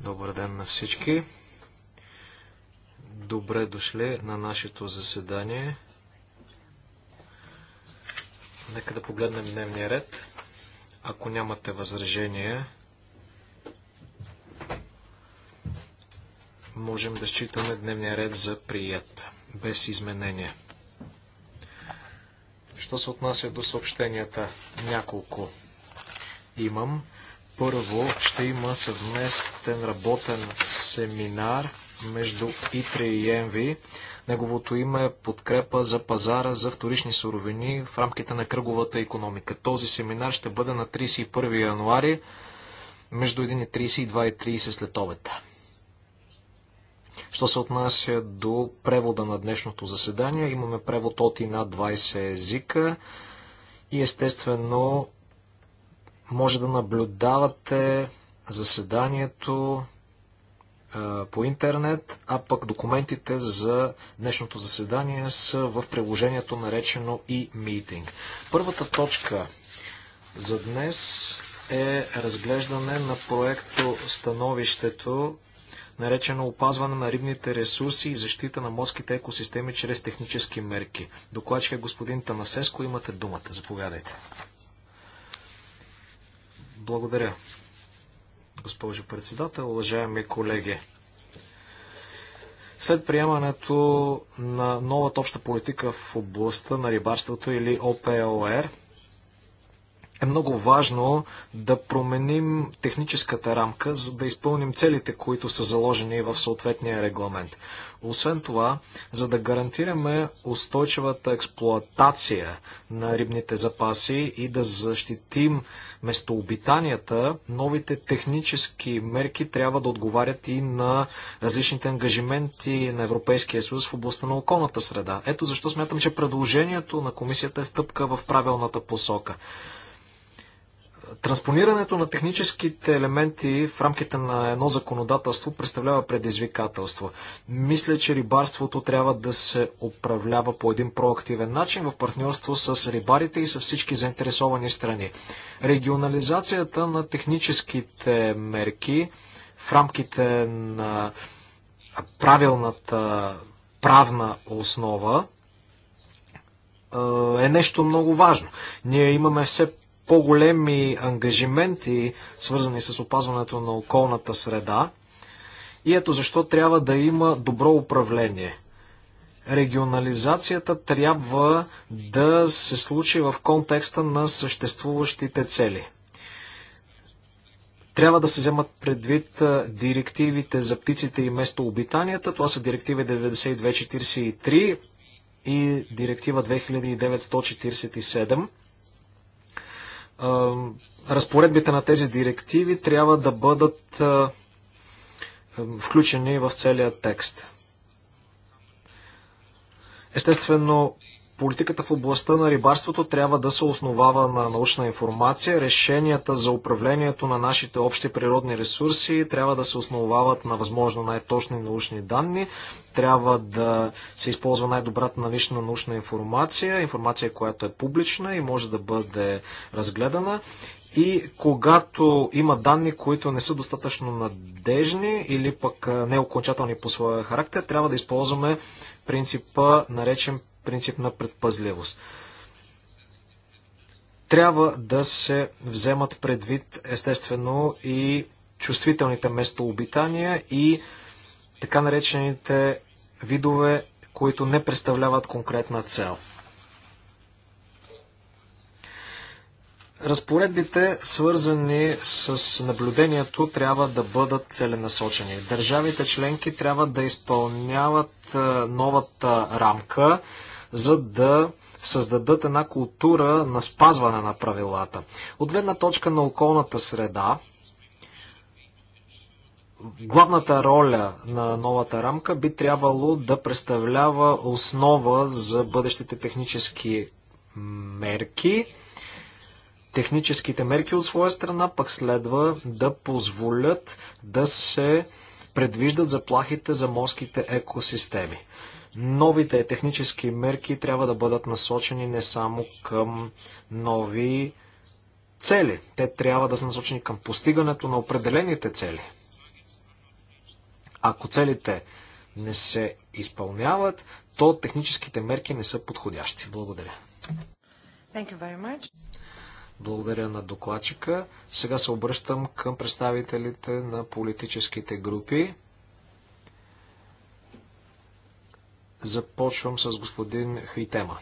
Добър ден на всички. Добре дошли на нашето заседание. Нека да погледнем дневния ред. Ако нямате възражения, можем да считаме дневния ред за прият, без изменения. Що се отнася до съобщенията? Няколко имам. Първо ще има съвместен работен семинар между ИТРИ и ЕНВИ. Неговото име е подкрепа за пазара за вторични суровини в рамките на кръговата економика. Този семинар ще бъде на 31 януари между 1.30 и 2.30 след обед. Що се отнася до превода на днешното заседание, имаме превод от и на 20 езика и естествено може да наблюдавате заседанието по интернет, а пък документите за днешното заседание са в приложението наречено и e митинг. Първата точка за днес е разглеждане на проекто становището наречено опазване на рибните ресурси и защита на морските екосистеми чрез технически мерки. Докладчик е господин Танасеско, имате думата. Заповядайте. Благодаря, госпожо председател, уважаеми колеги. След приемането на новата обща политика в областта на рибарството или ОПОР, е много важно да променим техническата рамка, за да изпълним целите, които са заложени в съответния регламент. Освен това, за да гарантираме устойчивата експлоатация на рибните запаси и да защитим местообитанията, новите технически мерки трябва да отговарят и на различните ангажименти на Европейския съюз в областта на околната среда. Ето защо смятам, че предложението на комисията е стъпка в правилната посока. Транспонирането на техническите елементи в рамките на едно законодателство представлява предизвикателство. Мисля, че рибарството трябва да се управлява по един проактивен начин в партньорство с рибарите и с всички заинтересовани страни. Регионализацията на техническите мерки в рамките на правилната правна основа е нещо много важно. Ние имаме все по-големи ангажименти, свързани с опазването на околната среда. И ето защо трябва да има добро управление. Регионализацията трябва да се случи в контекста на съществуващите цели. Трябва да се вземат предвид директивите за птиците и местообитанията. Това са директиви 9243 и директива 2947 разпоредбите на тези директиви трябва да бъдат включени в целия текст. Естествено, Политиката в областта на рибарството трябва да се основава на научна информация. Решенията за управлението на нашите общи природни ресурси трябва да се основават на възможно най-точни научни данни. Трябва да се използва най-добрата налична научна информация, информация, която е публична и може да бъде разгледана. И когато има данни, които не са достатъчно надежни или пък неокончателни по своя характер, трябва да използваме принципа, наречен принцип на предпазливост. Трябва да се вземат предвид, естествено, и чувствителните местообитания и така наречените видове, които не представляват конкретна цел. Разпоредбите, свързани с наблюдението, трябва да бъдат целенасочени. Държавите членки трябва да изпълняват е, новата рамка, за да създадат една култура на спазване на правилата. От гледна точка на околната среда, главната роля на новата рамка би трябвало да представлява основа за бъдещите технически мерки – Техническите мерки от своя страна пък следва да позволят да се предвиждат заплахите за морските екосистеми. Новите технически мерки трябва да бъдат насочени не само към нови цели. Те трябва да са насочени към постигането на определените цели. Ако целите не се изпълняват, то техническите мерки не са подходящи. Благодаря. Благодаря на докладчика. Сега се обръщам към представителите на политическите групи. Започвам с господин Хайтема.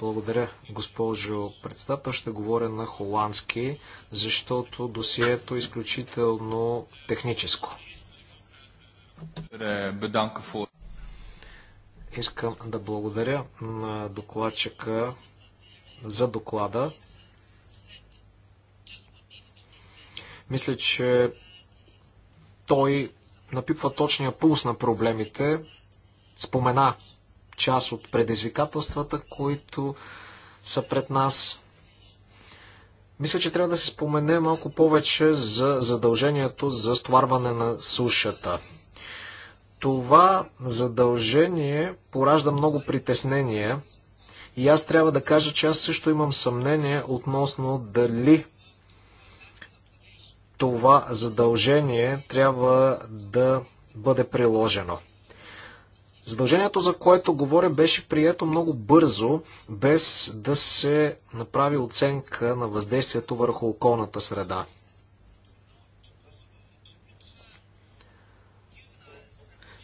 Благодаря, госпожо председател. Ще говоря на холандски, защото досието е изключително техническо. Искам да благодаря на докладчика за доклада. Мисля, че той напипва точния пулс на проблемите. Спомена част от предизвикателствата, които са пред нас. Мисля, че трябва да се спомене малко повече за задължението за стварване на сушата. Това задължение поражда много притеснения. И аз трябва да кажа, че аз също имам съмнение относно дали това задължение трябва да бъде приложено. Задължението, за което говоря, беше прието много бързо, без да се направи оценка на въздействието върху околната среда.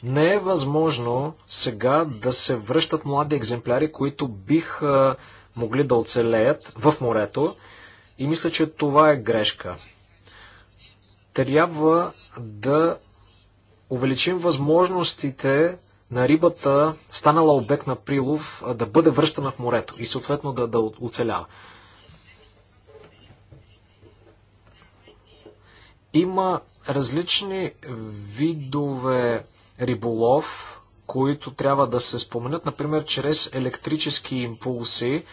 Не е възможно сега да се връщат млади екземпляри, които биха могли да оцелеят в морето и мисля, че това е грешка. Трябва да увеличим възможностите на рибата, станала обект на прилов, да бъде връщана в морето и съответно да, да оцелява. Има различни видове риболов, които трябва да се споменят, например, чрез електрически импулси.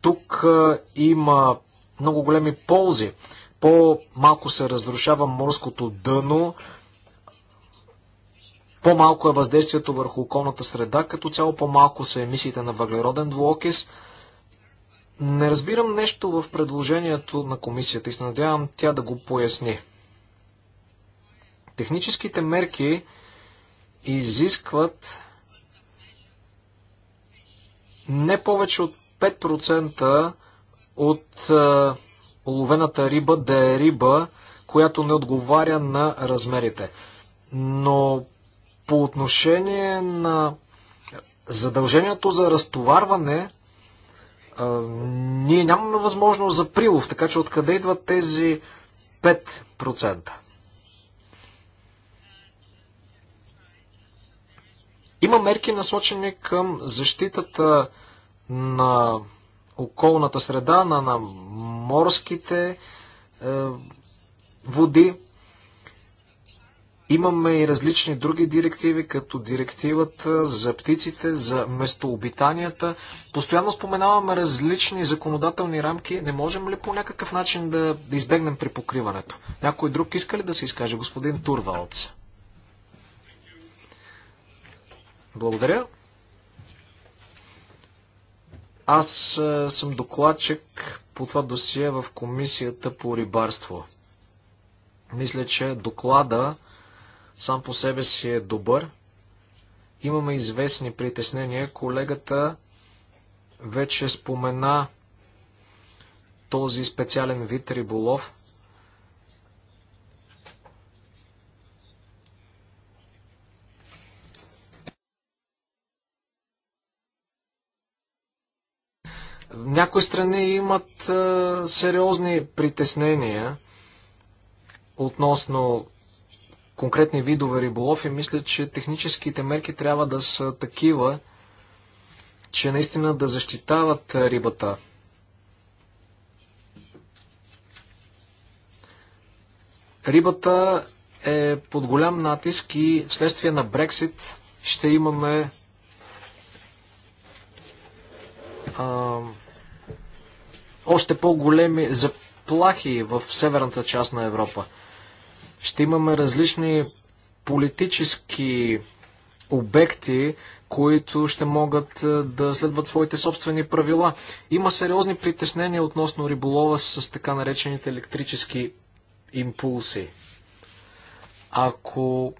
Тук а, има много големи ползи. По-малко се разрушава морското дъно, по-малко е въздействието върху околната среда, като цяло по-малко са емисиите на въглероден двуокис. Не разбирам нещо в предложението на комисията и се надявам тя да го поясни. Техническите мерки, изискват не повече от 5% от а, е, уловената риба да е риба, която не отговаря на размерите. Но по отношение на задължението за разтоварване, а, е, ние нямаме възможност за прилов, така че откъде идват тези 5%? Има мерки насочени към защитата на околната среда, на, на морските е, води. Имаме и различни други директиви, като директивата за птиците, за местообитанията. Постоянно споменаваме различни законодателни рамки. Не можем ли по някакъв начин да, да избегнем припокриването? Някой друг иска ли да се изкаже? Господин Турвалц. Благодаря. Аз е, съм докладчик по това досие в Комисията по рибарство. Мисля, че доклада сам по себе си е добър. Имаме известни притеснения. Колегата вече спомена този специален вид риболов. Някои страни имат а, сериозни притеснения относно конкретни видове риболов и мисля, че техническите мерки трябва да са такива, че наистина да защитават рибата. Рибата е под голям натиск и вследствие на Брексит ще имаме а, още по-големи заплахи в северната част на Европа. Ще имаме различни политически обекти, които ще могат е, да следват своите собствени правила. Има сериозни притеснения относно риболова с така наречените електрически импулси. Ако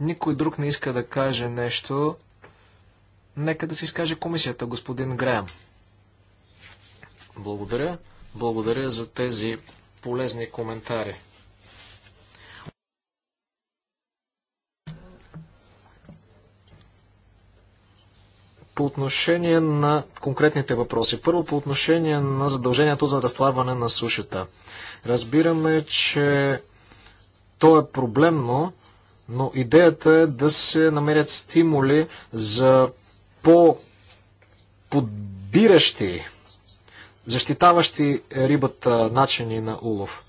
никой друг не иска да каже нещо, нека да си изкаже комисията, господин Греем. Благодаря. Благодаря за тези полезни коментари. По отношение на конкретните въпроси. Първо по отношение на задължението за разтварване на сушата. Разбираме, че то е проблемно, но идеята е да се намерят стимули за по-подбиращи защитаващи рибата начини на улов.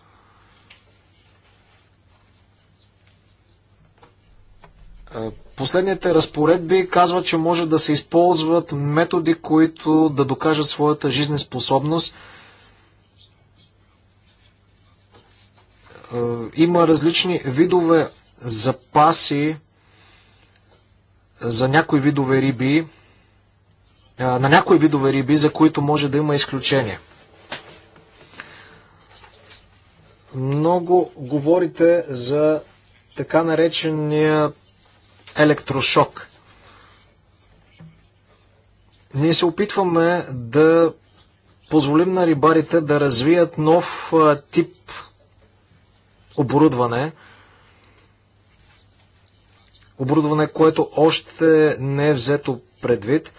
Е, последните разпоредби казват, че може да се използват методи, които да докажат своята жизнеспособност. Е, има различни видове запаси за някои видове риби, на някои видове риби, за които може да има изключение. Много говорите за така наречения електрошок. Ние се опитваме да позволим на рибарите да развият нов тип оборудване. Оборудване, което още не е взето предвид.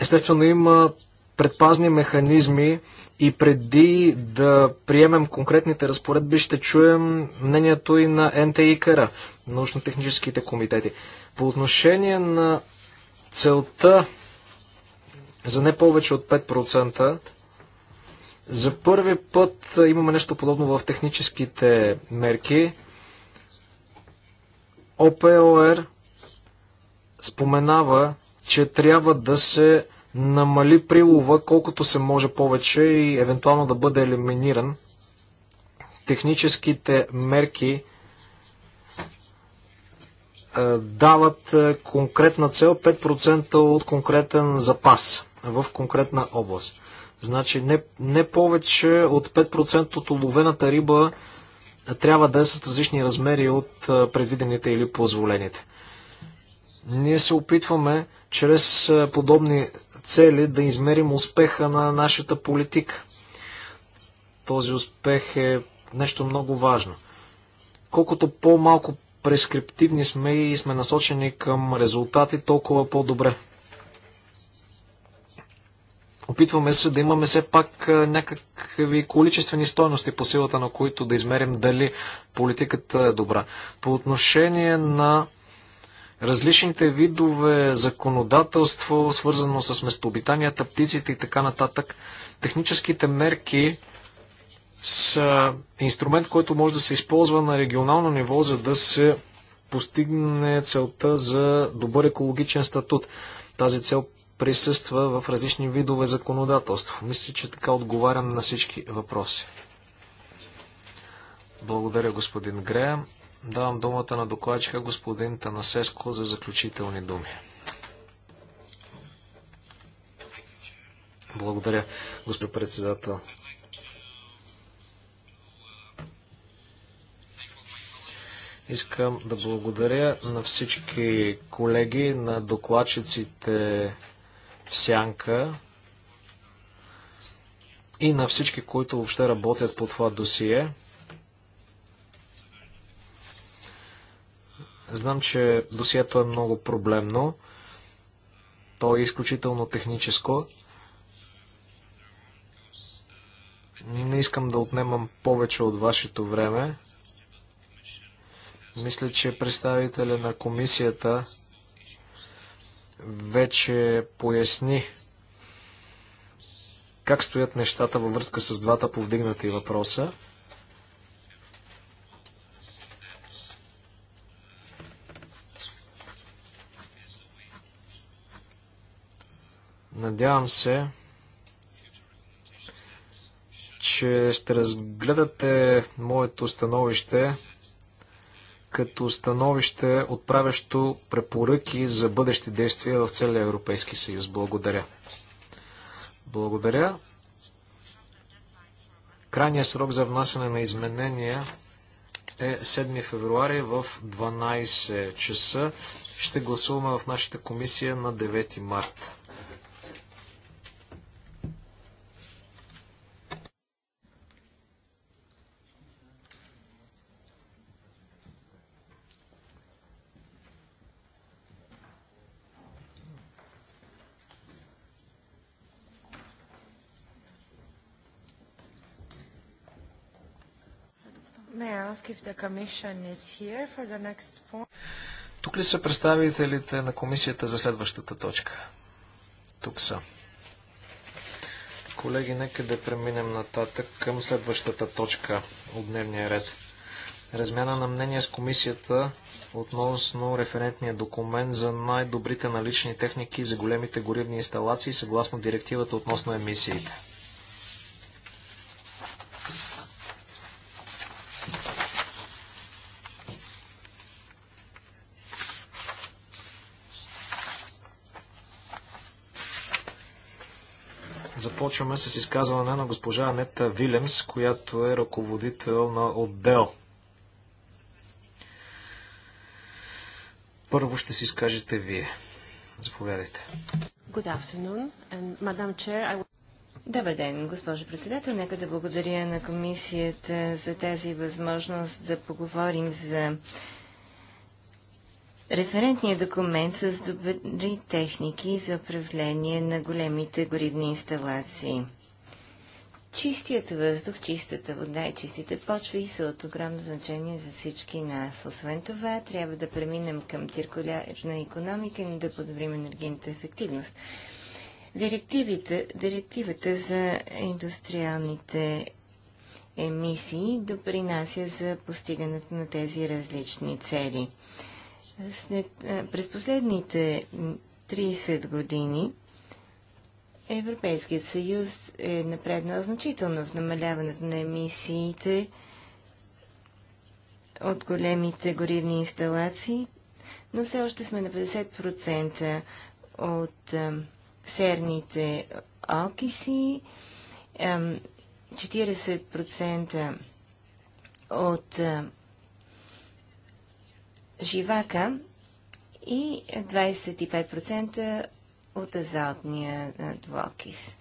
Естествено има предпазни механизми и преди да приемем конкретните разпоредби, ще чуем мнението и на НТИКР, научно-техническите комитети. По отношение на целта за не повече от 5%, за първи път имаме нещо подобно в техническите мерки. ОПОР споменава че трябва да се намали прилова колкото се може повече и евентуално да бъде елиминиран. Техническите мерки е, дават е, конкретна цел 5% от конкретен запас в конкретна област. Значи не, не повече от 5% от уловената риба е, трябва да е с различни размери от предвидените или позволените. Ние се опитваме чрез подобни цели да измерим успеха на нашата политика. Този успех е нещо много важно. Колкото по-малко прескриптивни сме и сме насочени към резултати, толкова по-добре. Опитваме се да имаме все пак някакви количествени стойности по силата на които да измерим дали политиката е добра. По отношение на различните видове законодателство, свързано с местообитанията, птиците и така нататък. Техническите мерки са инструмент, който може да се използва на регионално ниво, за да се постигне целта за добър екологичен статут. Тази цел присъства в различни видове законодателство. Мисля, че така отговарям на всички въпроси. Благодаря, господин Грея. Давам думата на докладчика господин Танасеско за заключителни думи. Благодаря, господин председател. Искам да благодаря на всички колеги, на докладчиците в Сянка и на всички, които въобще работят по това досие. Знам, че досието е много проблемно. То е изключително техническо. Не искам да отнемам повече от вашето време. Мисля, че представителя на комисията вече поясни как стоят нещата във връзка с двата повдигнати въпроса. Надявам се, че ще разгледате моето становище като становище, отправящо препоръки за бъдещи действия в целия Европейски съюз. Благодаря. Благодаря. Крайният срок за внасяне на изменения е 7 февруари в 12 часа. Ще гласуваме в нашата комисия на 9 марта. Тук ли са представителите на комисията за следващата точка? Тук са. Колеги, нека да преминем нататък към следващата точка от дневния ред. Размяна на мнение с комисията относно референтния документ за най-добрите налични техники за големите горивни инсталации съгласно директивата относно емисиите. Започваме с изказване на госпожа Анета Вилемс, която е ръководител на отдел. Първо ще си изкажете вие. Заповядайте. Добър ден, госпожо председател. Нека да благодаря на комисията за тази възможност да поговорим за Референтният документ с добри техники за управление на големите горивни инсталации. Чистият въздух, чистата вода и чистите почви са от огромно значение за всички нас. Освен това, трябва да преминем към циркулярна економика и да подобрим енергийната ефективност. Директивите, директивата за индустриалните емисии допринася за постигането на тези различни цели. След, е, през последните 30 години Европейският съюз е напреднал значително в намаляването на емисиите от големите горивни инсталации, но все още сме на 50% от а, е, серните окиси, е, а, 40% от а, живака и 25% от азотния двокис.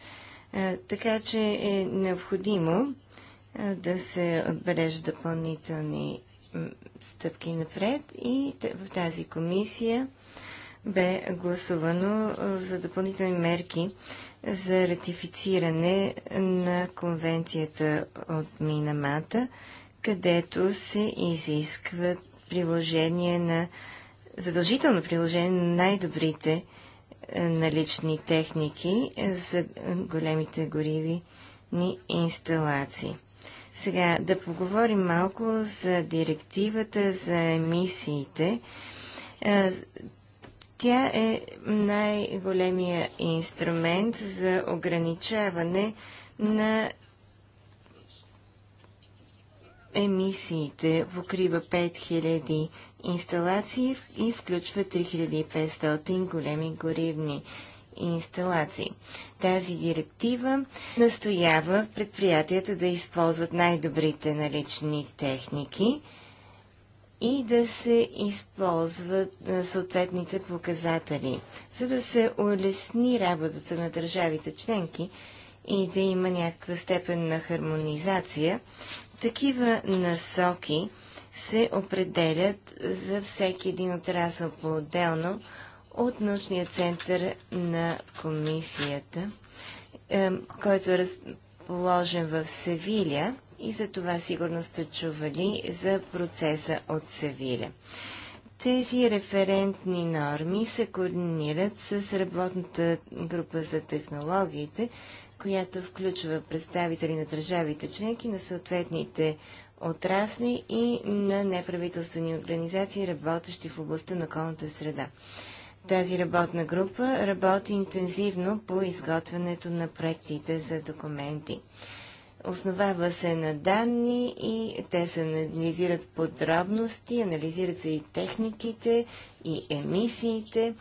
Така че е необходимо да се отбележат допълнителни стъпки напред и в тази комисия бе гласувано за допълнителни мерки за ратифициране на конвенцията от Минамата, където се изискват приложение на задължително приложение на най-добрите е, налични техники е, за големите гориви ни инсталации. Сега да поговорим малко за директивата за емисиите. Е, тя е най-големия инструмент за ограничаване на емисиите, покрива 5000 инсталации и включва 3500 големи горивни инсталации. Тази директива настоява предприятията да използват най-добрите налични техники и да се използват съответните показатели, за да се улесни работата на държавите членки и да има някаква степен на хармонизация такива насоки се определят за всеки един отрасъл по-отделно от научния център на комисията, който е разположен в Севиля и за това сигурно сте чували за процеса от Севиля. Тези референтни норми се координират с работната група за технологиите, която включва представители на държавите членки, на съответните отрасли и на неправителствени организации, работещи в областта на околната среда. Тази работна група работи интензивно по изготвянето на проектите за документи. Основава се на данни и те се анализират в подробности, анализират се и техниките, и емисиите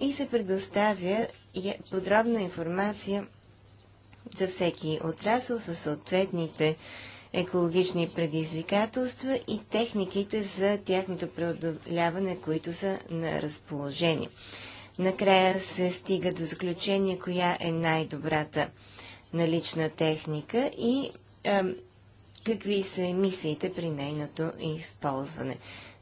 и се предоставя е подробна информация за всеки отрасъл със съответните екологични предизвикателства и техниките за тяхното преодоляване, които са на разположение. Накрая се стига до заключение, коя е най-добрата налична техника и е, какви са емисиите при нейното използване.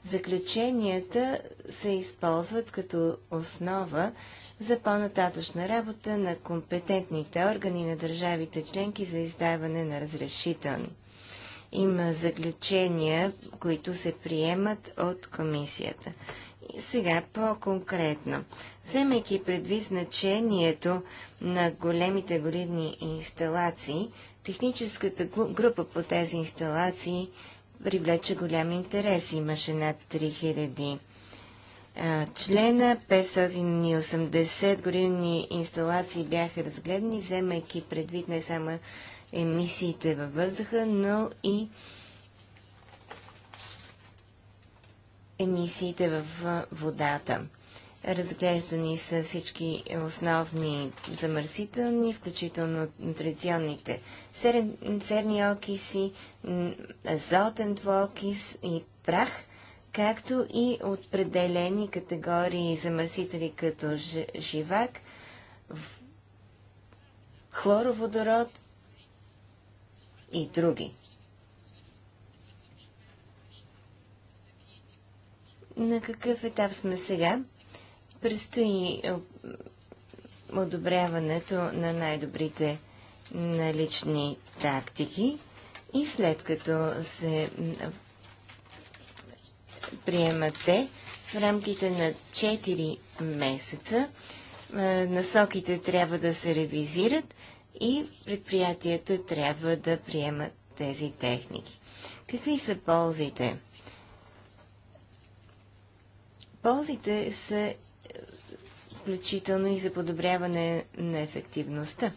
Заключенията се използват като основа за по-нататъчна работа на компетентните органи на държавите членки за издаване на разрешителни. Има заключения, които се приемат от комисията. И сега по-конкретно. Вземайки предвид значението на големите горивни инсталации, техническата група по тези инсталации привлече голям интерес. Имаше над 3000 члена, 580 години инсталации бяха разгледани, вземайки предвид не само емисиите във въздуха, но и емисиите в водата. Разглеждани са всички основни замърсителни, включително нутриционните серни окиси, азотен двуокис и прах – както и определени категории замърсители като живак, хлороводород и други. На какъв етап сме сега? Предстои е, одобряването на най-добрите налични тактики и след като се приемате в рамките на 4 месеца. Насоките трябва да се ревизират и предприятията трябва да приемат тези техники. Какви са ползите? Ползите са е, включително и за подобряване на ефективността.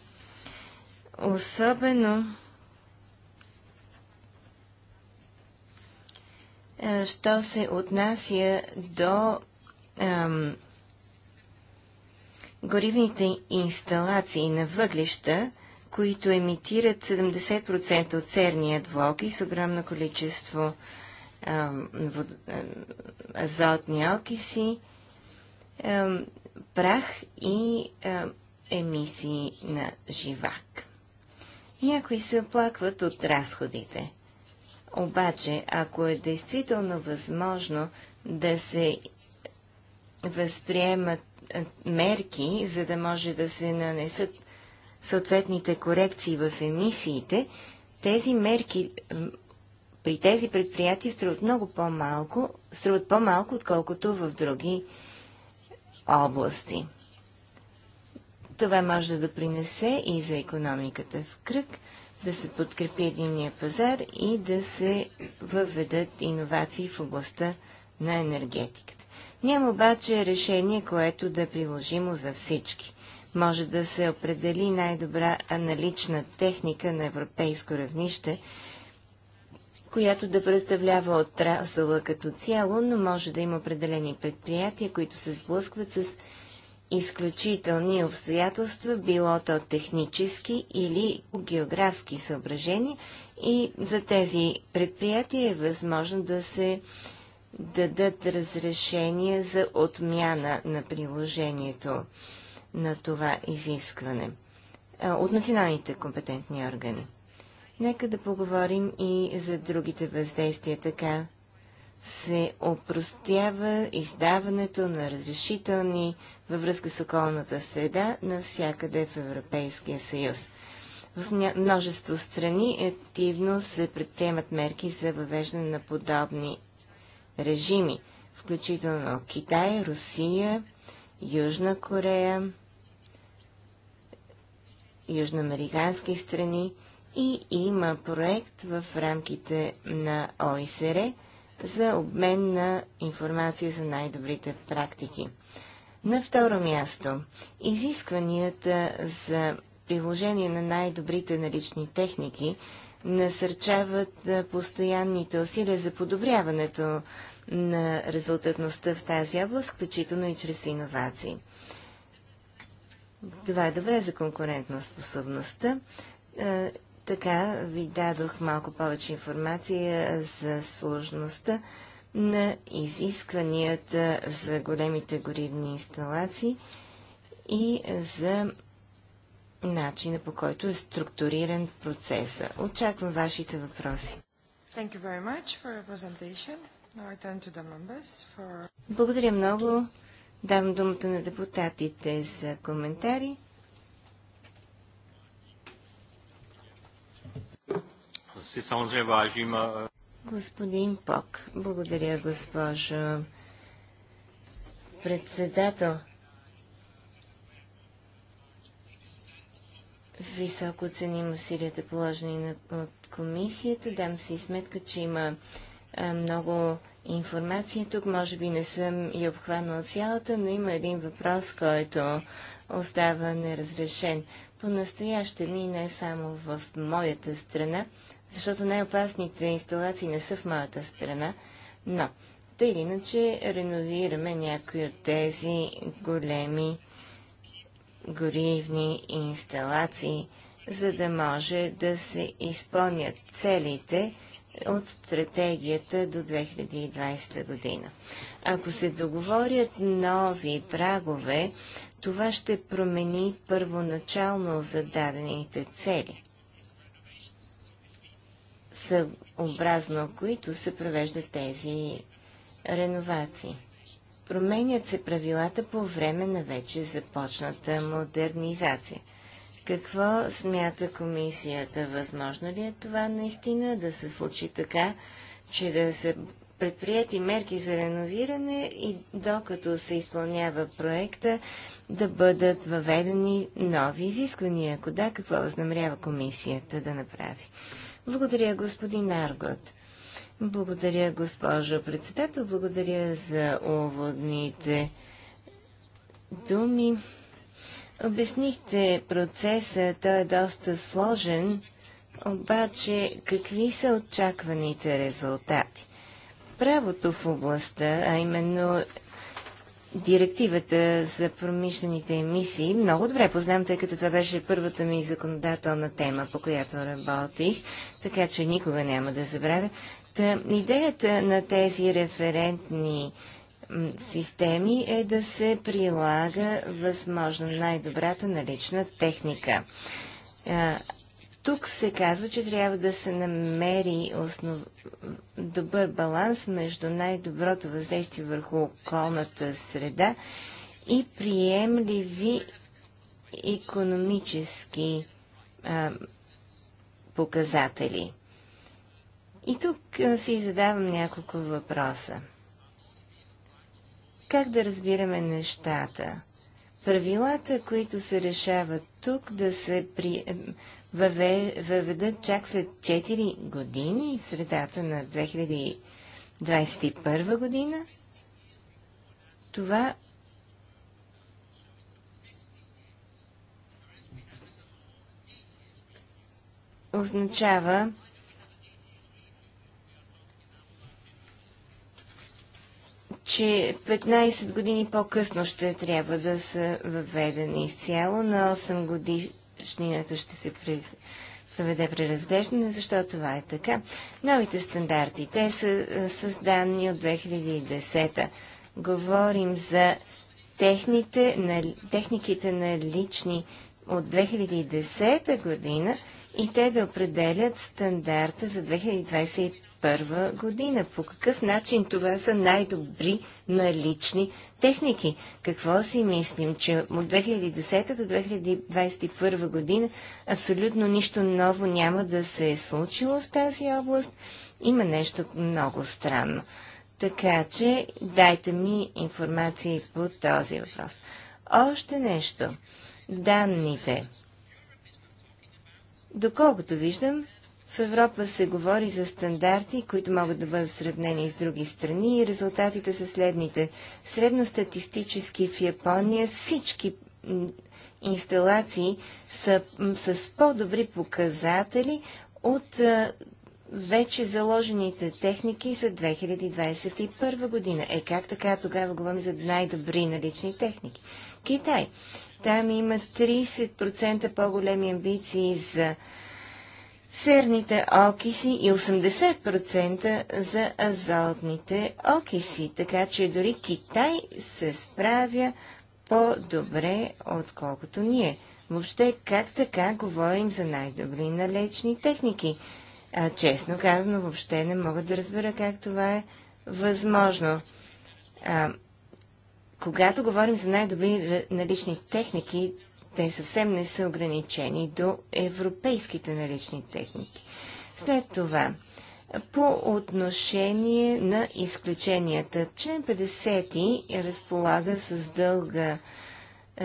Особено що се отнася до ам, горивните инсталации на въглища, които емитират 70% от серния с огромно количество ам, вод, ам, азотни окиси, ам, прах и ам, емисии на живак. Някои се оплакват от разходите – обаче, ако е действително възможно да се възприемат мерки, за да може да се нанесат съответните корекции в емисиите, тези мерки при тези предприятия струват много по-малко, струват по-малко, отколкото в други области. Това може да допринесе и за економиката в кръг, да се подкрепи единния пазар и да се въведат иновации в областта на енергетиката. Няма обаче решение, което да е приложимо за всички. Може да се определи най-добра аналична техника на европейско равнище, която да представлява отрасъла като цяло, но може да има определени предприятия, които се сблъскват с изключителни обстоятелства, било то технически или географски съображения и за тези предприятия е възможно да се дадат разрешения за отмяна на приложението на това изискване от националните компетентни органи. Нека да поговорим и за другите въздействия, така се опростява издаването на разрешителни във връзка с околната среда навсякъде в Европейския съюз. В множество страни активно се предприемат мерки за въвеждане на подобни режими, включително Китай, Русия, Южна Корея, южноамерикански страни и има проект в рамките на ОИСР е, – за обмен на информация за най-добрите практики. На второ място, изискванията за приложение на най-добрите налични техники насърчават постоянните усилия за подобряването на резултатността в тази област, включително и чрез иновации. Това е добре за конкурентна способността така ви дадох малко повече информация за сложността на изискванията за големите горивни инсталации и за начина по който е структуриран процеса. Очаквам вашите въпроси. For... Благодаря много. Давам думата на депутатите за коментари. си samozřejmě vážím. Eh, Господин Пок, благодаря, госпожо председател. Високо ценим усилията положени от комисията. Дам си сметка, че има много информация тук. Може би не съм и обхванала цялата, но има един въпрос, който остава неразрешен. По-настояще ми, не само в моята страна, защото най-опасните инсталации не са в моята страна, но тъй или иначе реновираме някои от тези големи горивни инсталации, за да може да се изпълнят целите от стратегията до 2020 година. Ако се договорят нови прагове, това ще промени първоначално зададените цели съобразно които се провеждат тези реновации. Променят се правилата по време на вече започната модернизация. Какво смята комисията? Възможно ли е това наистина да се случи така, че да се предприяти мерки за реновиране и докато се изпълнява проекта да бъдат въведени нови изисквания? Ако да, какво възнамерява комисията да направи? Благодаря, господин Аргот. Благодаря, госпожо председател. Благодаря за уводните думи. Обяснихте процеса, той е доста сложен, обаче какви са очакваните резултати? Правото в областта, а именно директивата за промишлените емисии много добре познавам, тъй като това беше първата ми законодателна тема, по която работих, така че никога няма да забравя. Та, идеята на тези референтни системи е да се прилага възможно най-добрата налична техника. Тук се казва, че трябва да се намери основ... добър баланс между най-доброто въздействие върху околната среда и приемливи економически а, показатели. И тук си задавам няколко въпроса. Как да разбираме нещата? Правилата, които се решават тук, да се при въведат чак след 4 години, средата на 2021 година, това означава че 15 години по-късно ще трябва да са въведени изцяло на 8 години утрешнинато ще се при... проведе преразглеждане, защо това е така. Новите стандарти, те са е, създани от 2010 Говорим за техните, на, техниките на лични от 2010 година и те да определят стандарта за 2025 2021 година. По какъв начин това са най-добри налични техники? Какво си мислим, че от 2010 до 2021 година абсолютно нищо ново няма да се е случило в тази област? Има нещо много странно. Така че дайте ми информации по този въпрос. Още нещо. Данните. Доколкото виждам, в Европа се говори за стандарти, които могат да бъдат сравнени с други страни и резултатите са следните. Средностатистически в Япония всички инсталации са с по-добри показатели от вече заложените техники за 2021 година. Е как така тогава говорим за най-добри налични техники? Китай. Там има 30% по-големи амбиции за серните окиси и 80% за азотните окиси. Така че дори Китай се справя по-добре, отколкото ние. Въобще, как така говорим за най-добри налечни техники? А, честно казано, въобще не мога да разбера как това е възможно. А, когато говорим за най-добри налични техники, те съвсем не са ограничени до европейските налични техники. След това, по отношение на изключенията, член 50 разполага с дълга,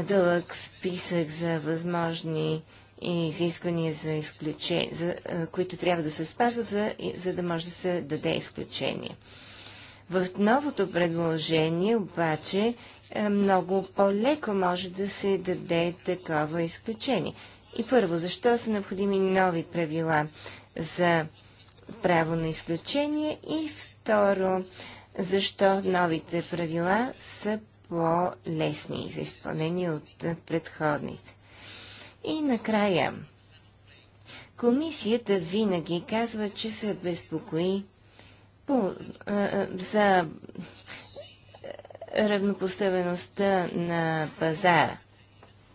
дълъг списък за възможни изисквания за изключение, за, които трябва да се спазват, за, за да може да се даде изключение. В новото предложение обаче е, много по-леко може да се даде такова изключение. И първо, защо са необходими нови правила за право на изключение? И второ, защо новите правила са по-лесни за изпълнение от предходните? И накрая, комисията винаги казва, че се безпокои по, а, за равнопоставеността на пазара.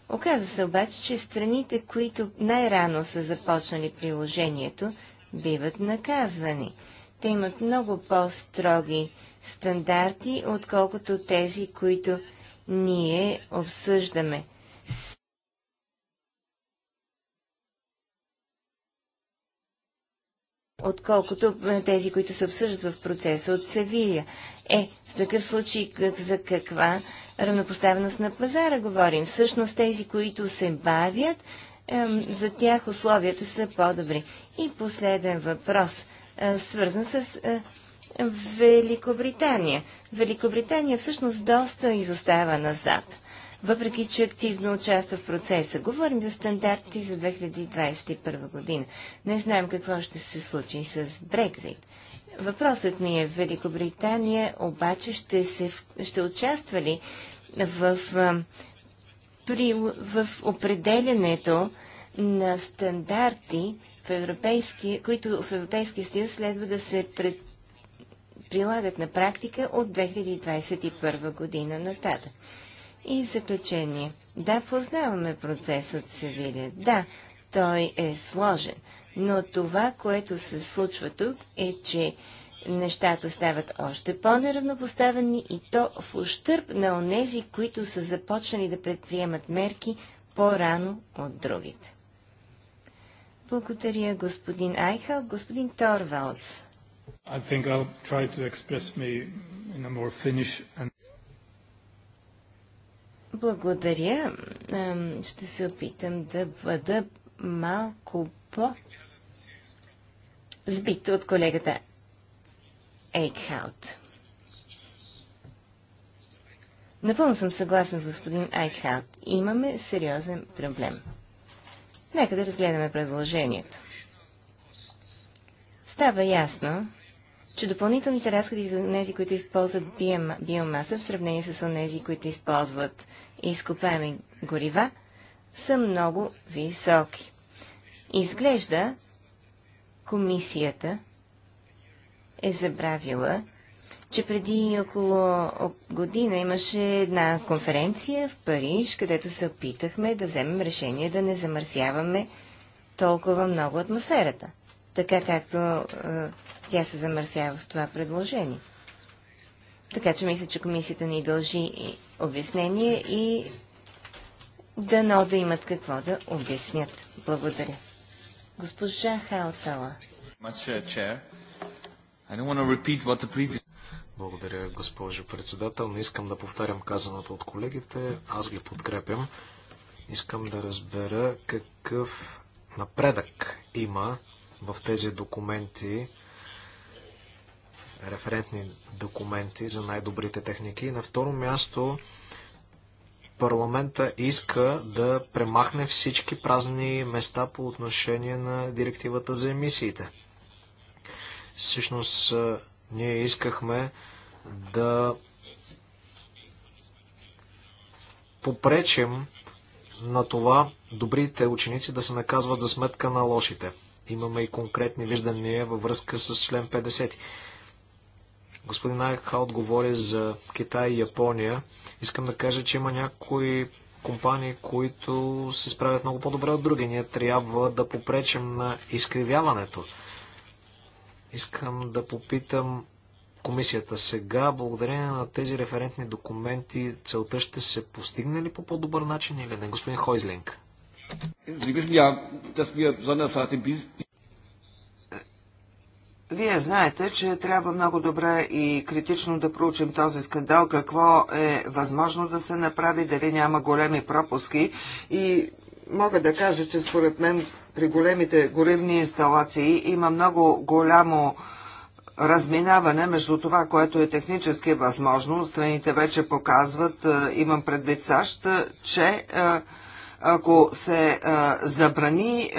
Оказва се обаче, че страните, които най-рано са започнали приложението, биват наказвани. Те имат много по-строги стандарти, отколкото тези, които ние обсъждаме. Отколкото тези, които се обсъждат в процеса от Севилия. Е, в такъв случай как, за каква равнопоставеност на пазара говорим? Всъщност тези, които се бавят, е, за тях условията са по-добри. И последен въпрос, е, свързан с е, Великобритания. Великобритания всъщност доста изостава назад въпреки че активно участва в процеса. Говорим за стандарти за 2021 година. Не знаем какво ще се случи с Брекзит. Въпросът ми е, в Великобритания обаче ще, се, ще участва ли в, при, в определенето на стандарти, в европейски, които в Европейския съюз следва да се пред, прилагат на практика от 2021 година нататък. И в заключение, да, познаваме процесът Севилия. Да, той е сложен, но това, което се случва тук е, че нещата стават още по-неравнопоставени и то в ущърп на онези, които са започнали да предприемат мерки по-рано от другите. Благодаря, господин Айхал. Господин Торвалдс. I think I'll try to express me in a more and... Благодаря. Ще се опитам да бъда малко по сбит от колегата Ейкхаут. Напълно съм съгласен с господин Айкхаут. Имаме сериозен проблем. Нека да разгледаме предложението. Става ясно, че допълнителните разходи за тези, които използват биомаса в сравнение с тези, които използват изкопаеми горива, са много високи. Изглежда, комисията е забравила, че преди около година имаше една конференция в Париж, където се опитахме да вземем решение да не замърсяваме толкова много атмосферата, така както е, тя се замърсява в това предложение. Така че мисля, че комисията ни дължи обяснение и дано да имат какво да обяснят. Благодаря. Госпожа Хаотала. Uh, Благодаря, госпожо председател. Не искам да повтарям казаното от колегите. Аз ги подкрепям. Искам да разбера какъв напредък има в тези документи, референтни документи за най-добрите техники. на второ място, парламента иска да премахне всички празни места по отношение на директивата за емисиите. Всъщност, ние искахме да попречим на това добрите ученици да се наказват за сметка на лошите. Имаме и конкретни виждания във връзка с член 50. Господин Айха отговори за Китай и Япония. Искам да кажа, че има някои компании, които се справят много по-добре от други. Ние трябва да попречим на изкривяването. Искам да попитам комисията сега, благодарение на тези референтни документи, целта ще се постигне ли по по-добър начин или не, господин Хойзлинг? Вие знаете, че трябва много добре и критично да проучим този скандал, какво е възможно да се направи, дали няма големи пропуски и мога да кажа, че според мен при големите горивни инсталации има много голямо разминаване между това, което е технически възможно. Страните вече показват, е, имам предвид САЩ, че е, ако се е, забрани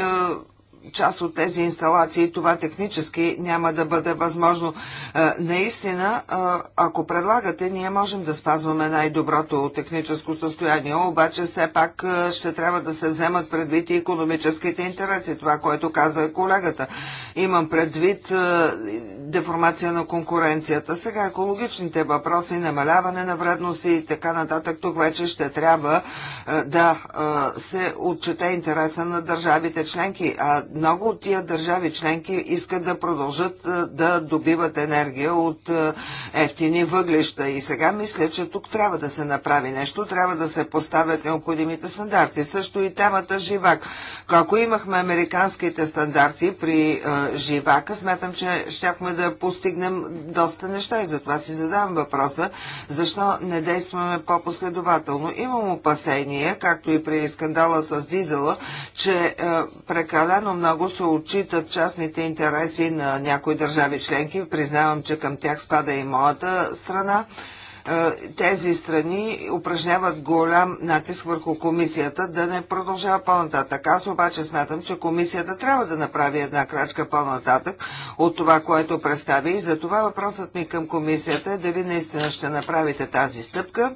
част от тези инсталации това технически няма да бъде възможно. Е, наистина, е, ако предлагате, ние можем да спазваме най-доброто техническо състояние, обаче все пак е, ще трябва да се вземат предвид и економическите интереси, това, което каза колегата. Имам предвид деформация на конкуренцията. Сега екологичните въпроси, намаляване на вредности и така нататък, тук вече ще трябва да се отчете интереса на държавите членки, а много от тия държави членки искат да продължат е, да добиват енергия от е, ефтини въглища. И сега мисля, че тук трябва да се направи нещо, трябва да се поставят необходимите стандарти. Също и темата живак. Ако имахме американските стандарти при е, живака, смятам, че щяхме да постигнем доста неща и затова си задавам въпроса, защо не действаме по-последователно. Имам опасение, както и при скандала с дизела, че прекалено много много се отчитат частните интереси на някои държави членки. Признавам, че към тях спада и моята страна. Е, тези страни упражняват голям натиск върху комисията да не продължава по-нататък. Аз обаче смятам, че комисията трябва да направи една крачка по-нататък от това, което представи и за това въпросът ми към комисията е дали наистина ще направите тази стъпка,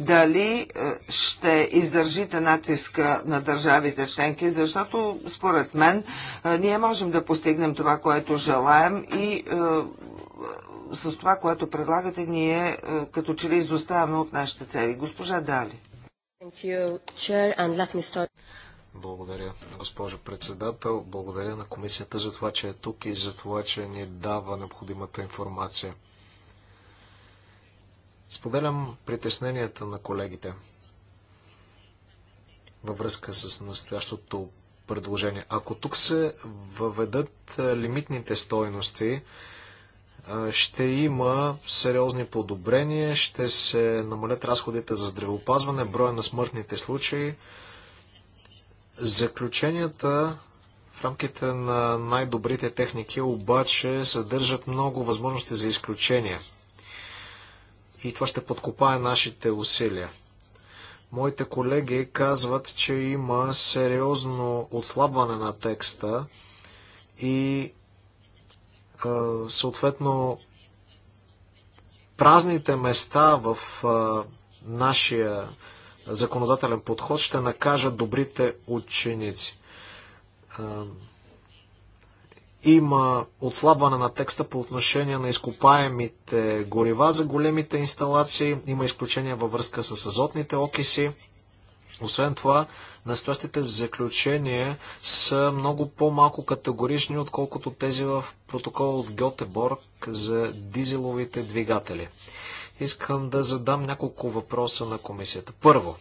дали е, ще издържите натиска на държавите членки, защото според мен е, ние можем да постигнем това, което желаем и с това, което предлагате, ние е, като че ли изоставаме от нашите цели. Госпожа Дали. Благодаря, госпожо председател. Благодаря на комисията за това, че е тук и за това, че ни дава необходимата информация. Споделям притесненията на колегите във връзка с настоящото предложение. Ако тук се въведат е, лимитните стойности, ще има сериозни подобрения, ще се намалят разходите за здравеопазване, броя на смъртните случаи. Заключенията в рамките на най-добрите техники обаче съдържат много възможности за изключения. И това ще подкопае нашите усилия. Моите колеги казват, че има сериозно отслабване на текста и е, съответно, празните места в е, нашия законодателен подход ще накажат добрите ученици. Е, има отслабване на текста по отношение на изкопаемите горива за големите инсталации, има изключения във връзка с азотните окиси. Освен това, настоящите заключения са много по-малко категорични, отколкото тези в протокола от Гьотеборг за дизеловите двигатели. Искам да задам няколко въпроса на комисията. Първо,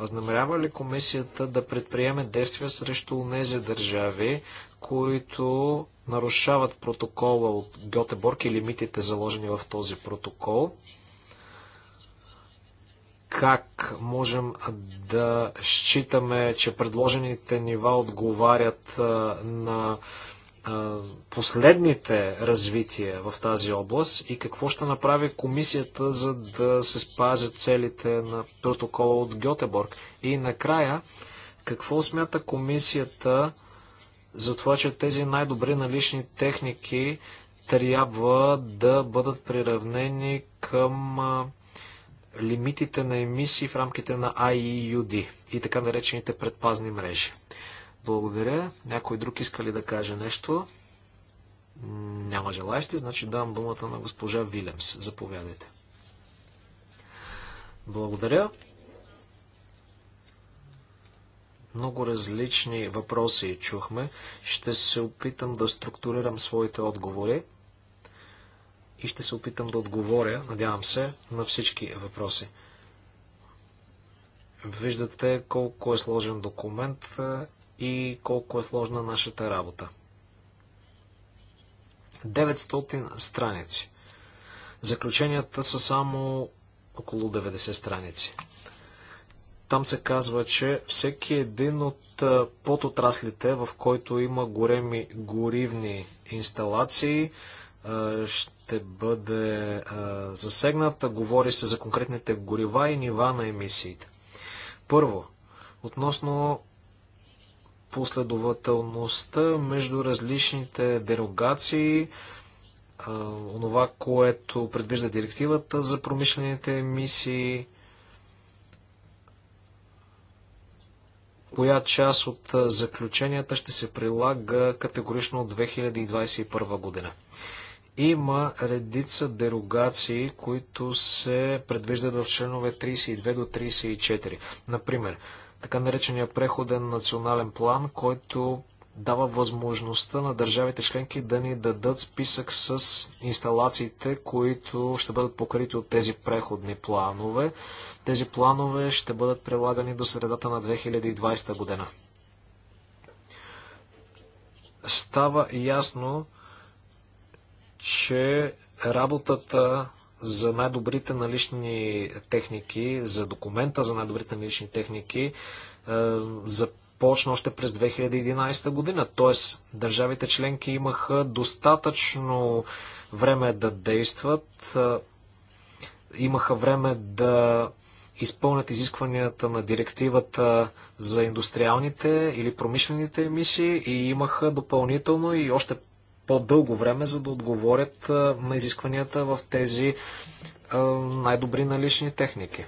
възнамерява ли комисията да предприеме действия срещу тези държави, които нарушават протокола от Гьотеборг и лимитите заложени в този протокол? как можем да считаме, че предложените нива отговарят на последните развития в тази област и какво ще направи комисията, за да се спазят целите на протокола от Гьотеборг. И накрая, какво смята комисията за това, че тези най-добри налични техники трябва да бъдат приравнени към лимитите на емисии в рамките на IEUD и така наречените предпазни мрежи. Благодаря. Някой друг иска ли да каже нещо? Няма желаящи, значи давам думата на госпожа Вилемс. Заповядайте. Благодаря. Много различни въпроси чухме. Ще се опитам да структурирам своите отговори и ще се опитам да отговоря, надявам се, на всички въпроси. Виждате колко е сложен документ и колко е сложна нашата работа. 900 страници. Заключенията са само около 90 страници. Там се казва, че всеки един от подотраслите, в който има големи горивни инсталации, ще ще бъде засегната. Говори се за конкретните горива и нива на емисиите. Първо, относно последователността между различните дерогации, онова, което предвижда директивата за промишлените емисии, коя част от заключенията ще се прилага категорично от 2021 година. Има редица дерогации, които се предвиждат в членове 32 до 34. Например, така наречения преходен национален план, който дава възможността на държавите членки да ни дадат списък с инсталациите, които ще бъдат покрити от тези преходни планове. Тези планове ще бъдат прилагани до средата на 2020 година. Става ясно, че работата за най-добрите налични техники, за документа за най-добрите налични техники е, започна още през 2011 година. Тоест, държавите членки имаха достатъчно време да действат, е, имаха време да изпълнят изискванията на директивата за индустриалните или промишлените емисии и имаха допълнително и още по-дълго време, за да отговорят на изискванията в тези най-добри налични техники.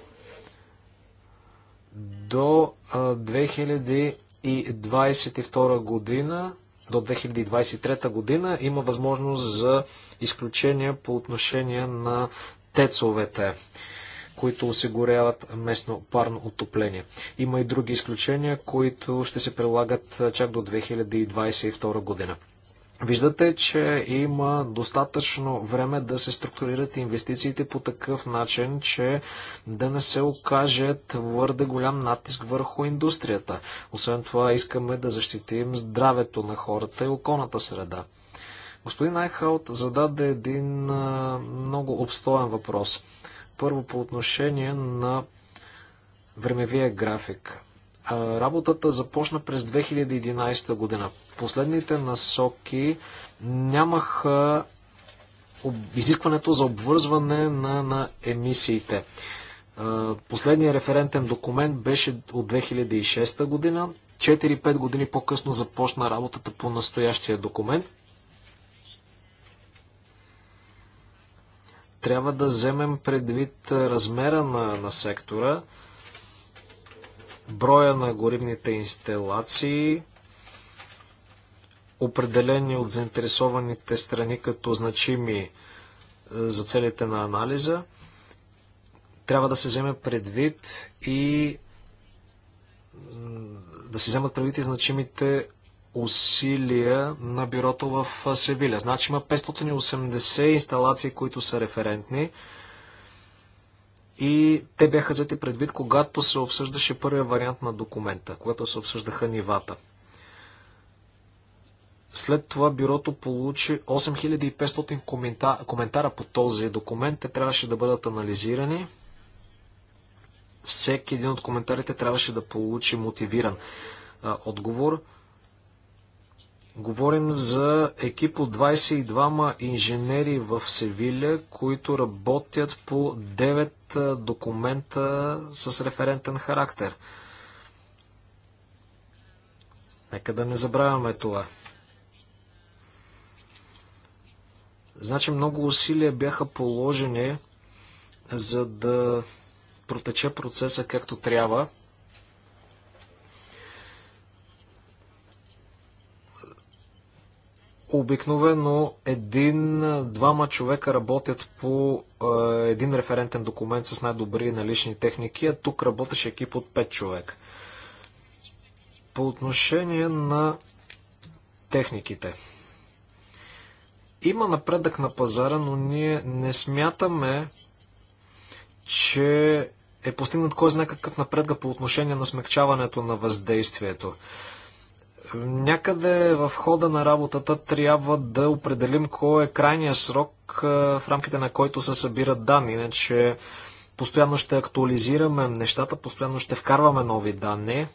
До 2022 година, до 2023 година има възможност за изключения по отношение на тецовете които осигуряват местно парно отопление. Има и други изключения, които ще се прилагат чак до 2022 година. Виждате, че има достатъчно време да се структурират инвестициите по такъв начин, че да не се окаже твърде голям натиск върху индустрията. Освен това, искаме да защитим здравето на хората и околната среда. Господин Айхаут зададе един много обстоен въпрос. Първо по отношение на времевия график. Работата започна през 2011 година. Последните насоки нямаха изискването за обвързване на, на емисиите. Последният референтен документ беше от 2006 година. 4-5 години по-късно започна работата по настоящия документ. Трябва да вземем предвид размера на, на сектора броя на горивните инсталации, определени от заинтересованите страни като значими е, за целите на анализа, трябва да се вземе предвид и да се вземат предвид и значимите усилия на бюрото в Севиля. Значи има 580 инсталации, които са референтни и те бяха взети предвид, когато се обсъждаше първия вариант на документа, когато се обсъждаха нивата. След това бюрото получи 8500 комента... коментара по този документ. Те трябваше да бъдат анализирани. Всеки един от коментарите трябваше да получи мотивиран а, отговор. Говорим за екип от 22 инженери в Севиля, които работят по 9 документа с референтен характер. Нека да не забравяме това. Значи много усилия бяха положени, за да протече процеса както трябва. Обикновено един-двама човека работят по е, един референтен документ с най-добри налични техники, а тук работеше екип от 5 човека. По отношение на техниките. Има напредък на пазара, но ние не смятаме, че е постигнат кой знае какъв напредък по отношение на смягчаването на въздействието. Някъде в хода на работата трябва да определим кой е крайният срок, в рамките на който се събират данни. Иначе постоянно ще актуализираме нещата, постоянно ще вкарваме нови данни,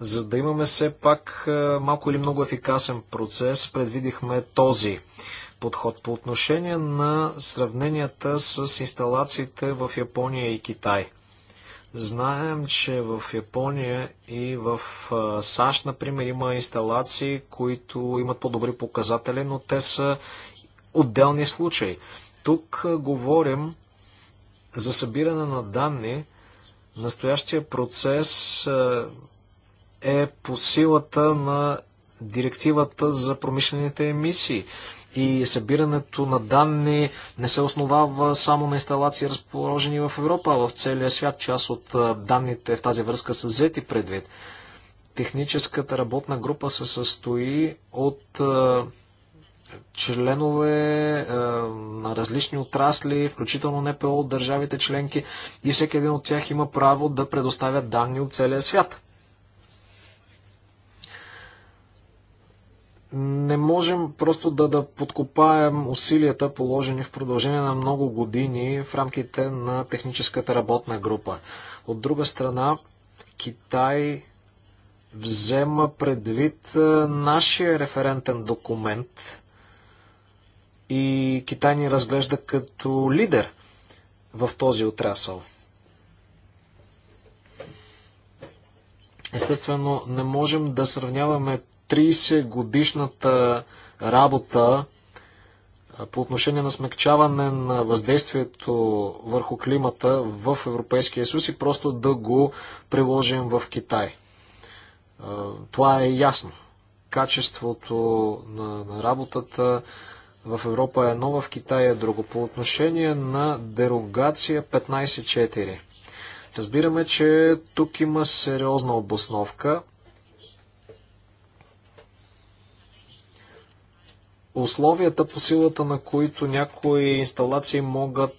за да имаме все пак малко или много ефикасен процес, предвидихме този подход. По отношение на сравненията с инсталациите в Япония и Китай – Знаем, че в Япония и в САЩ, например, има инсталации, които имат по-добри показатели, но те са отделни случаи. Тук говорим за събиране на данни. Настоящия процес е по силата на директивата за промишлените емисии и събирането на данни не се основава само на инсталации, разположени в Европа, а в целия свят. Част от данните в тази връзка са взети предвид. Техническата работна група се състои от членове на различни отрасли, включително НПО от държавите членки и всеки един от тях има право да предоставя данни от целия свят. не можем просто да, да подкопаем усилията, положени в продължение на много години в рамките на техническата работна група. От друга страна, Китай взема предвид нашия референтен документ и Китай ни разглежда като лидер в този отрасъл. Естествено, не можем да сравняваме 30 годишната работа по отношение на смягчаване на въздействието върху климата в Европейския съюз и просто да го приложим в Китай. Това е ясно. Качеството на, на работата в Европа е едно, в Китай е друго. По отношение на дерогация 15.4. Разбираме, че тук има сериозна обосновка. условията по силата на които някои инсталации могат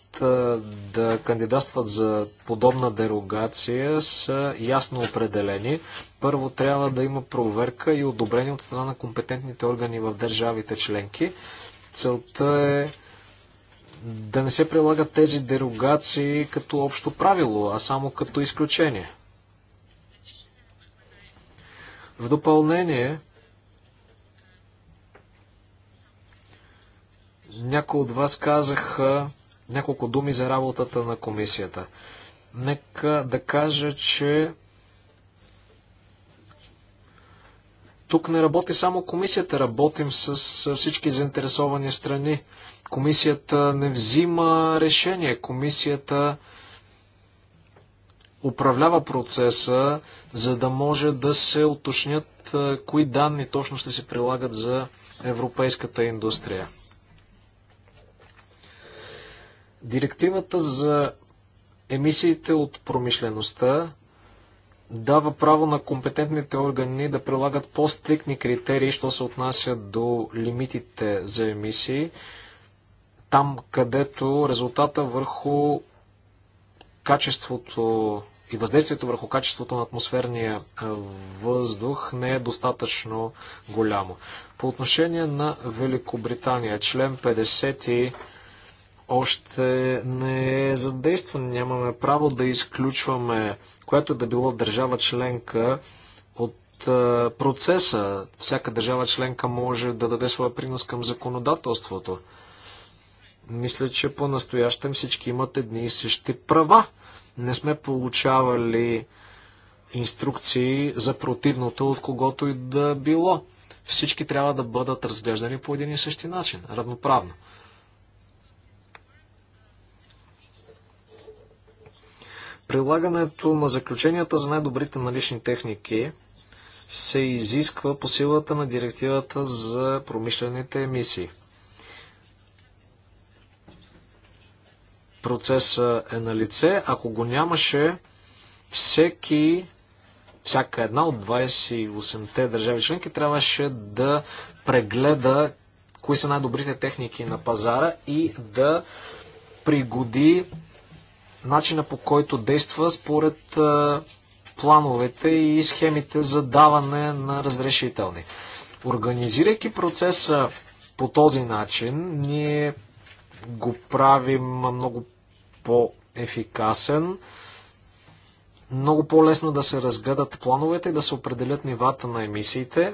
да кандидатстват за подобна дерогация са ясно определени. Първо трябва да има проверка и одобрение от страна на компетентните органи в държавите членки. Целта е да не се прилагат тези дерогации като общо правило, а само като изключение. В допълнение, Някои от вас казаха няколко думи за работата на комисията. Нека да кажа, че тук не работи само комисията, работим с всички заинтересовани страни. Комисията не взима решение, комисията управлява процеса, за да може да се уточнят кои данни точно ще се прилагат за европейската индустрия. Директивата за емисиите от промишлеността дава право на компетентните органи да прилагат по-стрикни критерии, що се отнася до лимитите за емисии, там където резултата върху качеството и въздействието върху качеството на атмосферния въздух не е достатъчно голямо. По отношение на Великобритания, член 50 още не е задействан. Нямаме право да изключваме която да било държава членка от процеса. Всяка държава членка може да даде своя принос към законодателството. Мисля, че по-настоящем всички имат едни и същи права. Не сме получавали инструкции за противното от когото и да било. Всички трябва да бъдат разглеждани по един и същи начин, равноправно. Прилагането на заключенията за най-добрите налични техники се изисква по силата на директивата за промишлените емисии. Процесът е на лице. Ако го нямаше, всеки, всяка една от 28-те държави членки трябваше да прегледа кои са най-добрите техники на пазара и да пригоди начина по който действа според плановете и схемите за даване на разрешителни. Организирайки процеса по този начин, ние го правим много по-ефикасен, много по-лесно да се разгледат плановете и да се определят нивата на емисиите.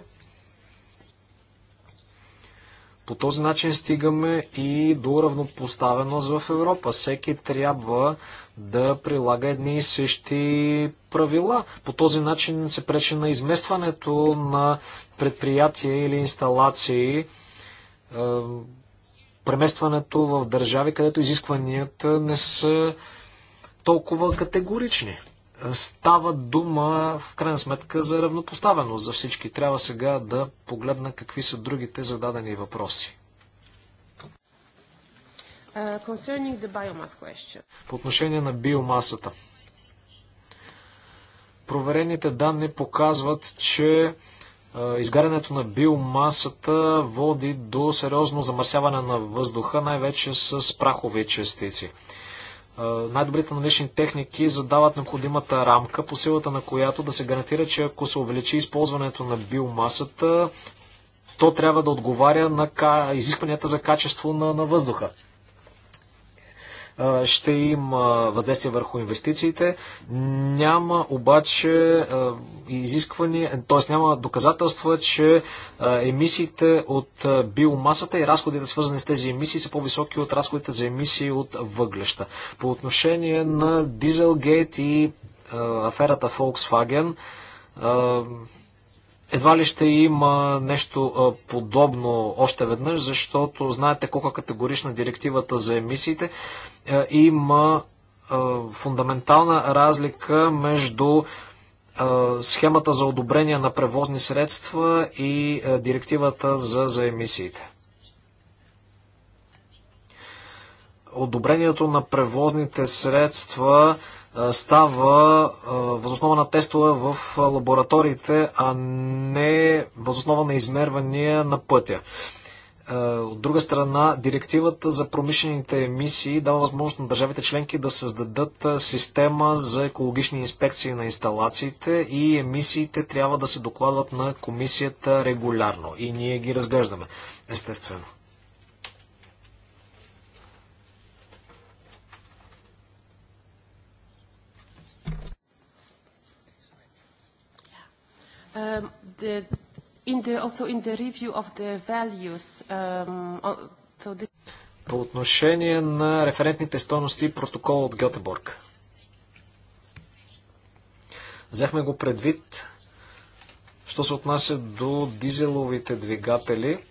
По този начин стигаме и до равнопоставеност в Европа. Всеки трябва да прилага едни и същи правила. По този начин се пречи на изместването на предприятия или инсталации, преместването в държави, където изискванията не са толкова категорични става дума в крайна сметка за равнопоставеност за всички. Трябва сега да погледна какви са другите зададени въпроси. Uh, По отношение на биомасата. Проверените данни показват, че uh, изгарянето на биомасата води до сериозно замърсяване на въздуха, най-вече с прахови частици най-добрите налични техники задават необходимата рамка, по силата на която да се гарантира, че ако се увеличи използването на биомасата, то трябва да отговаря на изискванията за качество на, на въздуха ще има въздействие върху инвестициите. Няма обаче изисквания, т.е. няма доказателства, че емисиите от биомасата и разходите свързани с тези емисии са по-високи от разходите за емисии от въглеща. По отношение на Дизелгейт и аферата Volkswagen, едва ли ще има нещо подобно още веднъж, защото знаете колко е категорична директивата за емисиите. Е, има е, фундаментална разлика между е, схемата за одобрение на превозни средства и директивата за, за емисиите. Одобрението на превозните средства става възоснова на тестове в лабораториите, а не възоснова на измервания на пътя. Е, от друга страна, директивата за промишлените емисии дава възможност на държавите членки да създадат е, система за екологични инспекции на инсталациите и емисиите трябва да се докладват на комисията регулярно и ние ги разглеждаме, естествено. Um, е, the in the, also in the review of the values, um, so this... По отношение на референтните стоености и протокола от Гетеборг. Взехме го предвид, що се отнася до дизеловите двигатели.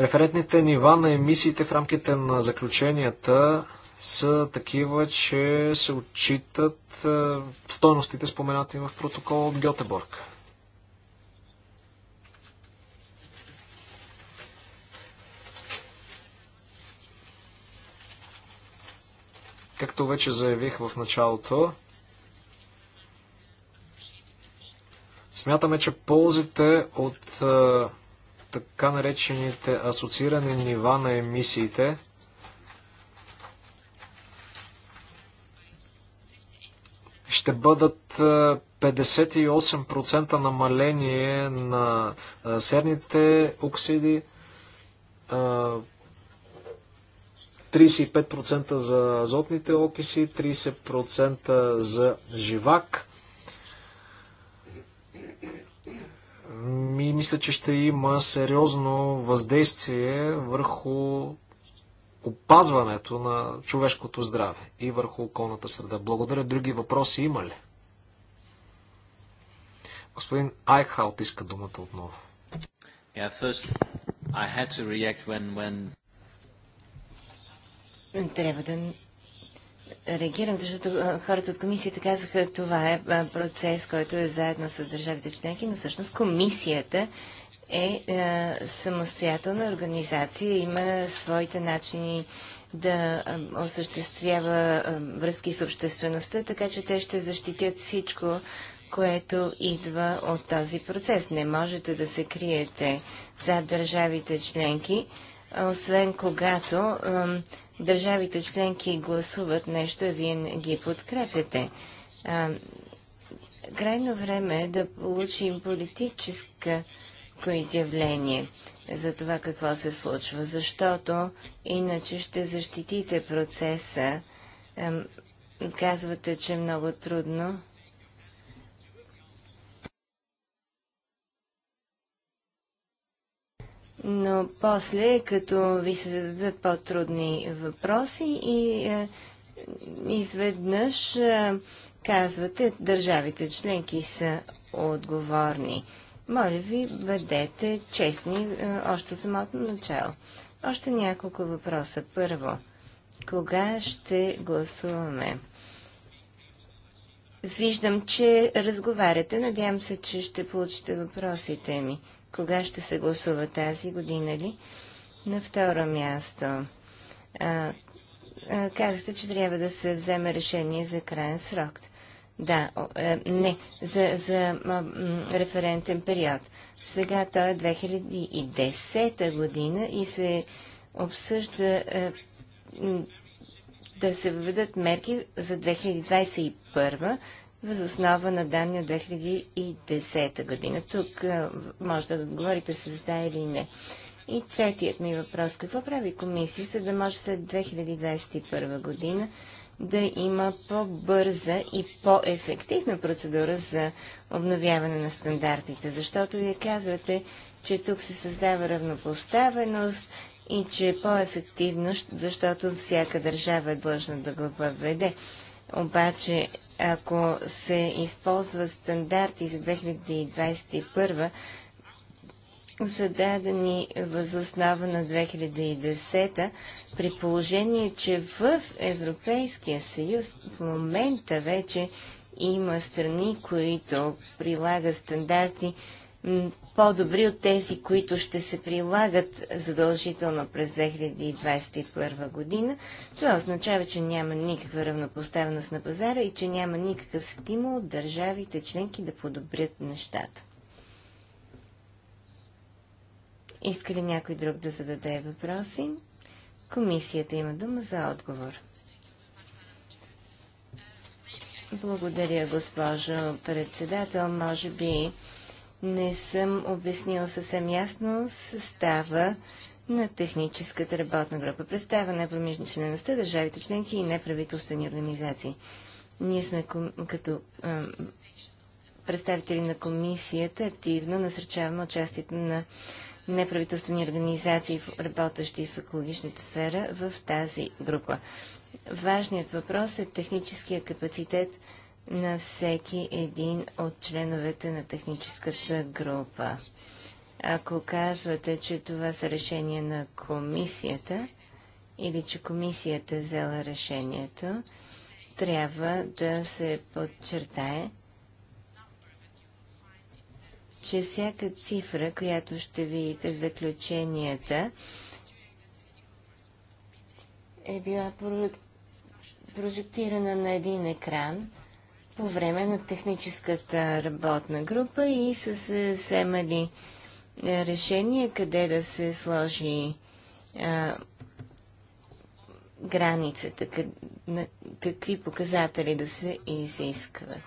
Референтните нива на емисиите в рамките на заключенията са такива, че се отчитат е, стойностите споменати в протокола от Гьотеборг. Както вече заявих в началото, смятаме, че ползите от е, така наречените асоциирани нива на емисиите – ще бъдат 58% е, намаление на е, серните оксиди, 35% е, за азотните окиси, 30% за живак. мисля, че ще има сериозно въздействие върху опазването на човешкото здраве и върху околната среда. Благодаря. Други въпроси има ли? Господин Айхалт иска думата отново. Yeah, first, I had to react when, when... Трябва да реагирам, защото хората от комисията казаха, това е процес, който е заедно с държавите членки, но всъщност комисията е, е самостоятелна организация, има своите начини да е, осъществява е, връзки с обществеността, така че те ще защитят всичко, което идва от този процес. Не можете да се криете за държавите членки, освен когато е, държавите членки гласуват нещо, а вие ги подкрепяте. Е, крайно време е да получим политическа всяко изявление за това какво се случва, защото иначе ще защитите процеса. Казвате, че е много трудно. Но после, като ви се зададат по-трудни въпроси и е, изведнъж е, казвате, държавите членки са отговорни. Моля ви, бъдете честни е, още от самото начало. Още няколко въпроса. Първо, кога ще гласуваме? Виждам, че разговаряте. Надявам се, че ще получите въпросите ми. Кога ще се гласува тази година ли? На второ място. А, а, казахте, че трябва да се вземе решение за крайен срок. Да, е, не, за, за референтен период. Сега той е 2010 година и се обсъжда е, да се въведат мерки за 2021 въз основа на данни от 2010 година. Тук е, може да отговорите с да или не. И третият ми въпрос. Какво прави комисията, за да може след 2021 година да има по-бърза и по-ефективна процедура за обновяване на стандартите, защото вие казвате, че тук се създава равнопоставеност и че е по-ефективно, защото всяка държава е длъжна да го въведе. Обаче, ако се използват стандарти за 2021, зададени възоснова на 2010 при положение, че в Европейския съюз в момента вече има страни, които прилагат стандарти по-добри от тези, които ще се прилагат задължително през 2021 година. Това означава, че няма никаква равнопоставеност на пазара и че няма никакъв стимул държавите членки да подобрят нещата. Иска ли някой друг да зададе въпроси? Комисията има дума за отговор. Благодаря, госпожо председател. Може би не съм обяснила съвсем ясно състава на техническата работна група. Представа на е промишлеността, държавите членки и неправителствени организации. Ние сме като представители на комисията активно насърчаваме участието на неправителствени организации, работещи в екологичната сфера, в тази група. Важният въпрос е техническия капацитет на всеки един от членовете на техническата група. Ако казвате, че това са решения на комисията или че комисията е взела решението, трябва да се подчертае, че всяка цифра, която ще видите в заключенията, е била прожектирана на един екран по време на техническата работна група и са се вземали е, решение къде да се сложи а, е, границата, къд, на какви показатели да се изискват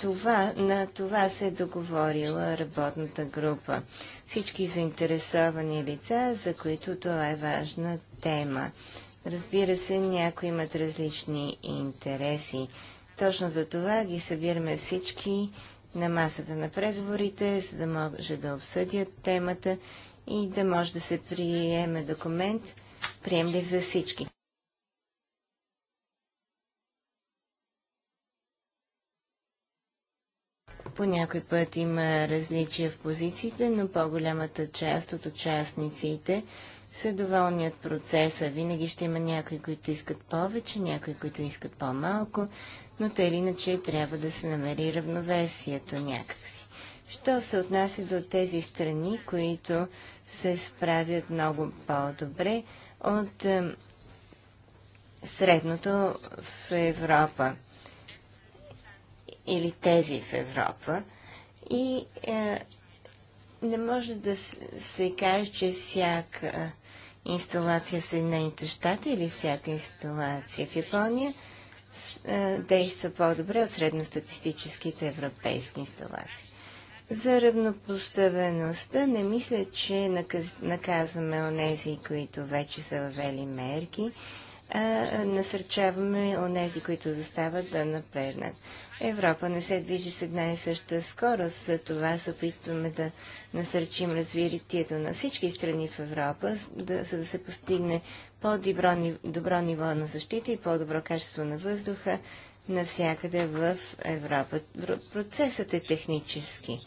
това, на това се е договорила работната група. Всички заинтересовани лица, за които това е важна тема. Разбира се, някои имат различни интереси. Точно за това ги събираме всички на масата на преговорите, за да може да обсъдят темата и да може да се приеме документ, приемлив за всички. По някой път има различия в позициите, но по-голямата част от участниците са доволни от процеса. Винаги ще има някои, които искат повече, някои, които искат по-малко, но те или иначе трябва да се намери равновесието някакси. Що се отнася до тези страни, които се справят много по-добре от е, средното в Европа? или тези в Европа. И е, не може да се каже, че всяка инсталация в Съединените щати или всяка инсталация в Япония е, действа по-добре от средностатистическите европейски инсталации. За равнопоставеността не мисля, че наказваме онези, които вече са въвели мерки а насърчаваме онези, които застават да напреднат. Европа не се движи с една и съща скорост, за това се опитваме да насърчим развитието на всички страни в Европа, да, за да се постигне по-добро добро ниво на защита и по-добро качество на въздуха навсякъде в Европа. Процесът е технически.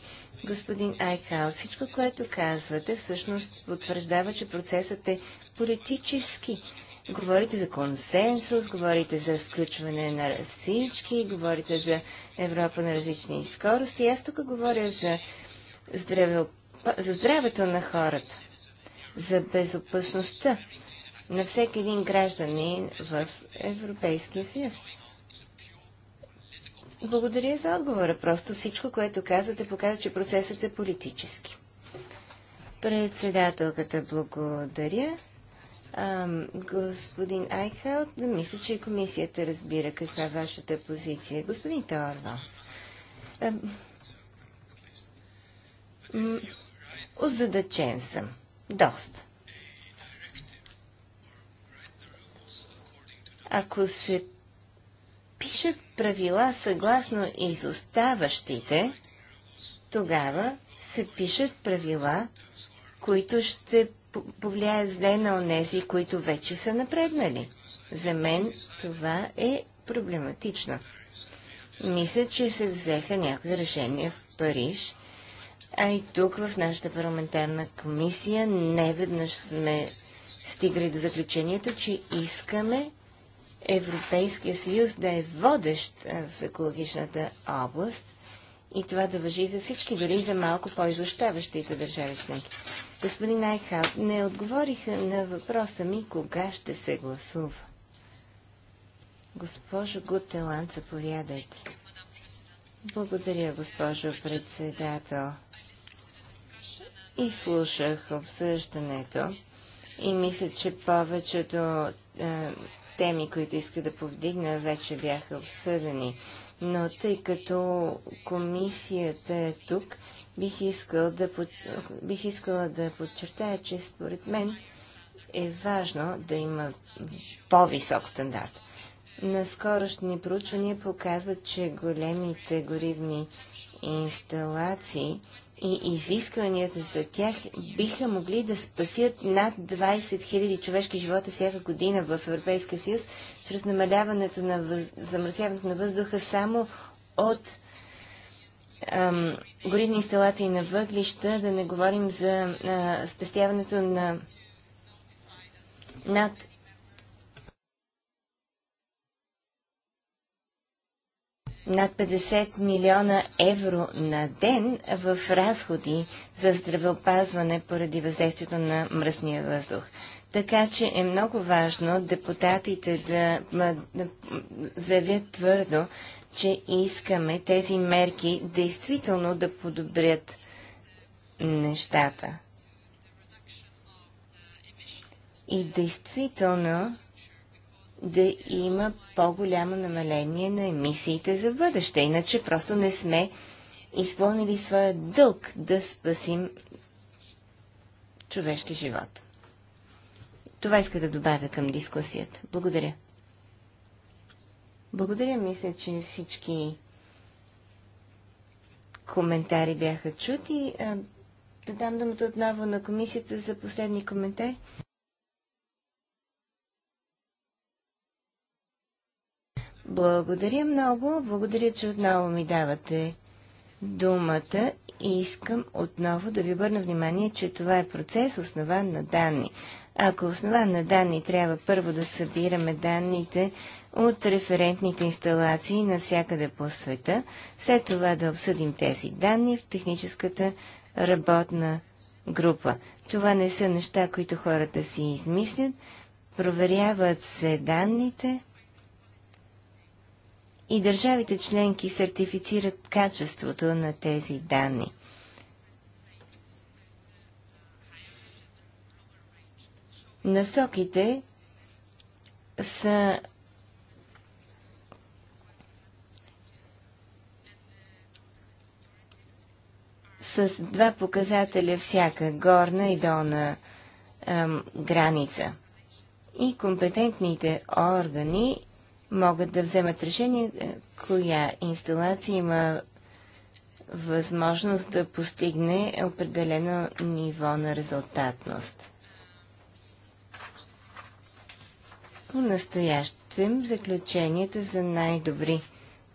Господин Айкал, всичко, което казвате, всъщност потвърждава, че процесът е политически Говорите за консенсус, говорите за включване на всички, говорите за Европа на различни скорости. Аз тук говоря за, здраве, за здравето на хората, за безопасността на всеки един гражданин в Европейския съюз. Благодаря за отговора. Просто всичко, което казвате, показва, че процесът е политически. Председателката благодаря. А, господин Айхаут, да мисля, че комисията разбира каква е вашата позиция. Господин Торвал, озадачен съм. Доста. Ако се пишат правила съгласно изоставащите, тогава се пишат правила, които ще повлияе зле на онези, които вече са напреднали. За мен това е проблематично. Мисля, че се взеха някои решения в Париж, а и тук в нашата парламентарна комисия не веднъж сме стигали до заключението, че искаме Европейския съюз да е водещ в екологичната област – и това да въжи за всички, дори за малко по-изощаващите държави членки. Господин Найхал, не отговориха на въпроса ми кога ще се гласува. Госпожо Гутелан, заповядайте. Благодаря, госпожо председател. И слушах обсъждането и мисля, че повечето е, теми, които иска да повдигна, вече бяха обсъдени но тъй като комисията е тук, бих, искал да под... бих искала да подчертая, че според мен е важно да има по-висок стандарт. Наскорошни проучвания показват, че големите горивни инсталации и изискванията за тях биха могли да спасят над 20 000 човешки живота всяка година в Европейския съюз, чрез намаляването на въз... замърсяването на въздуха само от ам, горивни инсталации на въглища, да не говорим за а, спестяването на над над 50 милиона евро на ден в разходи за здравеопазване поради въздействието на мръсния въздух. Така че е много важно депутатите да, да заявят твърдо, че искаме тези мерки действително да подобрят нещата. И действително да има по-голямо намаление на емисиите за бъдеще. Иначе просто не сме изпълнили своя дълг да спасим човешки живот. Това иска да добавя към дискусията. Благодаря. Благодаря, мисля, че всички коментари бяха чути. Да дам думата отново на комисията за последни коментари. Благодаря много. Благодаря, че отново ми давате думата и искам отново да ви обърна внимание, че това е процес основан на данни. Ако основан на данни трябва първо да събираме данните от референтните инсталации навсякъде по света, след това да обсъдим тези данни в техническата работна група. Това не са неща, които хората си измислят. Проверяват се данните, и държавите членки сертифицират качеството на тези данни. Насоките са с два показателя всяка горна и долна ем, граница. И компетентните органи могат да вземат решение е, коя инсталация има възможност да постигне определено ниво на резултатност. По-настоящем заключенията за най-добри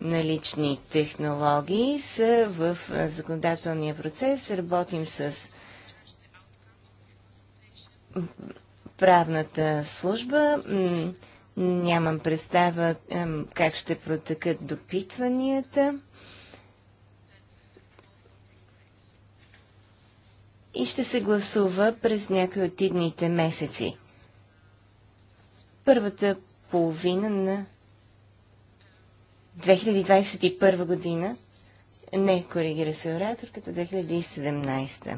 налични технологии са в е, законодателния процес. Работим с правната служба. Нямам представа как ще протекат допитванията. И ще се гласува през някои от идните месеци. Първата половина на 2021 година. Не, коригира се ораторката 2017.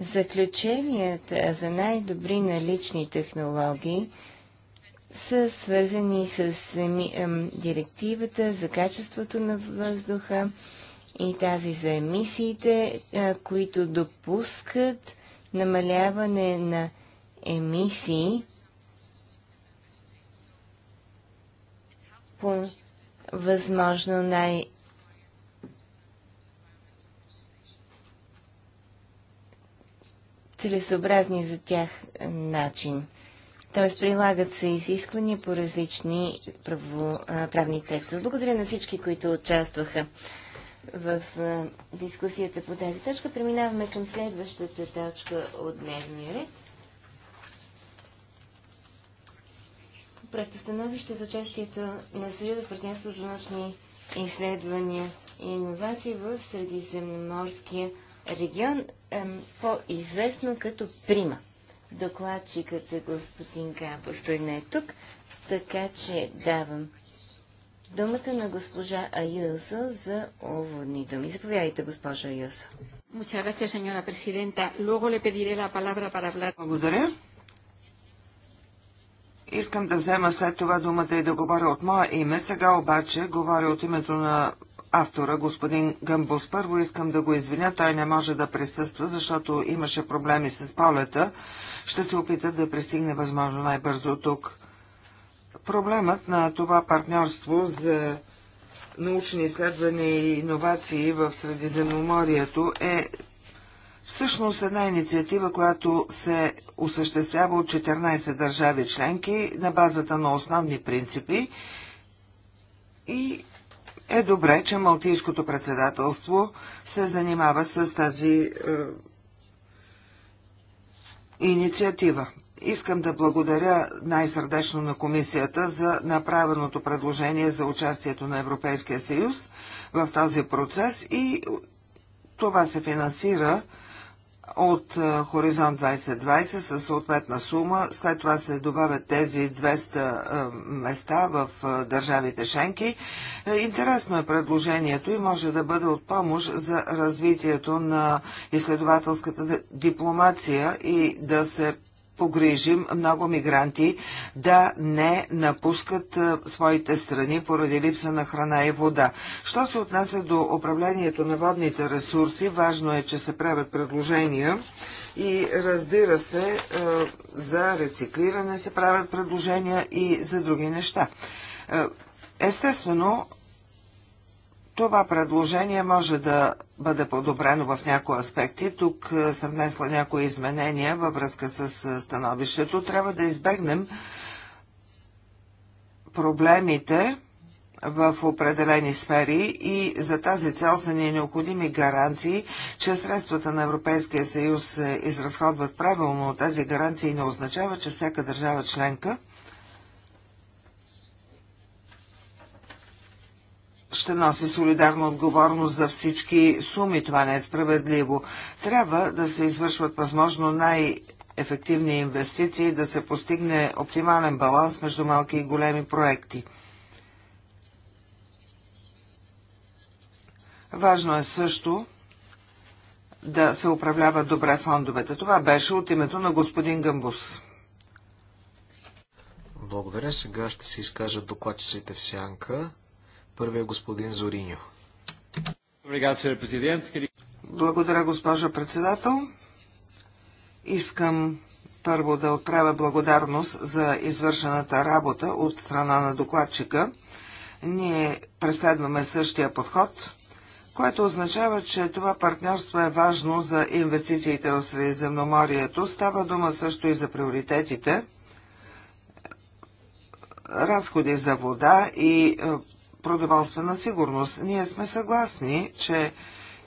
Заключенията за най-добри налични технологии са свързани с директивата за качеството на въздуха и тази за емисиите, е, които допускат намаляване на емисии по възможно най- целесообразния за тях е, начин. Т.е. прилагат се изисквания по различни право, правни текстове. Благодаря на всички, които участваха в дискусията по тази точка. Преминаваме към следващата точка от дневния ред. Проектостановище за участието на Съюза в партньорство за научни изследвания и иновации в Средиземноморския регион по-известно като прима. Докладчикът е господин Габов, той не е тук, така че давам думата на госпожа Аюсо за уводни думи. Заповядайте, госпожа Аюсо. Благодаря. Искам да взема след това думата и да говоря от моя име. Сега обаче говоря от името на автора, господин Гъмбус. Първо искам да го извиня, той не може да присъства, защото имаше проблеми с полета. Ще се опита да пристигне възможно най-бързо тук. Проблемът на това партньорство за научни изследвания и иновации в Средиземноморието е всъщност една инициатива, която се осъществява от 14 държави членки на базата на основни принципи и е добре, че Малтийското председателство се занимава с тази е, инициатива. Искам да благодаря най-сърдечно на комисията за направеното предложение за участието на Европейския съюз в този процес и това се финансира от Хоризонт 2020 със съответна сума. След това се добавят тези 200 места в държавите Шенки. Е, интересно е предложението и може да бъде от помощ за развитието на изследователската дипломация и да се погрижим много мигранти да не напускат своите страни поради липса на храна и вода. Що се отнася до управлението на водните ресурси, важно е, че се правят предложения и разбира се, за рециклиране се правят предложения и за други неща. Естествено, това предложение може да бъде подобрено в някои аспекти. Тук е, съм внесла някои изменения във връзка с е, становището. Трябва да избегнем проблемите в определени сфери и за тази цел са ни необходими гаранции, че средствата на Европейския съюз изразходват правилно. Тези гаранции не означава, че всяка държава членка ще носи солидарна отговорност за всички суми. Това не е справедливо. Трябва да се извършват възможно най- ефективни инвестиции, да се постигне оптимален баланс между малки и големи проекти. Важно е също да се управляват добре фондовете. Това беше от името на господин Гамбус. Благодаря. Сега ще се изкажат докладчиците в сянка. Първият господин Зориньо. Благодаря, госпожа председател. Искам първо да отправя благодарност за извършената работа от страна на докладчика. Ние преследваме същия подход, което означава, че това партньорство е важно за инвестициите в Средиземноморието. Става дума също и за приоритетите, разходи за вода и е, продоволствена сигурност. Ние сме съгласни, че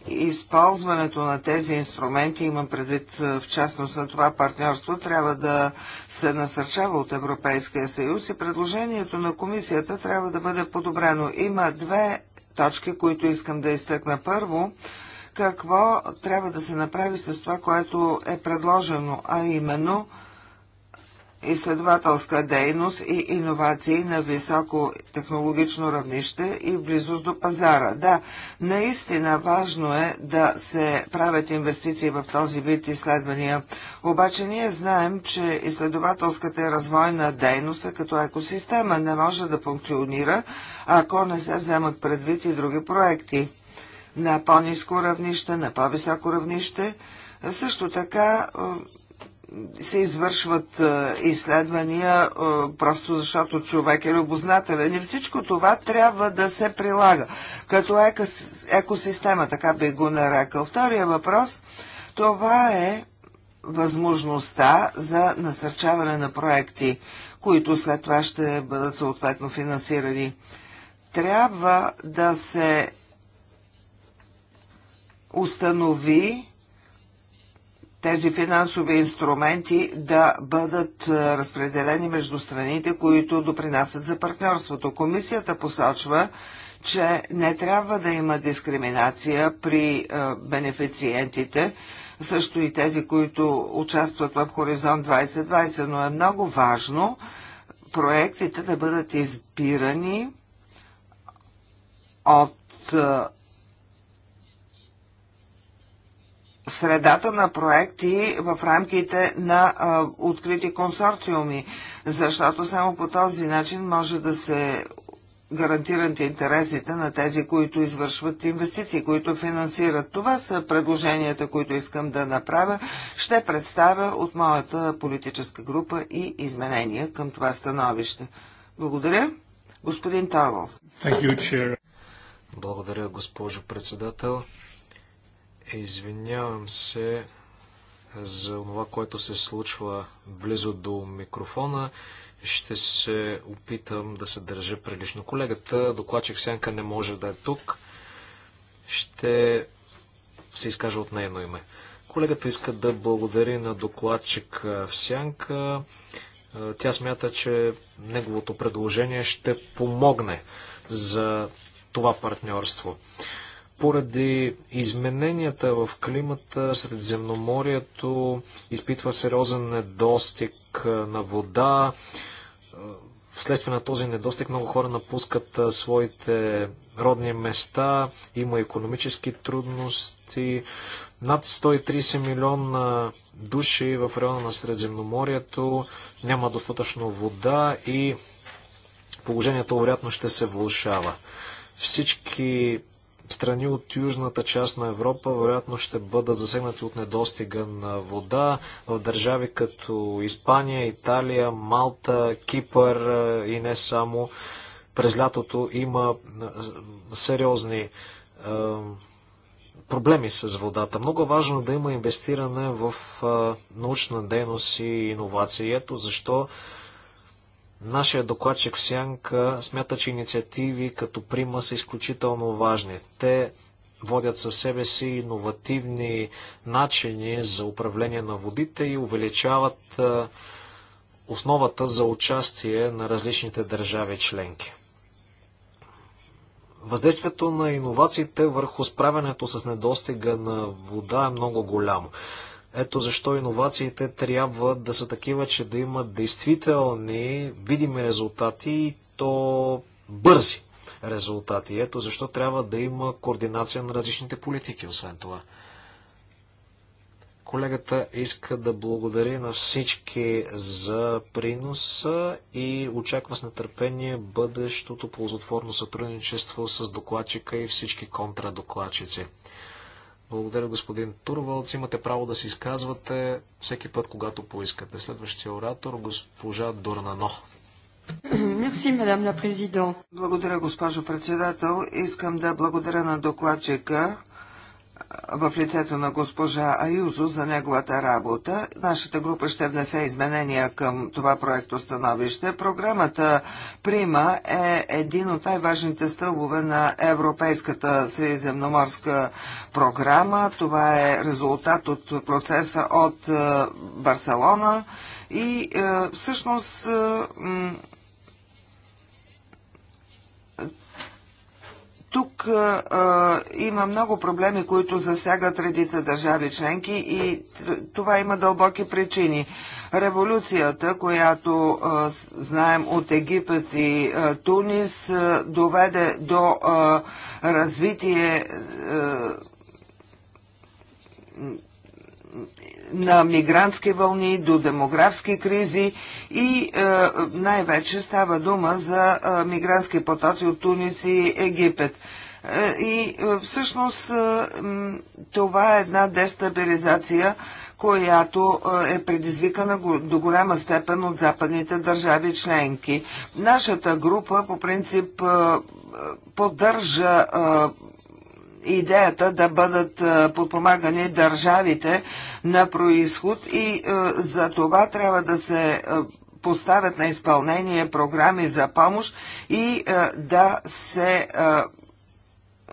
използването на тези инструменти, имам предвид е, в частност на това партньорство, трябва да се насърчава от Европейския съюз и предложението на комисията трябва да бъде подобрено. Има две точки, които искам да изтъкна. Първо, какво трябва да се направи с това, което е предложено, а именно – изследователска дейност и иновации на високо технологично равнище и близост до пазара. Да, наистина важно е да се правят инвестиции в този вид изследвания. Обаче ние знаем, че изследователската и развойна дейност е като екосистема не може да функционира, ако не се вземат предвид и други проекти. На по-низко равнище, на по-високо равнище, също така се извършват е, изследвания, е, просто защото човек е любознателен. И всичко това трябва да се прилага като екосистема, така би го нарекал. Втория въпрос, това е възможността за насърчаване на проекти, които след това ще бъдат съответно финансирани. Трябва да се установи тези финансови инструменти да бъдат е, разпределени между страните, които допринасят за партньорството. Комисията посочва, че не трябва да има дискриминация при е, бенефициентите, също и тези, които участват в Хоризонт 2020, но е много важно проектите да бъдат избирани от е, средата на проекти в рамките на а, открити консорциуми, защото само по този начин може да се гарантират интересите на тези, които извършват инвестиции, които финансират. Това са предложенията, които искам да направя. Ще представя от моята политическа група и изменения към това становище. Благодаря. Господин Тарвал. Благодаря, госпожо председател. Извинявам се за това, което се случва близо до микрофона. Ще се опитам да се държа прилично. Колегата, докладчик Сянка, не може да е тук. Ще се изкажа от нейно име. Колегата иска да благодари на докладчик в Сянка. Тя смята, че неговото предложение ще помогне за това партньорство. Поради измененията в климата, Средиземноморието изпитва сериозен недостиг на вода. Вследствие на този недостиг много хора напускат своите родни места, има економически трудности. Над 130 милиона души в района на Средиземноморието няма достатъчно вода и положението вероятно ще се влушава. Всички страни от южната част на Европа вероятно ще бъдат засегнати от недостига на вода. В държави като Испания, Италия, Малта, Кипър е, и не само. През лятото има е, сериозни е, проблеми с водата. Много важно да има инвестиране в научна дейност и иновации. Ето защо Нашия докладчик в Сянка смята, че инициативи като Прима са изключително важни. Те водят със себе си иновативни начини за управление на водите и увеличават основата за участие на различните държави членки. Въздействието на иновациите върху справянето с недостига на вода е много голямо. Ето защо иновациите трябва да са такива, че да имат действителни, видими резултати и то бързи резултати. Ето защо трябва да има координация на различните политики, освен това. Колегата иска да благодари на всички за приноса и очаква с нетърпение бъдещото ползотворно сътрудничество с докладчика и всички контрадокладчици. Благодаря, господин Турвалц. Имате право да се изказвате всеки път, когато поискате. Следващия оратор, госпожа Дурнано. Благодаря, госпожо председател. Искам да благодаря на докладчика в лицето на госпожа Аюзо за неговата работа. Нашата група ще внесе изменения към това проекто становище. Програмата Прима е един от най-важните стълбове на Европейската средиземноморска програма. Това е резултат от процеса от е, Барселона и е, всъщност е, Тук а, има много проблеми, които засягат редица държави членки и това има дълбоки причини. Революцията, която а, знаем от Египет и а, Тунис, а, доведе до а, развитие. А, на мигрантски вълни до демографски кризи и е, най-вече става дума за е, мигрантски потоци от Тунис и Египет. Е, и е, всъщност е, това е една дестабилизация, която е предизвикана до голяма степен от западните държави членки. Нашата група по принцип поддържа идеята да бъдат е, подпомагани държавите на происход и е, за това трябва да се е, поставят на изпълнение програми за помощ и да се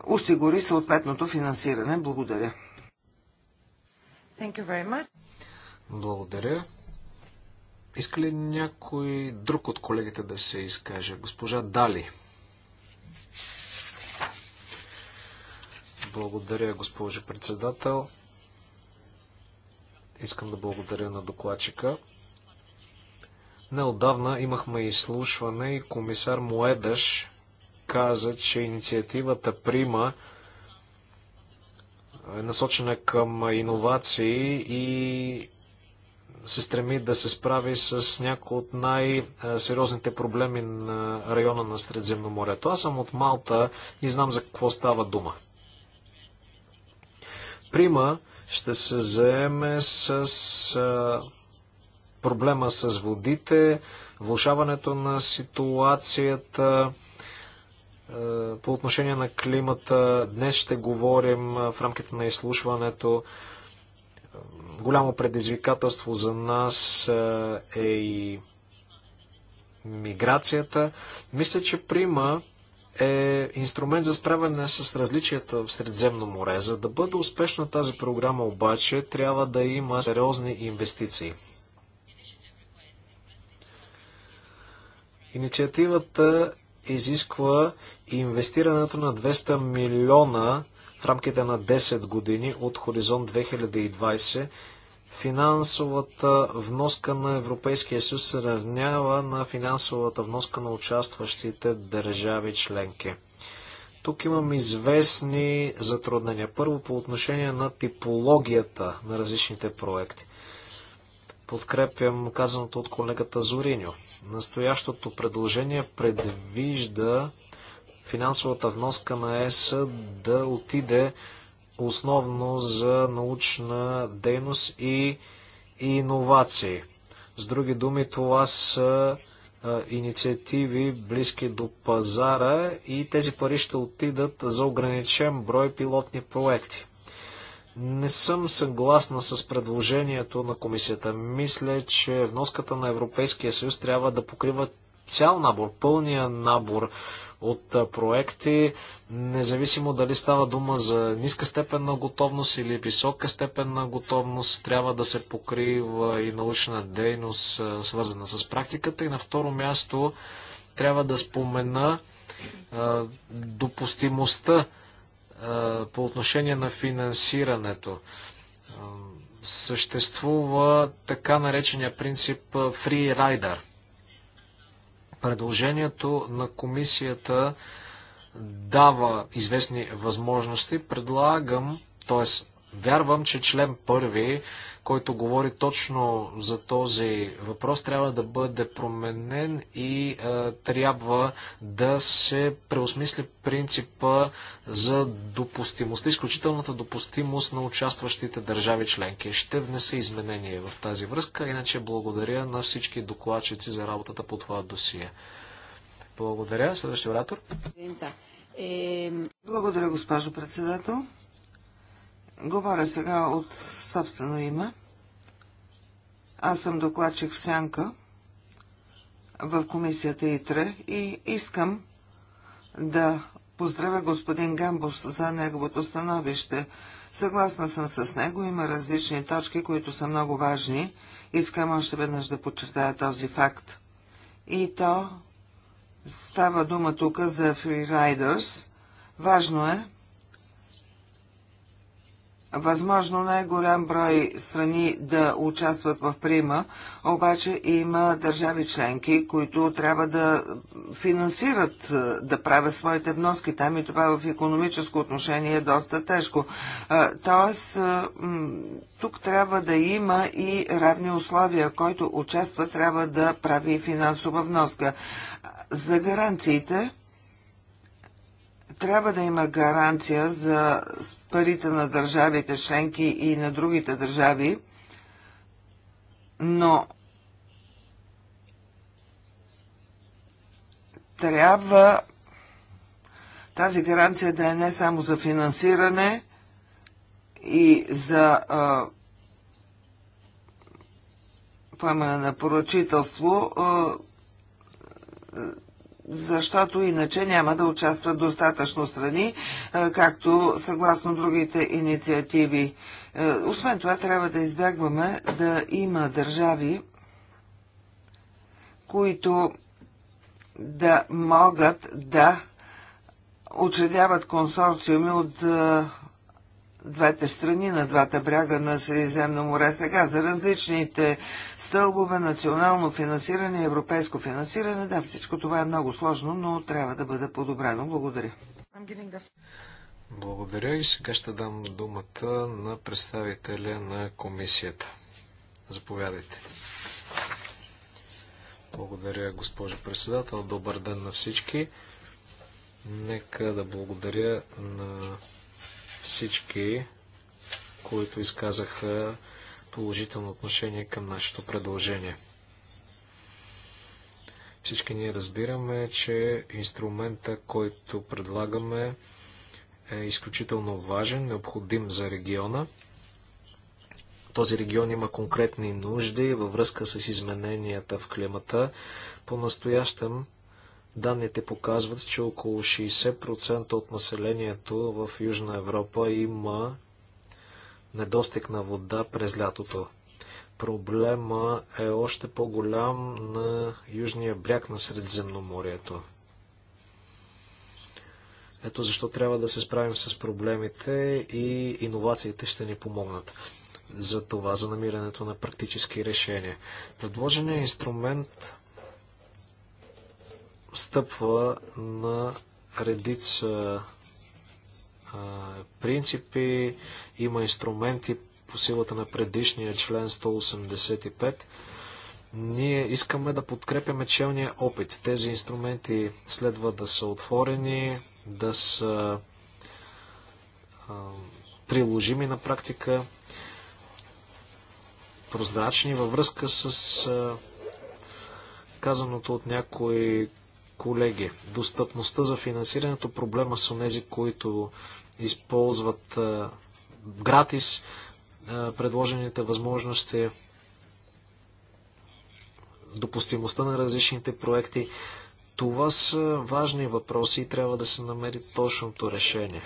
осигури съответното финансиране. Благодаря. Благодаря. Иска ли някой друг от колегите да се изкаже? Госпожа Дали. Благодаря, госпожо председател. Искам да благодаря на докладчика. Неодавна имахме изслушване и комисар Моедаш каза, че инициативата Прима е насочена към иновации и се стреми да се справи с някои от най-сериозните проблеми на района на Средземноморието. Аз съм от Малта и знам за какво става дума. Прима ще се заеме с а, проблема с водите, влушаването на ситуацията а, по отношение на климата. Днес ще говорим в рамките на изслушването. Голямо предизвикателство за нас е и миграцията. Мисля, че Прима е инструмент за справяне с различията в Средземно море. За да бъде успешна тази програма обаче, трябва да има сериозни инвестиции. Инициативата изисква инвестирането на 200 милиона в рамките на 10 години от Хоризонт 2020 финансовата вноска на Европейския съюз се равнява на финансовата вноска на участващите държави членки. Тук имам известни затруднения. Първо по отношение на типологията на различните проекти. Подкрепям казаното от колегата Зориньо. Настоящото предложение предвижда финансовата вноска на ЕС да отиде основно за научна дейност и, иновации. С други думи, това са а, инициативи близки до пазара и тези пари ще отидат за ограничен брой пилотни проекти. Не съм съгласна с предложението на комисията. Мисля, че вноската на Европейския съюз трябва да покрива цял набор, пълния набор от проекти, независимо дали става дума за ниска степен на готовност или висока степен на готовност, трябва да се покрива и научна дейност, свързана с практиката. И на второ място трябва да спомена допустимостта по отношение на финансирането съществува така наречения принцип Free Rider. Предложението на комисията дава известни възможности. Предлагам, т.е. вярвам, че член първи който говори точно за този въпрос, трябва да бъде променен и а, е, трябва да се преосмисли принципа за допустимост, изключителната допустимост на участващите държави членки. Ще внеса изменение в тази връзка, иначе благодаря на всички докладчици за работата по това досие. Благодаря. Следващия оратор. Е, благодаря, госпожо председател. Говоря сега от собствено име. Аз съм докладчик в Сянка в комисията ИТРЕ и искам да поздравя господин Гамбус за неговото становище. Съгласна съм с него, има различни точки, които са много важни. Искам още веднъж да подчертая този факт. И то става дума тук за фрирайдърс. Важно е възможно най-голям брой страни да участват в прима, обаче има държави членки, които трябва да финансират, е, да правят своите вноски там и това в економическо отношение е доста тежко. Е, тоест, е, тук трябва да има и равни условия, който участва трябва да прави финансова вноска. За гаранциите, трябва да има гаранция за парите на държавите членки и на другите държави, но трябва тази гаранция да е не само за финансиране и за а, поемане на поръчителство, а, защото иначе няма да участват достатъчно страни, е, както съгласно другите инициативи. Е, освен това, трябва да избягваме да има държави, които да могат да учредяват консорциуми от е, двете страни на двата бряга на Средиземно море сега за различните стълбове, национално финансиране, европейско финансиране. Да, всичко това е много сложно, но трябва да бъде подобрено. Благодаря. Благодаря и сега ще дам думата на представителя на комисията. Заповядайте. Благодаря, госпожо председател. Добър ден на всички. Нека да благодаря на всички, които изказаха положително отношение към нашето предложение. Всички ние разбираме, че инструмента, който предлагаме, е изключително важен, необходим за региона. Този регион има конкретни нужди във връзка с измененията в климата. По-настоящем Данните показват, че около 60% от населението в Южна Европа има недостиг на вода през лятото. Проблема е още по-голям на южния бряг на Средиземноморието. Ето защо трябва да се справим с проблемите и иновациите ще ни помогнат за това, за намирането на практически решения. Предложеният инструмент стъпва на редица принципи, има инструменти по силата на предишния член 185. Ние искаме да подкрепяме челния опит. Тези инструменти следва да са отворени, да са а, приложими на практика, прозрачни във връзка с а, казаното от някои колеги. Достъпността за финансирането, проблема с тези, които използват гратис предложените възможности, допустимостта на различните проекти. Това са важни въпроси и трябва да се намери точното решение.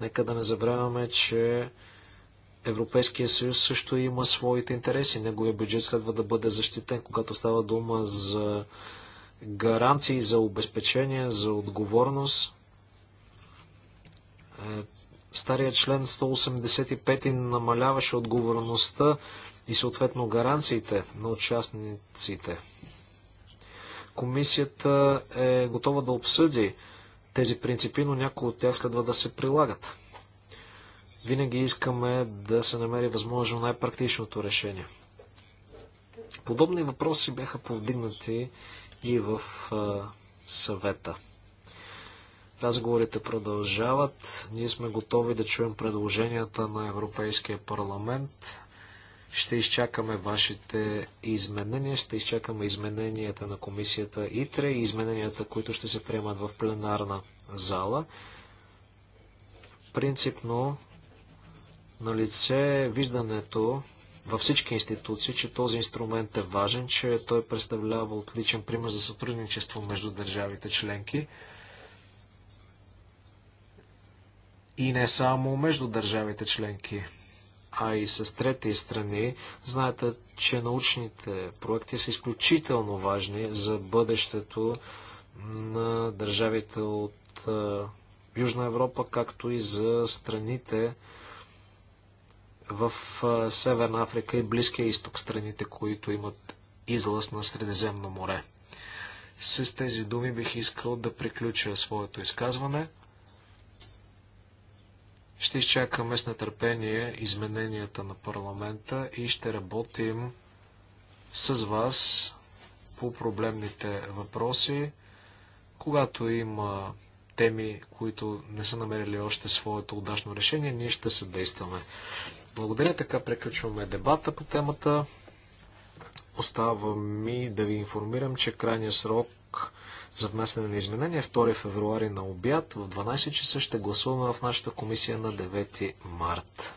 Нека да не забравяме, че Европейския съюз също има своите интереси. Неговия бюджет следва да бъде защитен, когато става дума за гаранции за обезпечение, за отговорност. Е, Стария член 185 намаляваше отговорността и съответно гаранциите на участниците. Комисията е готова да обсъди тези принципи, но някои от тях следва да се прилагат. Винаги искаме да се намери възможно най-практичното решение. Подобни въпроси бяха повдигнати и в съвета. Разговорите продължават. Ние сме готови да чуем предложенията на Европейския парламент. Ще изчакаме вашите изменения, ще изчакаме измененията на комисията ИТРЕ и измененията, които ще се приемат в пленарна зала. Принципно на лице виждането, във всички институции, че този инструмент е важен, че той представлява отличен пример за сътрудничество между държавите членки и не само между държавите членки, а и с трети страни. Знаете, че научните проекти са изключително важни за бъдещето на държавите от е, Южна Европа, както и за страните, в Северна Африка и Близкия изток, страните, които имат излъз на Средиземно море. С тези думи бих искал да приключа своето изказване. Ще изчакаме с нетърпение измененията на парламента и ще работим с вас по проблемните въпроси, когато има теми, които не са намерили още своето удачно решение, ние ще съдействаме. Благодаря, така приключваме дебата по темата. Остава ми да ви информирам, че крайният срок за внасяне на изменения 2 е февруари на обяд в 12 часа ще гласуваме в нашата комисия на 9 март.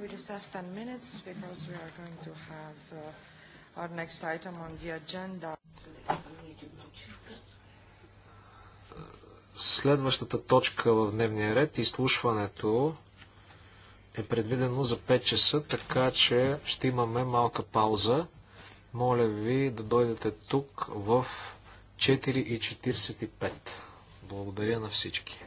We just 10 Следващата точка в дневния ред, изслушването, е предвидено за 5 часа, така че ще имаме малка пауза. Моля ви да дойдете тук в 4.45. Благодаря на всички.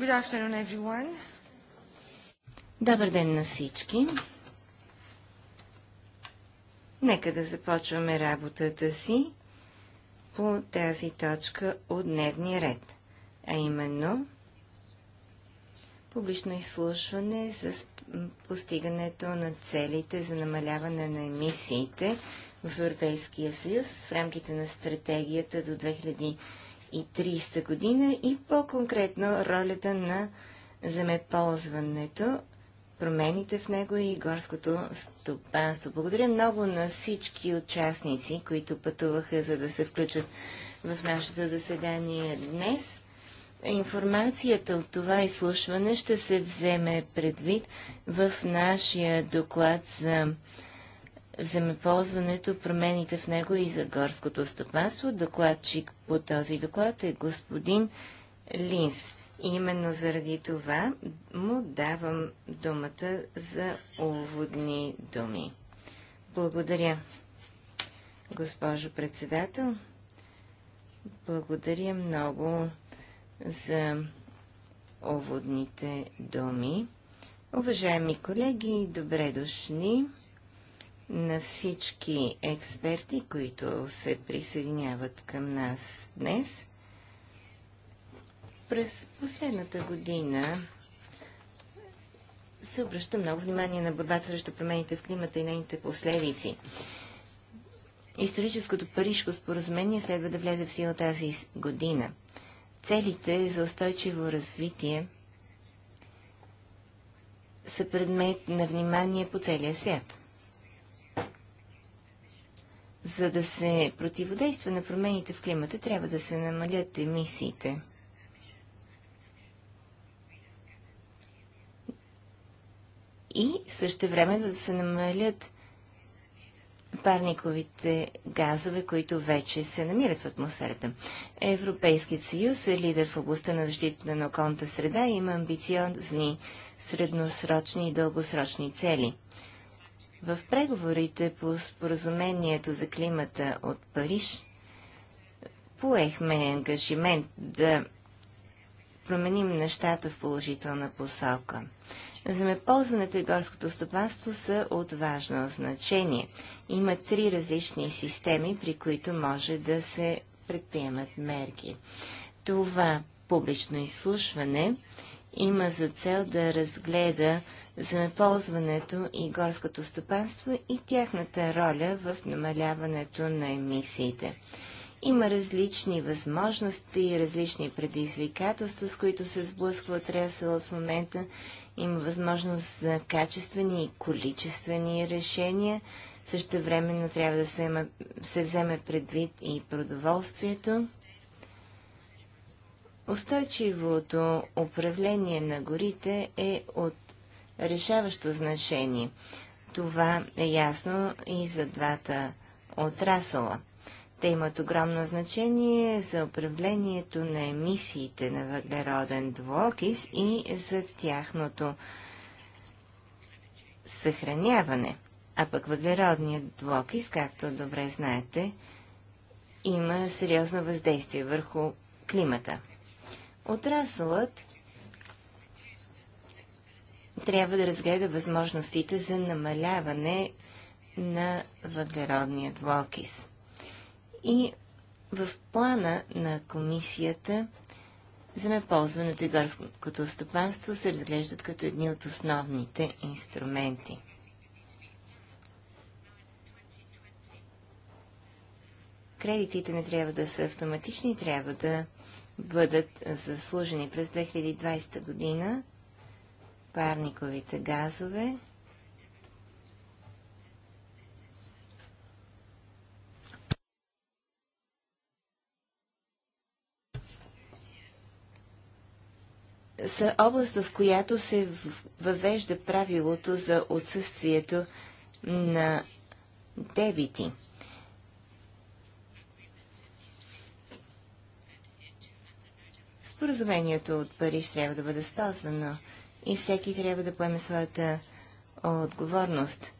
Good afternoon, everyone. Добър ден на всички. Нека да започваме работата си по тази точка от дневния ред, а именно публично изслушване с постигането на целите за намаляване на емисиите в Европейския съюз в рамките на стратегията до 2020 2030 година и по-конкретно ролята на земеползването, промените в него и горското стопанство. Благодаря много на всички участници, които пътуваха, за да се включат в нашето заседание днес. Информацията от това изслушване ще се вземе предвид в нашия доклад за земеползването, промените в него и за горското стопанство. Докладчик по този доклад е господин Линс. Именно заради това му давам думата за уводни думи. Благодаря, госпожо председател. Благодаря много за уводните думи. Уважаеми колеги, добре дошли на всички експерти, които се присъединяват към нас днес. През последната година се обръща много внимание на борбата срещу промените в климата и нейните последици. Историческото Парижко споразумение следва да влезе в сила тази година. Целите за устойчиво развитие са предмет на внимание по целия свят. За да се противодейства на промените в климата, трябва да се намалят емисиите. И също време да се намалят парниковите газове, които вече се намират в атмосферата. Европейският съюз е лидер в областта на защита на околната среда и има амбициозни средносрочни и дългосрочни цели – в преговорите по споразумението за климата от Париж поехме ангажимент да променим нещата в положителна посока. Замеползването и горското стопанство са от важно значение. Има три различни системи, при които може да се предприемат мерки. Това публично изслушване има за цел да разгледа земеползването и горското стопанство и тяхната роля в намаляването на емисиите. Има различни възможности и различни предизвикателства, с които се сблъсква отрясъл в момента. Има възможност за качествени и количествени решения. Също времено трябва да се, има, се вземе предвид и продоволствието. Устойчивото управление на горите е от решаващо значение. Това е ясно и за двата отрасъла. Те имат огромно значение за управлението на емисиите на въглероден двуокис и за тяхното съхраняване. А пък въглеродният двуокис, както добре знаете, има сериозно въздействие върху климата. Отрасълът трябва да разгледа възможностите за намаляване на въглеродния двокис. И в плана на комисията за наползването и горското стопанство се разглеждат като едни от основните инструменти. Кредитите не трябва да са автоматични, трябва да бъдат заслужени през 2020 година парниковите газове са област, в която се въвежда правилото за отсъствието на дебити. Споразумението от Париж трябва да бъде спазвано и всеки трябва да поеме своята отговорност.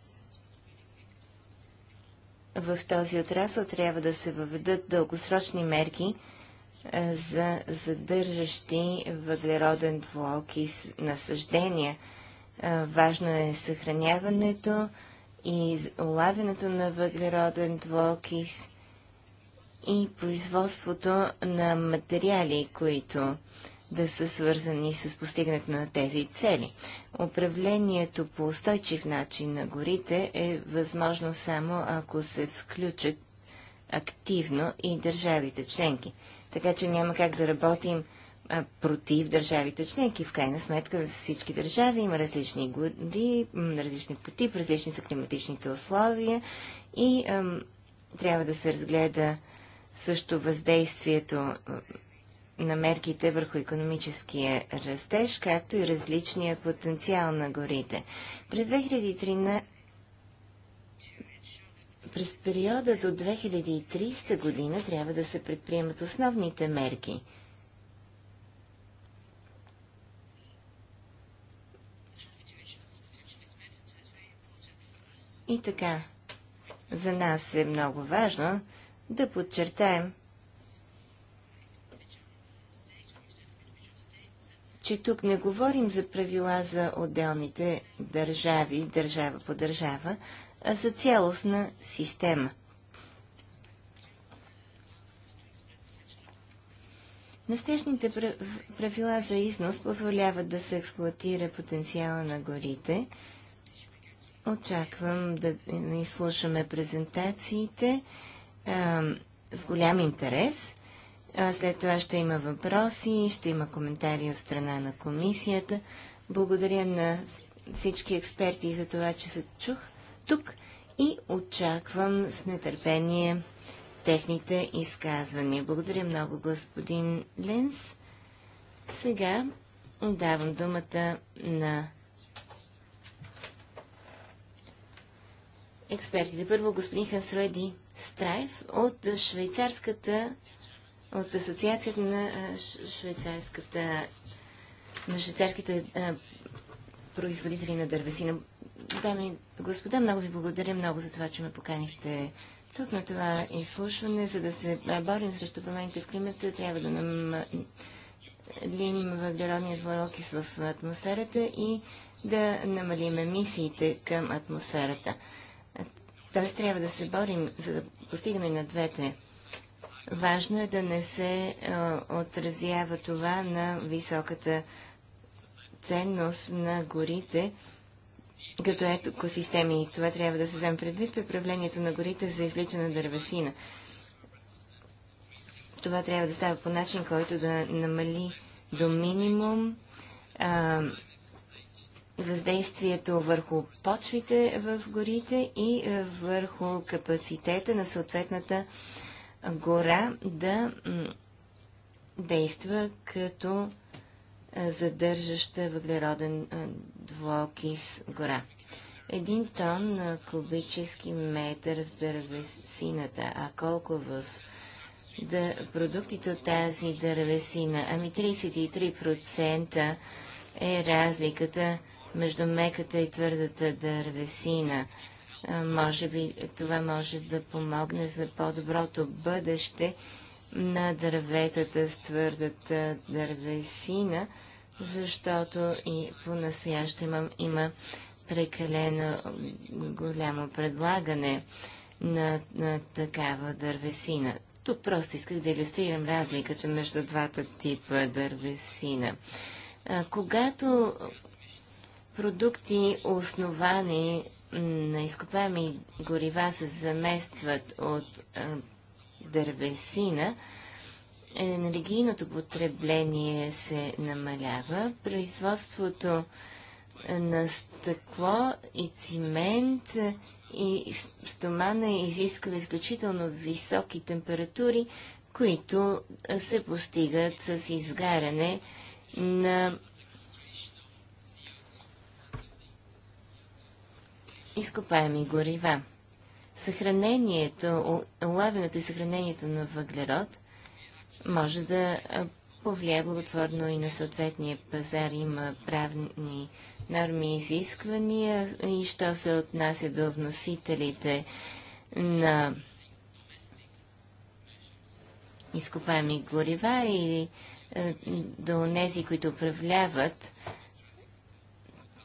В този отрасъл трябва да се въведат дългосрочни мерки е, за задържащи въглероден и насъждения. Е, важно е съхраняването и улавянето на въглероден двуокис – и производството на материали, които да са свързани с постигането на тези цели. Управлението по устойчив начин на горите е възможно само ако се включат активно и държавите членки. Така че няма как да работим против държавите членки. В крайна сметка всички държави има различни гори, различни потип, различни са климатичните условия и ам, трябва да се разгледа също въздействието на мерките върху економическия растеж, както и различния потенциал на горите. През 2013 през периода до 2030 година трябва да се предприемат основните мерки. И така, за нас е много важно да подчертаем, че тук не говорим за правила за отделните държави, държава по държава, а за цялостна система. Настежните правила за износ позволяват да се експлуатира потенциала на горите. Очаквам да изслушаме презентациите с голям интерес. след това ще има въпроси, ще има коментари от страна на комисията. Благодаря на всички експерти за това, че се чух тук и очаквам с нетърпение техните изказвания. Благодаря много, господин Ленс. Сега давам думата на експертите. Първо, господин Хансроеди. Страйф от швейцарската, от Асоциацията на швейцарската, на швейцарските производители на дървесина. Дами и господа, много ви благодаря много за това, че ме поканихте тук на това изслушване. За да се борим срещу промените в климата, трябва да нам лим въглеродният двуокис в атмосферата и да намалим емисиите към атмосферата. Тоест трябва да се борим за да постигнем на двете. Важно е да не се а, отразява това на високата ценност на горите като екосистеми. И това трябва да се вземе предвид при управлението на горите за извличане на дървесина. Това трябва да става по начин, който да намали до минимум а, въздействието върху почвите в горите и е, върху капацитета на съответната гора да действа като е, задържаща въглероден е, двуокис гора. Един тон на кубически метър в дървесината, а колко в да, продуктите от тази дървесина? Ами 33% е разликата между меката и твърдата дървесина. Може би това може да помогне за по-доброто бъдеще на дърветата с твърдата дървесина, защото и по-настоящем има, има прекалено голямо предлагане на, на такава дървесина. Тук просто исках да иллюстрирам разликата между двата типа дървесина. когато продукти, основани на изкопаеми горива, се заместват от а, дървесина, енергийното потребление се намалява, производството на стъкло и цимент и стомана изисква изключително високи температури, които се постигат с изгаряне на изкопаеми горива. Съхранението, улавянето и съхранението на въглерод може да повлия благотворно и на съответния пазар. Има правни норми и изисквания и що се отнася до вносителите на изкопаеми горива и до тези, които управляват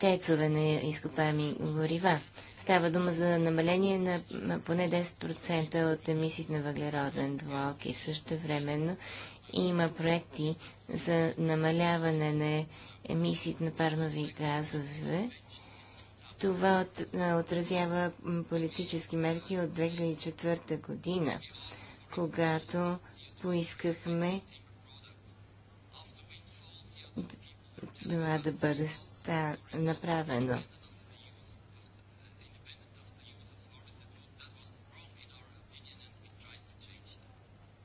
тецове на изкопаеми горива. Става дума за намаление на поне 10% от емисиите на въглероден двуокис. Също времено има проекти за намаляване на емисиите на парнови газове. Това от, отразява политически мерки от 2004 година, когато поискахме това да бъде ста, направено.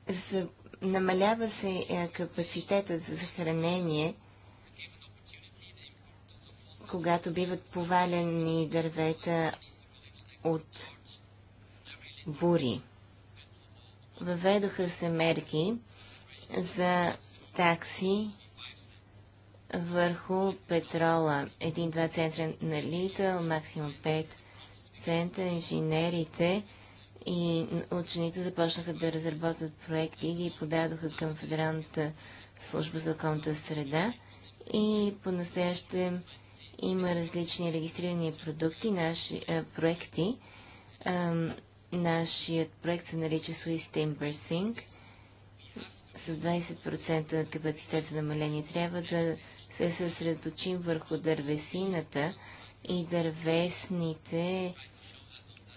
За, намалява се е, капацитетът за съхранение, когато биват повалени дървета от бури. Въведоха се мерки за такси върху петрола. Един-два центра на Литъл, максимум 5 центра, Инженерите и учените започнаха да разработват проекти и ги подадоха към Федералната служба за околната среда. И по-настоящем има различни регистрирани продукти, наши а, проекти. А, нашият проект се нарича Swiss Timber Sync. С 20% капацитет за намаление трябва да се съсредоточим върху дървесината и дървесните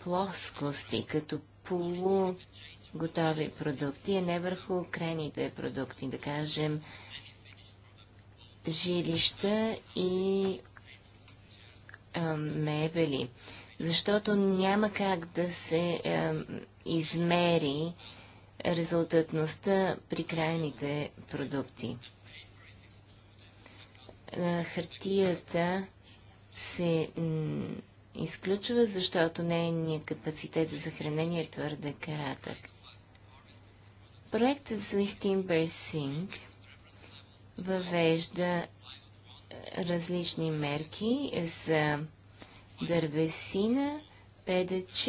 плоскости, като полуготови продукти, а не върху крайните продукти, да кажем жилища и а, мебели. Защото няма как да се а, измери резултатността при крайните продукти хартията се изключва, защото нейният капацитет за съхранение е твърде кратък. Проектът за Timber Sync въвежда различни мерки за дървесина, ПДЧ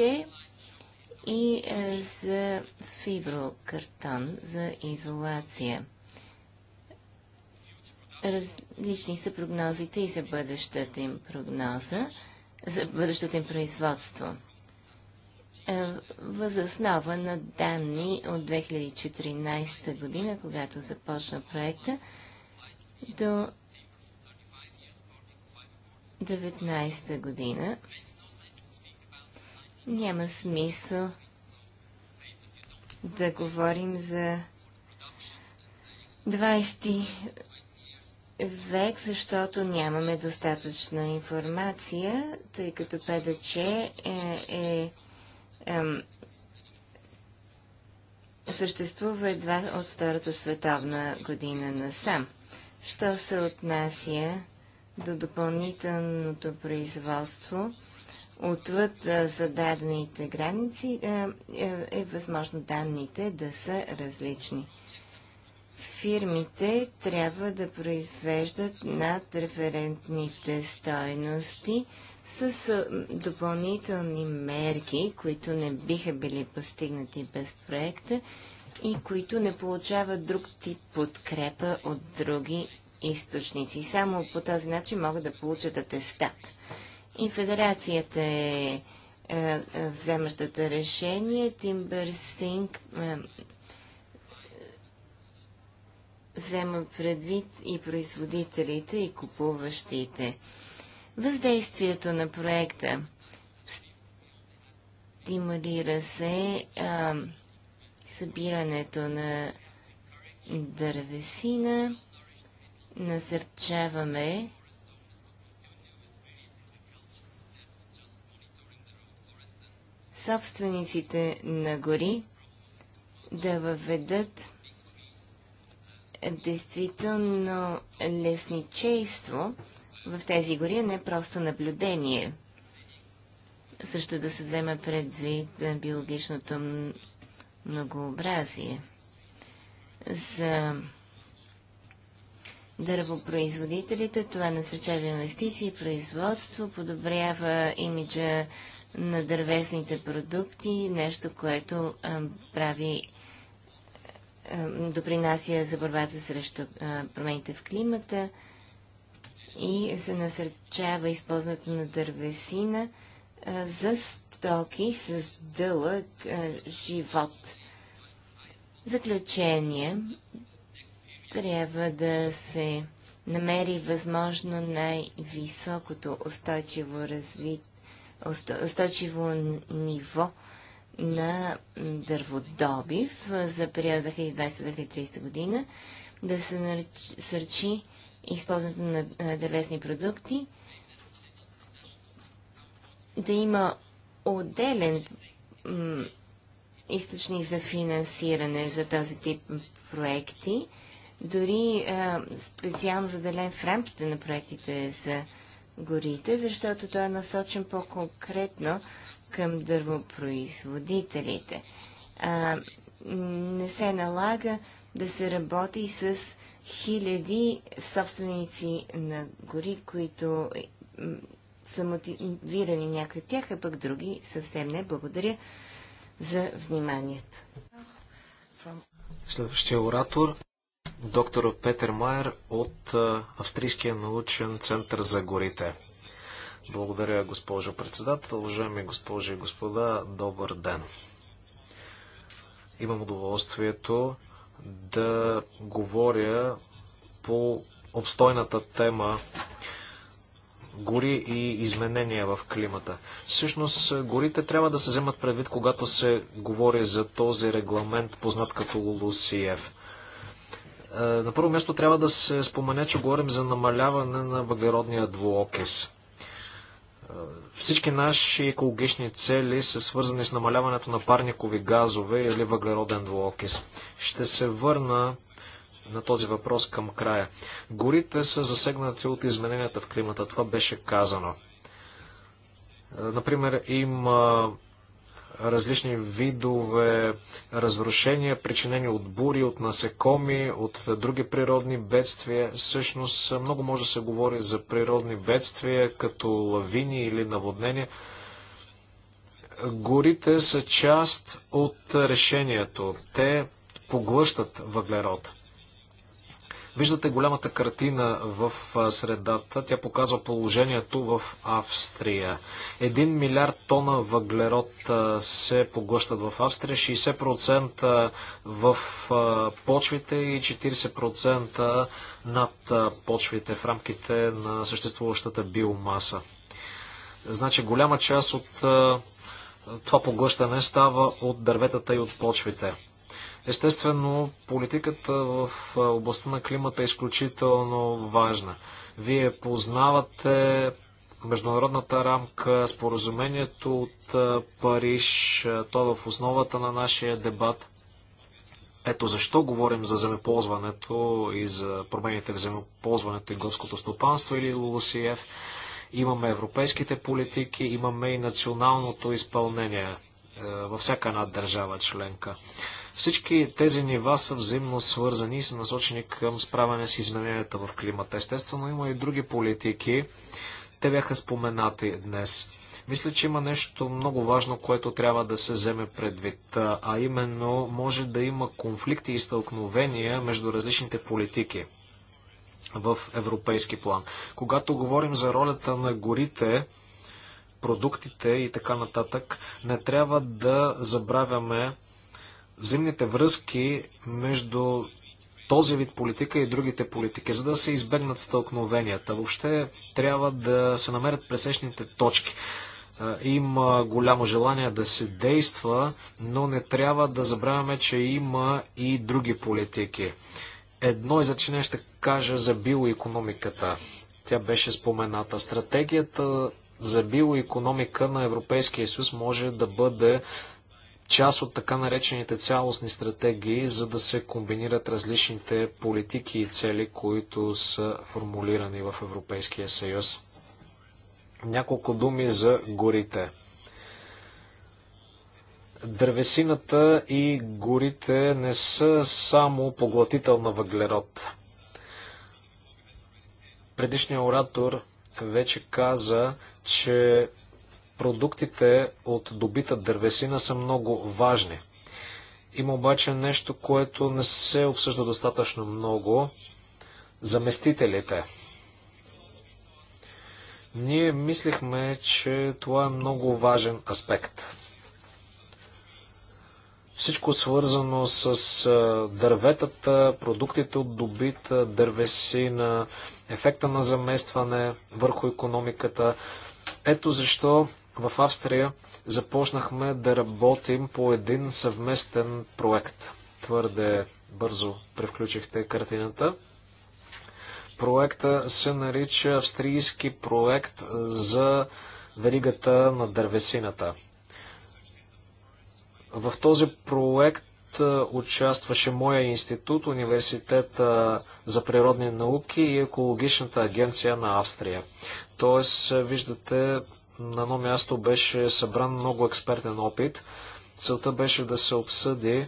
и за фиброкартон за изолация. Различни са прогнозите и за бъдещата им прогноза, за бъдещото им производство. Е, Възоснова на данни от 2014 година, когато започна проекта, до 19 година. Няма смисъл да говорим за 20 век, защото нямаме достатъчна информация, тъй като ПДЧ е, е, е съществува едва от Втората световна година насам. Що се отнася до допълнителното производство, отвъд зададените граници, е, е, е възможно данните да са различни фирмите трябва да произвеждат над референтните стойности с допълнителни мерки, които не биха били постигнати без проекта и които не получават друг тип подкрепа от други източници. Само по този начин могат да получат атестат. И федерацията е, е вземащата решение. Тимбърсинг, е, взема предвид и производителите, и купуващите. Въздействието на проекта стимулира се а, събирането на дървесина, насърчаваме собствениците на гори да въведат действително лесничейство в тези гори, а не просто наблюдение. Също да се вземе предвид биологичното многообразие. За дървопроизводителите това насречава инвестиции, производство, подобрява имиджа на дървесните продукти, нещо, което а, прави допринася за борбата срещу промените в климата и се насърчава използването на дървесина за стоки с дълъг живот. Заключение трябва да се намери възможно най-високото устойчиво, развит... устойчиво ниво на дърводобив за периода 2020-2030 година, да се сърчи използването на дървесни продукти, да има отделен източник за финансиране за този тип проекти, дори специално заделен в рамките на проектите за горите, защото той е насочен по-конкретно към дървопроизводителите. А, не се налага да се работи с хиляди собственици на гори, които са мотивирани някои от тях, а пък други съвсем не. Благодаря за вниманието. Следващия оратор доктор Петър Майер от Австрийския научен център за горите. Благодаря, госпожо председател. Уважаеми госпожи и господа, добър ден. Имам удоволствието да говоря по обстойната тема гори и изменения в климата. Всъщност, горите трябва да се вземат предвид, когато се говори за този регламент, познат като Лулусиев. Е, на първо място трябва да се спомене, че говорим за намаляване на въглеродния двуокис. Всички наши екологични цели са свързани с намаляването на парникови газове или въглероден двуокис. Ще се върна на този въпрос към края. Горите са засегнати от измененията в климата. Това беше казано. Е, например, има различни видове разрушения, причинени от бури, от насекоми, от други природни бедствия. Всъщност много може да се говори за природни бедствия, като лавини или наводнения. Горите са част от решението. Те поглъщат въглерод. Виждате голямата картина в средата. Тя показва положението в Австрия. Един милиард тона въглерод се поглъщат в Австрия, 60% в почвите и 40% над почвите в рамките на съществуващата биомаса. Значи голяма част от това поглъщане става от дърветата и от почвите. Естествено, политиката в областта на климата е изключително важна. Вие познавате международната рамка, споразумението от Париж, то е в основата на нашия дебат. Ето защо говорим за земеползването и за промените в земеползването и горското стопанство или ЛУСИЕФ. Имаме европейските политики, имаме и националното изпълнение е, във всяка една държава членка. Всички тези нива са взаимно свързани и са насочени към справяне с измененията в климата. Естествено, има и други политики. Те бяха споменати днес. Мисля, че има нещо много важно, което трябва да се вземе предвид, а именно може да има конфликти и стълкновения между различните политики в европейски план. Когато говорим за ролята на горите, продуктите и така нататък, не трябва да забравяме взаимните връзки между този вид политика и другите политики, за да се избегнат стълкновенията. Въобще трябва да се намерят пресечните точки. Има голямо желание да се действа, но не трябва да забравяме, че има и други политики. Едно изречение ще кажа за биоекономиката. Тя беше спомената. Стратегията за биоекономика на Европейския съюз може да бъде част от така наречените цялостни стратегии, за да се комбинират различните политики и цели, които са формулирани в Европейския съюз. Няколко думи за горите. Дървесината и горите не са само поглътител на въглерод. Предишният оратор вече каза, че продуктите от добита дървесина са много важни. Има обаче нещо, което не се обсъжда достатъчно много. Заместителите. Ние мислихме, че това е много важен аспект. Всичко свързано с дърветата, продуктите от добита дървесина, ефекта на заместване върху економиката. Ето защо в Австрия започнахме да работим по един съвместен проект. Твърде бързо превключихте картината. Проекта се нарича Австрийски проект за веригата на дървесината. В този проект участваше моя институт, Университета за природни науки и екологичната агенция на Австрия. Тоест, виждате, на едно място беше събран много експертен опит. Целта беше да се обсъди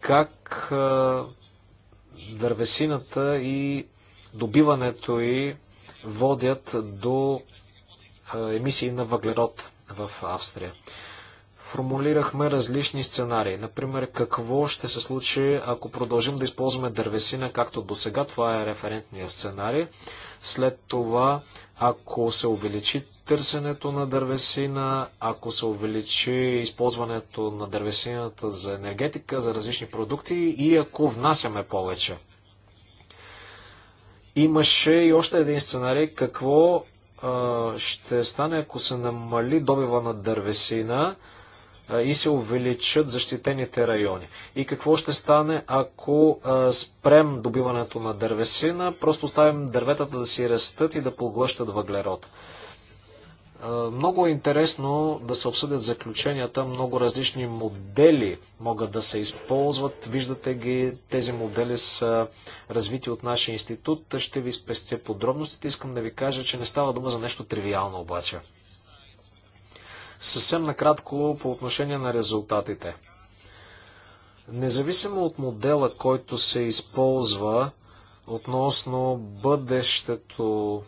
как дървесината и добиването й водят до емисии на въглерод в Австрия формулирахме различни сценарии. Например, какво ще се случи, ако продължим да използваме дървесина, както до сега, това е референтния сценарий. След това, ако се увеличи търсенето на дървесина, ако се увеличи използването на дървесината за енергетика, за различни продукти и ако внасяме повече. Имаше и още един сценарий, какво ще стане, ако се намали добива на дървесина, и се увеличат защитените райони. И какво ще стане, ако спрем добиването на дървесина, просто оставим дърветата да си растат и да поглъщат въглерод. Много е интересно да се обсъдят заключенията, много различни модели могат да се използват. Виждате ги, тези модели са развити от нашия институт. Ще ви спестя подробностите. Искам да ви кажа, че не става дума за нещо тривиално обаче. Съвсем накратко по отношение на резултатите. Независимо от модела, който се използва относно бъдещето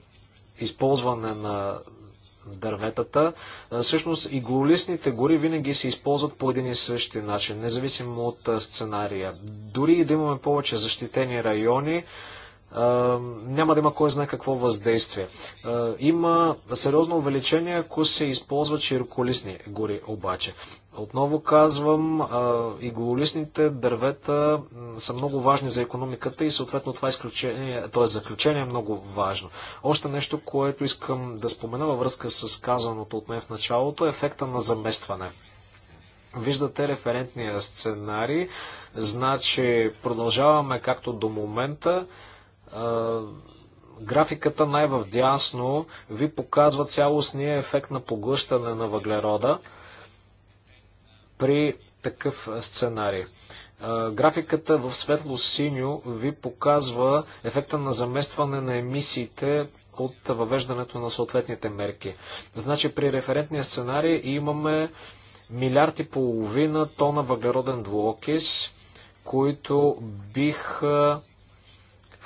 използване на дърветата, всъщност иглолистните гори винаги се използват по един и същи начин, независимо от сценария. Дори и да имаме повече защитени райони, няма да има кой знае какво въздействие. Има сериозно увеличение, ако се използват широколисни гори обаче. Отново казвам, иглолисните дървета са много важни за економиката и съответно това изключение, т.е. заключение е много важно. Още нещо, което искам да спомена във връзка с казаното от мен в началото, е ефекта на заместване. Виждате референтния сценарий, значи продължаваме както до момента, графиката най-вдясно ви показва цялостния ефект на поглъщане на въглерода при такъв сценарий. Графиката в светло-синьо ви показва ефекта на заместване на емисиите от въвеждането на съответните мерки. Значи при референтния сценарий имаме милиард и половина тона въглероден двуокис, които биха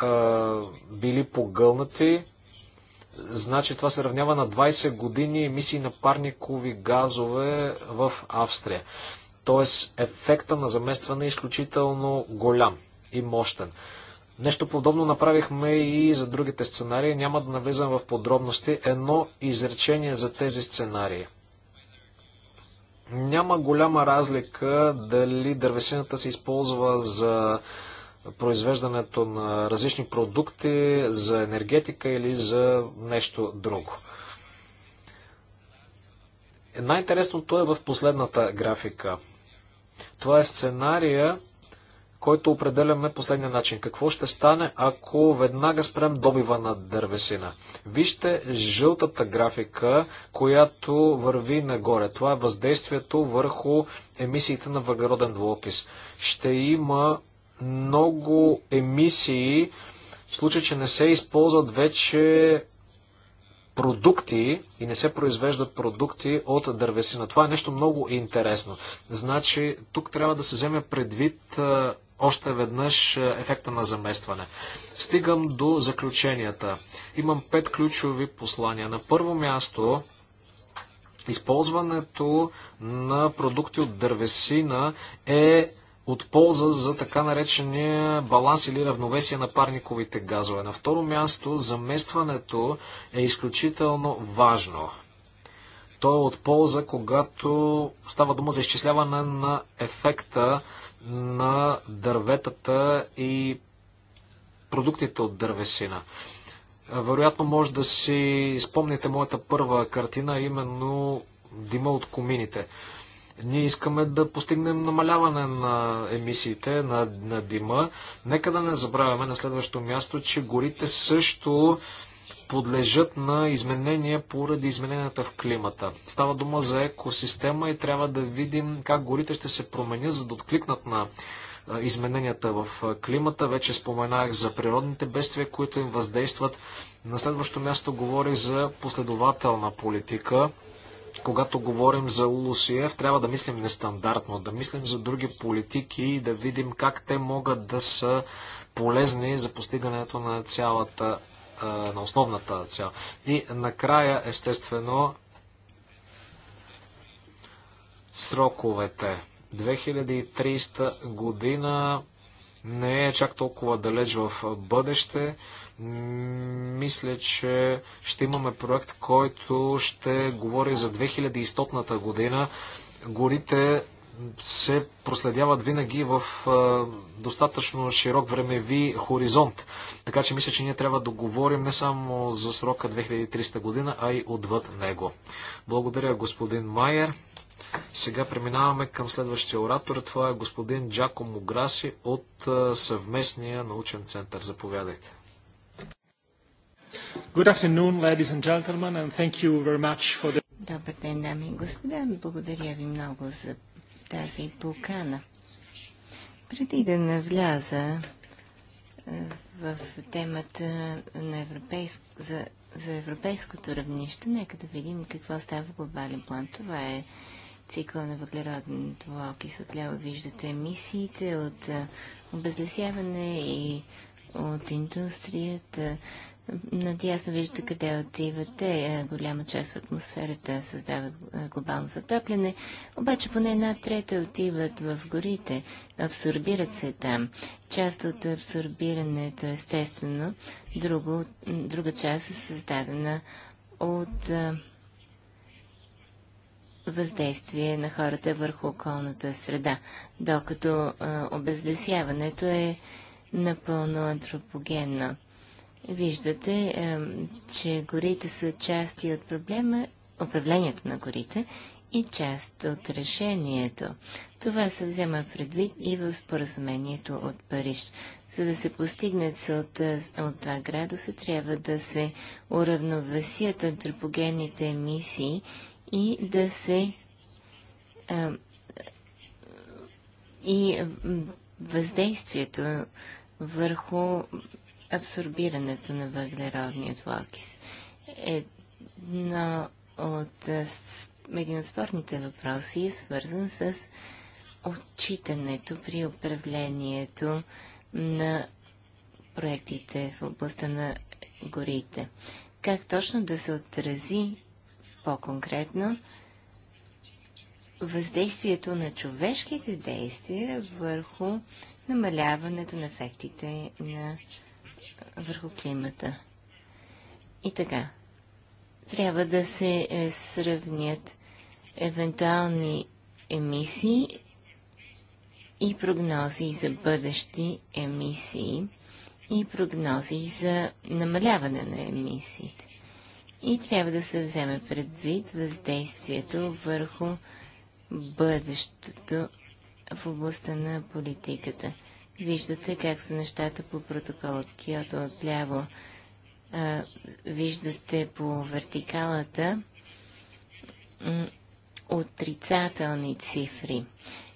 а, били погълнати. Значи това се равнява на 20 години емисии на парникови газове в Австрия. Тоест ефекта на заместване е изключително голям и мощен. Нещо подобно направихме и за другите сценарии. Няма да навлизам в подробности. Едно изречение за тези сценарии. Няма голяма разлика дали дървесината се използва за произвеждането на различни продукти за енергетика или за нещо друго. Най-интересното е в последната графика. Това е сценария, който определяме последния начин. Какво ще стане, ако веднага спрем добива на дървесина? Вижте жълтата графика, която върви нагоре. Това е въздействието върху емисиите на въглероден двуокис. Ще има много емисии, в случай, че не се използват вече продукти и не се произвеждат продукти от дървесина. Това е нещо много интересно. Значи, тук трябва да се вземе предвид още веднъж ефекта на заместване. Стигам до заключенията. Имам пет ключови послания. На първо място, използването на продукти от дървесина е от полза за така наречения баланс или равновесие на парниковите газове. На второ място, заместването е изключително важно. То е от полза, когато става дума за изчисляване на ефекта на дърветата и продуктите от дървесина. Вероятно може да си спомните моята първа картина, именно дима от комините. Ние искаме да постигнем намаляване на емисиите, на, на дима. Нека да не забравяме на следващото място, че горите също подлежат на изменения поради измененията в климата. Става дума за екосистема и трябва да видим как горите ще се променят, за да откликнат на измененията в климата. Вече споменах за природните бедствия, които им въздействат. На следващо място говори за последователна политика когато говорим за Лусиев, трябва да мислим нестандартно, да мислим за други политики и да видим как те могат да са полезни за постигането на цялата, на основната цял. И накрая, естествено, сроковете. 2300 година не е чак толкова далеч в бъдеще. Мисля, че ще имаме проект, който ще говори за 2100 година. Горите се проследяват винаги в достатъчно широк времеви хоризонт. Така че мисля, че ние трябва да говорим не само за срока 2300 година, а и отвъд него. Благодаря, господин Майер. Сега преминаваме към следващия оратор. Това е господин Джакомо Граси от съвместния научен център. Заповядайте. Good afternoon, ladies and gentlemen, and thank you very much for the... Добър ден, дами и господа. Благодаря ви много за тази покана. Преди да навляза в темата на европейск... за... за европейското равнище, нека да видим какво става в глобален план. Това е цикъл на въглероден двуокис. Отляво виждате емисиите от обезлесяване и от индустрията. Надясно виждате къде отивате. Е, голяма част от атмосферата създават е, глобално затъпляне, обаче поне една трета отиват в горите, абсорбират се там. Част от абсорбирането е естествено, друго, друга част е създадена от е, въздействие на хората върху околната среда, докато обезлесяването е напълно антропогенно. Виждате, че горите са части от проблема, управлението на горите и част от решението. Това се взема предвид и в споразумението от Париж. За да се постигне целта от 2 градуса, трябва да се уравновесят антропогенните емисии и да се а, и въздействието върху абсорбирането на въглеродния двуокис. Едно от, един от спорните въпроси е свързан с отчитането при управлението на проектите в областта на горите. Как точно да се отрази по-конкретно въздействието на човешките действия върху намаляването на ефектите на върху климата. И така, трябва да се е, сравнят евентуални емисии и прогнози за бъдещи емисии и прогнози за намаляване на емисиите. И трябва да се вземе предвид въздействието върху бъдещето в областта на политиката. Виждате как са нещата по протокол от Киото отляво. А, виждате по вертикалата отрицателни цифри.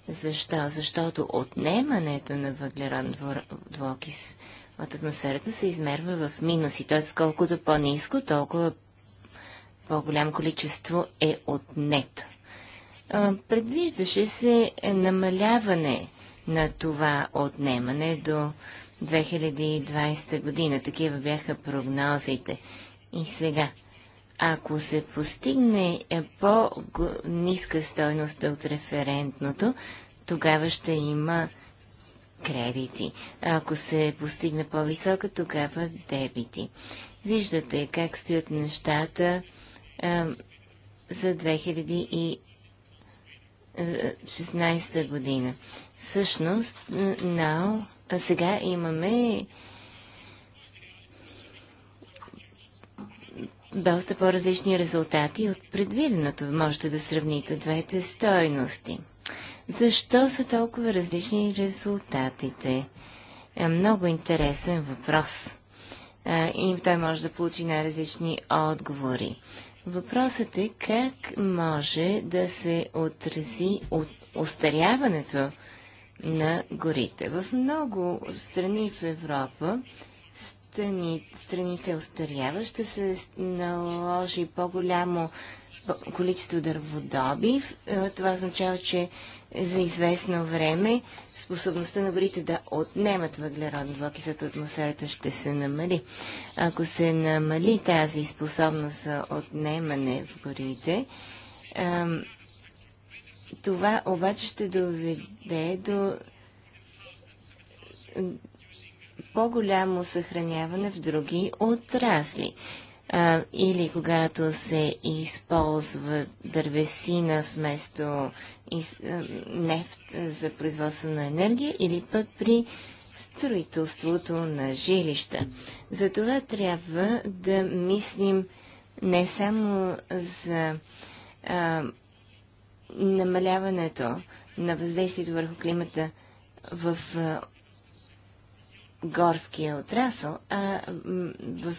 Защо? Защото отнемането на въглероден двокис от атмосферата се измерва в минуси. Т.е. колкото по-низко, толкова по-голям количество е отнето. Предвиждаше се намаляване на това отнемане до 2020 година. Такива бяха прогнозите. И сега, ако се постигне е, по-ниска стойност от референтното, тогава ще има кредити. Ако се постигне по-висока, тогава дебити. Виждате как стоят нещата а, е, за 2016 е, година. Всъщност, now, а сега имаме доста по-различни резултати от предвиденото. Можете да сравните двете стойности. Защо са толкова различни резултатите? Е много интересен въпрос. Е, и той може да получи най-различни отговори. Въпросът е как може да се отрази от устаряването на горите. В много страни в Европа страните остарява, ще се наложи по-голямо количество дърводобив. Е, това означава, че за известно време способността на горите да отнемат въглеродни блоки, от атмосферата ще се намали. Ако се намали тази способност за отнемане в горите, ам, това обаче ще доведе до по-голямо съхраняване в други отрасли. А, или когато се използва дървесина вместо из, а, нефт за производство на енергия, или пък при строителството на жилища. Затова трябва да мислим не само за а, намаляването на въздействието върху климата в горския отрасъл, а в,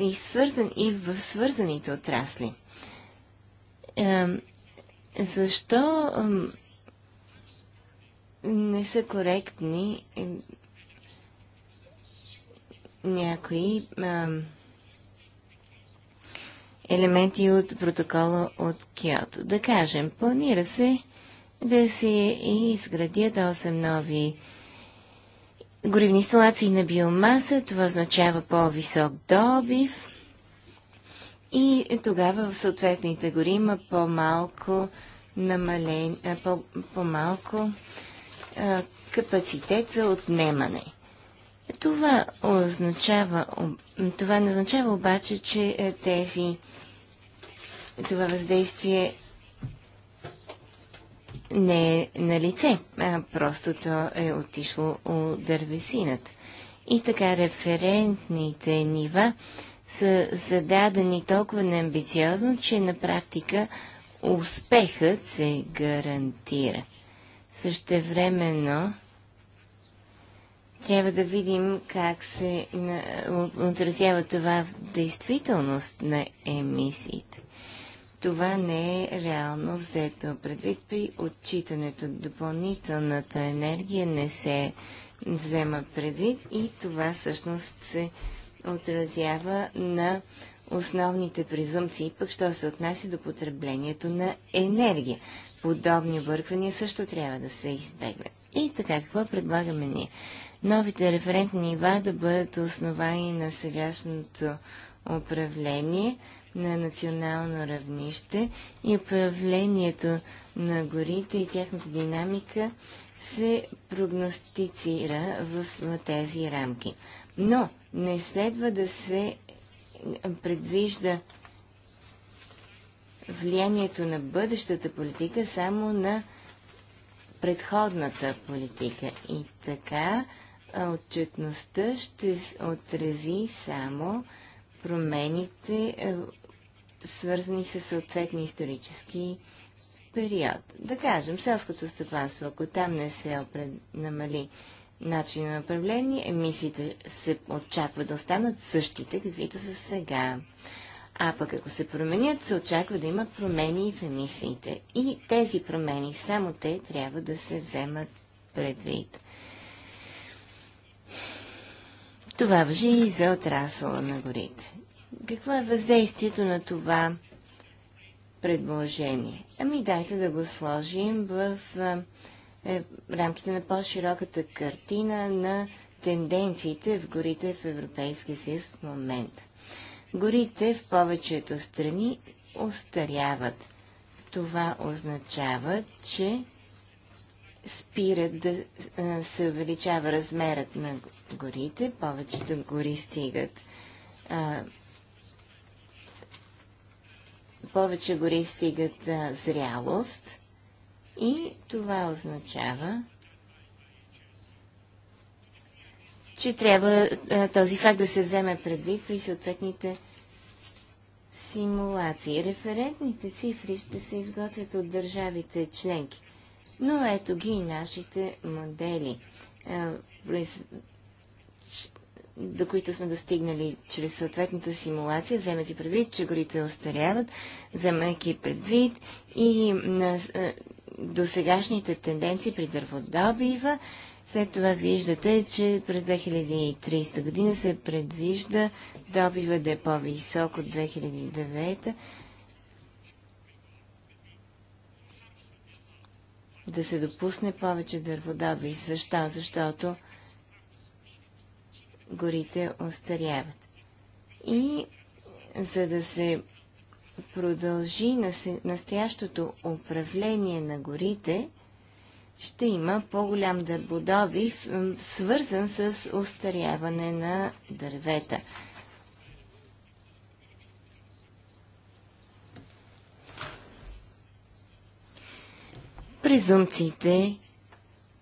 и, свързан, и в свързаните отрасли. Е, защо не са коректни някои елементи от протокола от Киото. Да кажем, планира се да се изградят 8 нови горивни инсталации на биомаса. Това означава по-висок добив. И тогава в съответните гори има по-малко намален, по-малко -по капацитет за отнемане. Това означава, това не означава обаче, че тези това въздействие не е на лице, а просто то е отишло от дървесината. И така референтните нива са зададени толкова неамбициозно, че на практика успехът се гарантира. Същевременно трябва да видим как се отразява това в действителност на емисиите това не е реално взето предвид при отчитането. Допълнителната енергия не се взема предвид и това всъщност се отразява на основните презумпции, пък що се отнася до потреблението на енергия. Подобни обърквания също трябва да се избегнат. И така, какво предлагаме ние? Новите референтни нива да бъдат основани на сегашното управление, на национално равнище и управлението на горите и тяхната динамика се прогностицира в тези рамки. Но не следва да се предвижда влиянието на бъдещата политика само на предходната политика. И така отчетността ще отрази само промените свързани с съответни исторически период. Да кажем, селското стопанство, ако там не се опред... намали начин на управление, емисиите се очаква да останат същите, каквито са сега. А пък ако се променят, се очаква да има промени в емисиите. И тези промени, само те трябва да се вземат предвид. Това въжи и за отрасъла на горите. Какво е въздействието на това предложение? Ами дайте да го сложим в е, рамките на по-широката картина на тенденциите в горите в Европейския съюз в момента. Горите в повечето страни остаряват. Това означава, че спират да се увеличава размерът на горите, повечето гори стигат повече гори стигат а, зрялост и това означава, че трябва а, този факт да се вземе предвид при съответните симулации. Референтните цифри ще се изготвят от държавите членки. Но ето ги и нашите модели до които сме достигнали чрез съответната симулация, вземайки предвид, че горите остаряват, вземайки предвид и на досегашните тенденции при дърводобива. След това виждате, че през 2030 година се предвижда добива да е по-висок от 2009 да се допусне повече дърводобив. Защо? Защото горите остаряват. И за да се продължи настоящото управление на горите, ще има по-голям дърбодови, свързан с остаряване на дървета. Презумциите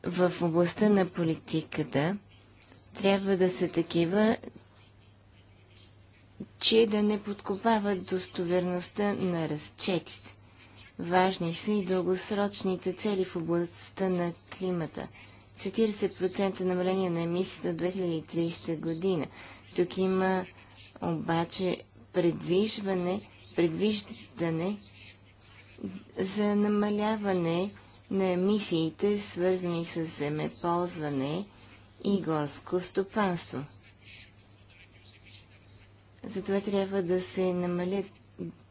в областта на политиката трябва да са такива, че да не подкопават достоверността на разчетите. Важни са и дългосрочните цели в областта на климата. 40% намаление на емисията до 2030 година. Тук има обаче предвижване, предвиждане за намаляване на емисиите, свързани с земеползване и горско стопанство. Затова трябва да се намалят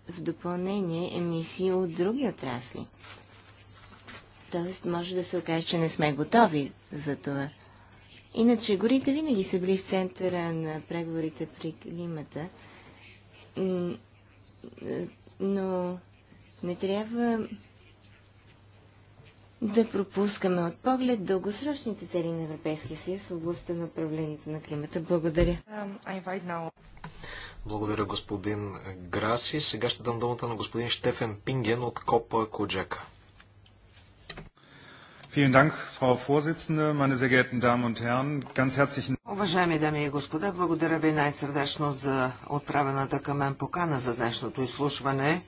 в допълнение емисии от други отрасли. Тоест, може да се окаже, че не сме готови за това. Иначе, горите винаги са били в центъра на преговорите при климата, но не трябва да пропускаме от поглед дългосрочните цели на Европейския съюз в областта на управлението на климата. Благодаря. Um, благодаря, господин Граси. Сега ще дам думата на господин Штефен Пинген от Копа Коджака. Уважаеми дами и господа, благодаря ви най-сърдечно за отправената към мен покана за днешното изслушване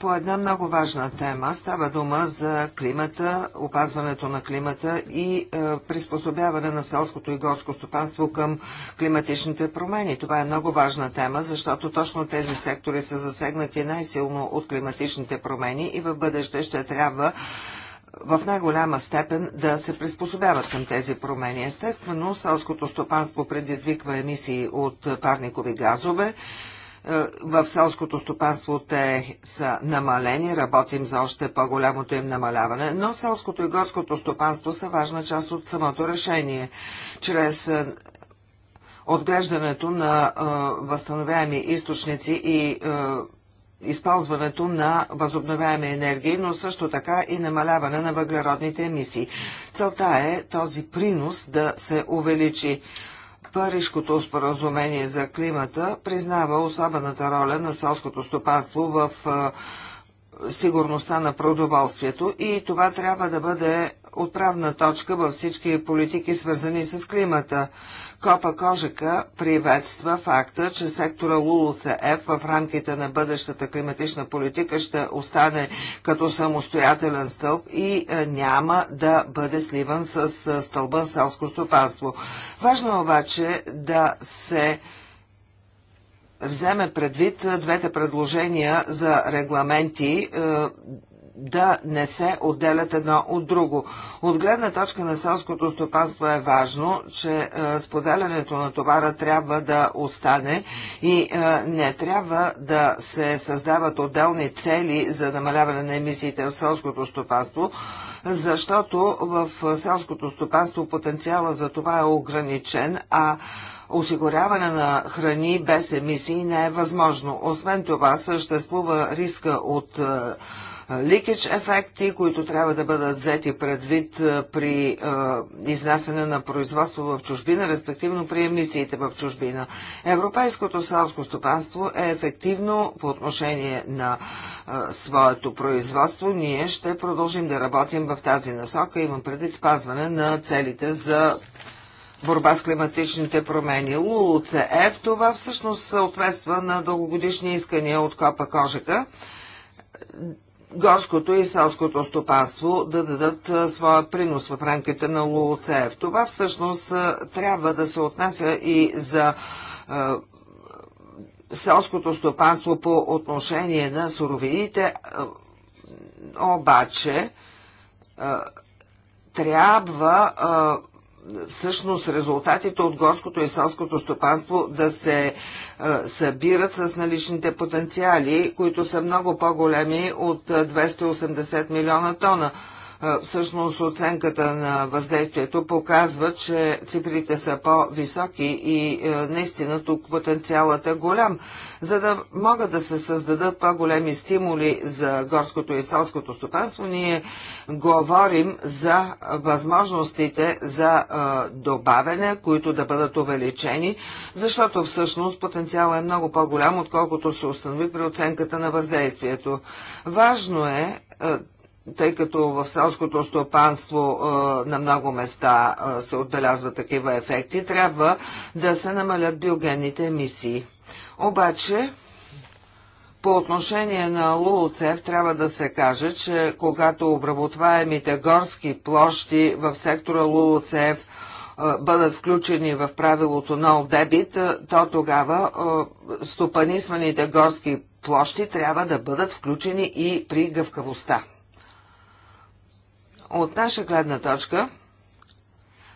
по една много важна тема. Става дума за климата, опазването на климата и е, приспособяване на селското и горско стопанство към климатичните промени. Това е много важна тема, защото точно тези сектори са засегнати най-силно от климатичните промени и в бъдеще ще трябва в най-голяма степен да се приспособяват към тези промени. Естествено, селското стопанство предизвиква емисии от парникови газове. Е, в селското стопанство те са намалени, работим за още по-голямото им намаляване, но селското и горското стопанство са важна част от самото решение. Чрез е, отглеждането на е, възстановяеми източници и използването на възобновяеми енергии, но също така и намаляване на въглеродните емисии. Целта е този принос да се увеличи. Парижкото споразумение за климата признава особената роля на селското стопанство в сигурността на продоволствието и това трябва да бъде отправна точка във всички политики, свързани с климата. Копа Кожака приветства факта, че сектора ЛУЛЦФ в рамките на бъдещата климатична политика ще остане като самостоятелен стълб и е, няма да бъде сливан с е, стълба селско стопанство. Важно е обаче да се вземе предвид е, двете предложения за регламенти, да не се отделят едно от друго. От гледна точка на селското стопанство е важно, че е, споделянето на товара трябва да остане и е, не трябва да се създават отделни цели за намаляване на емисиите в селското стопанство, защото в селското стопанство потенциала за това е ограничен, а осигуряване на храни без емисии не е възможно. Освен това съществува риска от е, ликич ефекти, които трябва да бъдат взети предвид при изнасяне на производство в чужбина, респективно при емисиите в чужбина. Европейското селско стопанство е ефективно по отношение на своето производство. Ние ще продължим да работим в тази насока. Имам предвид спазване на целите за борба с климатичните промени. ЛУЛЦФ е това всъщност съответства на дългогодишни искания от Копа Кожика горското и селското стопанство да дадат своя принос в рамките на ЛУЛЦЕФ. Това всъщност трябва да се отнася и за селското стопанство по отношение на суровините, обаче трябва всъщност резултатите от горското и селското стопанство да се събират с наличните потенциали, които са много по-големи от 280 милиона тона. Всъщност оценката на въздействието показва, че цифрите са по-високи и е, наистина тук потенциалът е голям. За да могат да се създадат по-големи стимули за горското и селското стопанство, ние говорим за възможностите за е, добавяне, които да бъдат увеличени, защото всъщност потенциалът е много по-голям, отколкото се установи при оценката на въздействието. Важно е, е тъй като в селското стопанство на много места се отбелязват такива ефекти, трябва да се намалят биогенните емисии. Обаче, по отношение на Луцев трябва да се каже, че когато обработваемите горски площи в сектора Луцев бъдат включени в правилото No дебит, то тогава стопанисваните горски площи трябва да бъдат включени и при гъвкавостта. От наша гледна точка,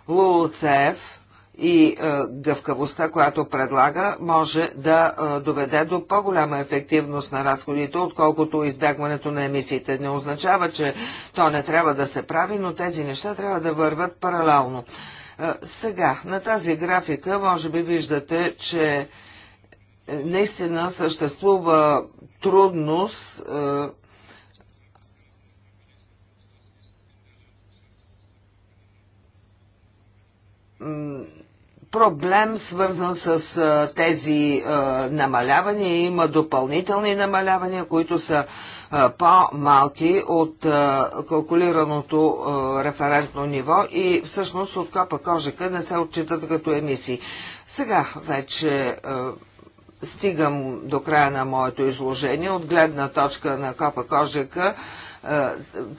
ЛУЛЦФ и е, гъвкавостта, която предлага, може да е, доведе до по-голяма ефективност на разходите, отколкото избягването на емисиите. Не означава, че то не трябва да се прави, но тези неща трябва да върват паралелно. Е, сега, на тази графика, може би виждате, че наистина съществува трудност проблем, свързан с а, тези а, намалявания. Има допълнителни намалявания, които са по-малки от а, калкулираното а, референтно ниво и всъщност от копа кожика не се отчитат като емисии. Сега вече а, стигам до края на моето изложение. От гледна точка на копа кожика е,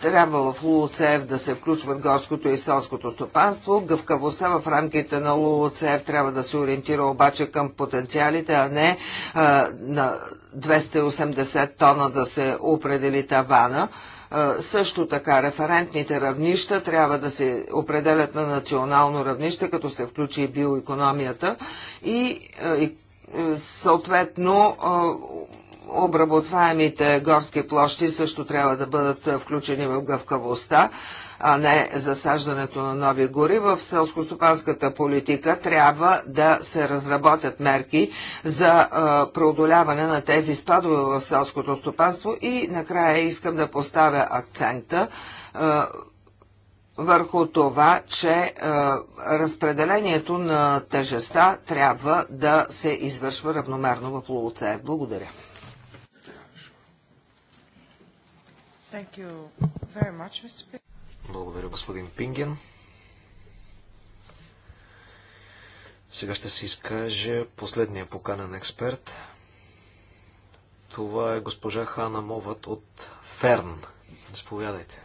трябва в ЛУЛЦФ да се включват горското и селското стопанство. Гъвкавостта в рамките на ЛУЛЦФ трябва да се ориентира обаче към потенциалите, а не е, на 280 тона да се определи тавана. Е, също така референтните равнища трябва да се определят на национално равнище, като се включи и биоекономията и съответно обработваемите горски площи също трябва да бъдат включени в гъвкавостта а не засаждането на нови гори, в селскостопанската политика трябва да се разработят мерки за преодоляване на тези спадове в селското стопанство и накрая искам да поставя акцента върху това, че е, разпределението на тежеста трябва да се извършва равномерно в Лулуцеев. Благодаря. Благодаря, господин Пинген. Сега ще се изкаже последния поканен експерт. Това е госпожа Хана Мовът от Ферн. Заповядайте.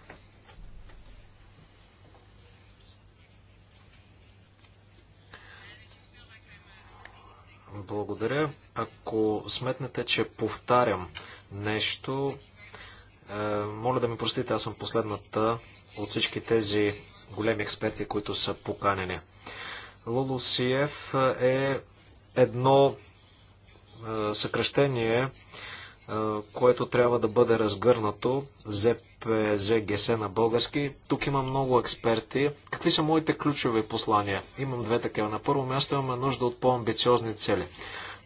Благодаря. Ако сметнете, че повтарям нещо, е, моля да ми простите, аз съм последната от всички тези големи експерти, които са поканени. Лолосиев е едно е, съкръщение, е, което трябва да бъде разгърнато, ЗПЗГС на български. Тук има много експерти. Какви са моите ключови послания? Имам две такива. На първо място имаме нужда от по-амбициозни цели.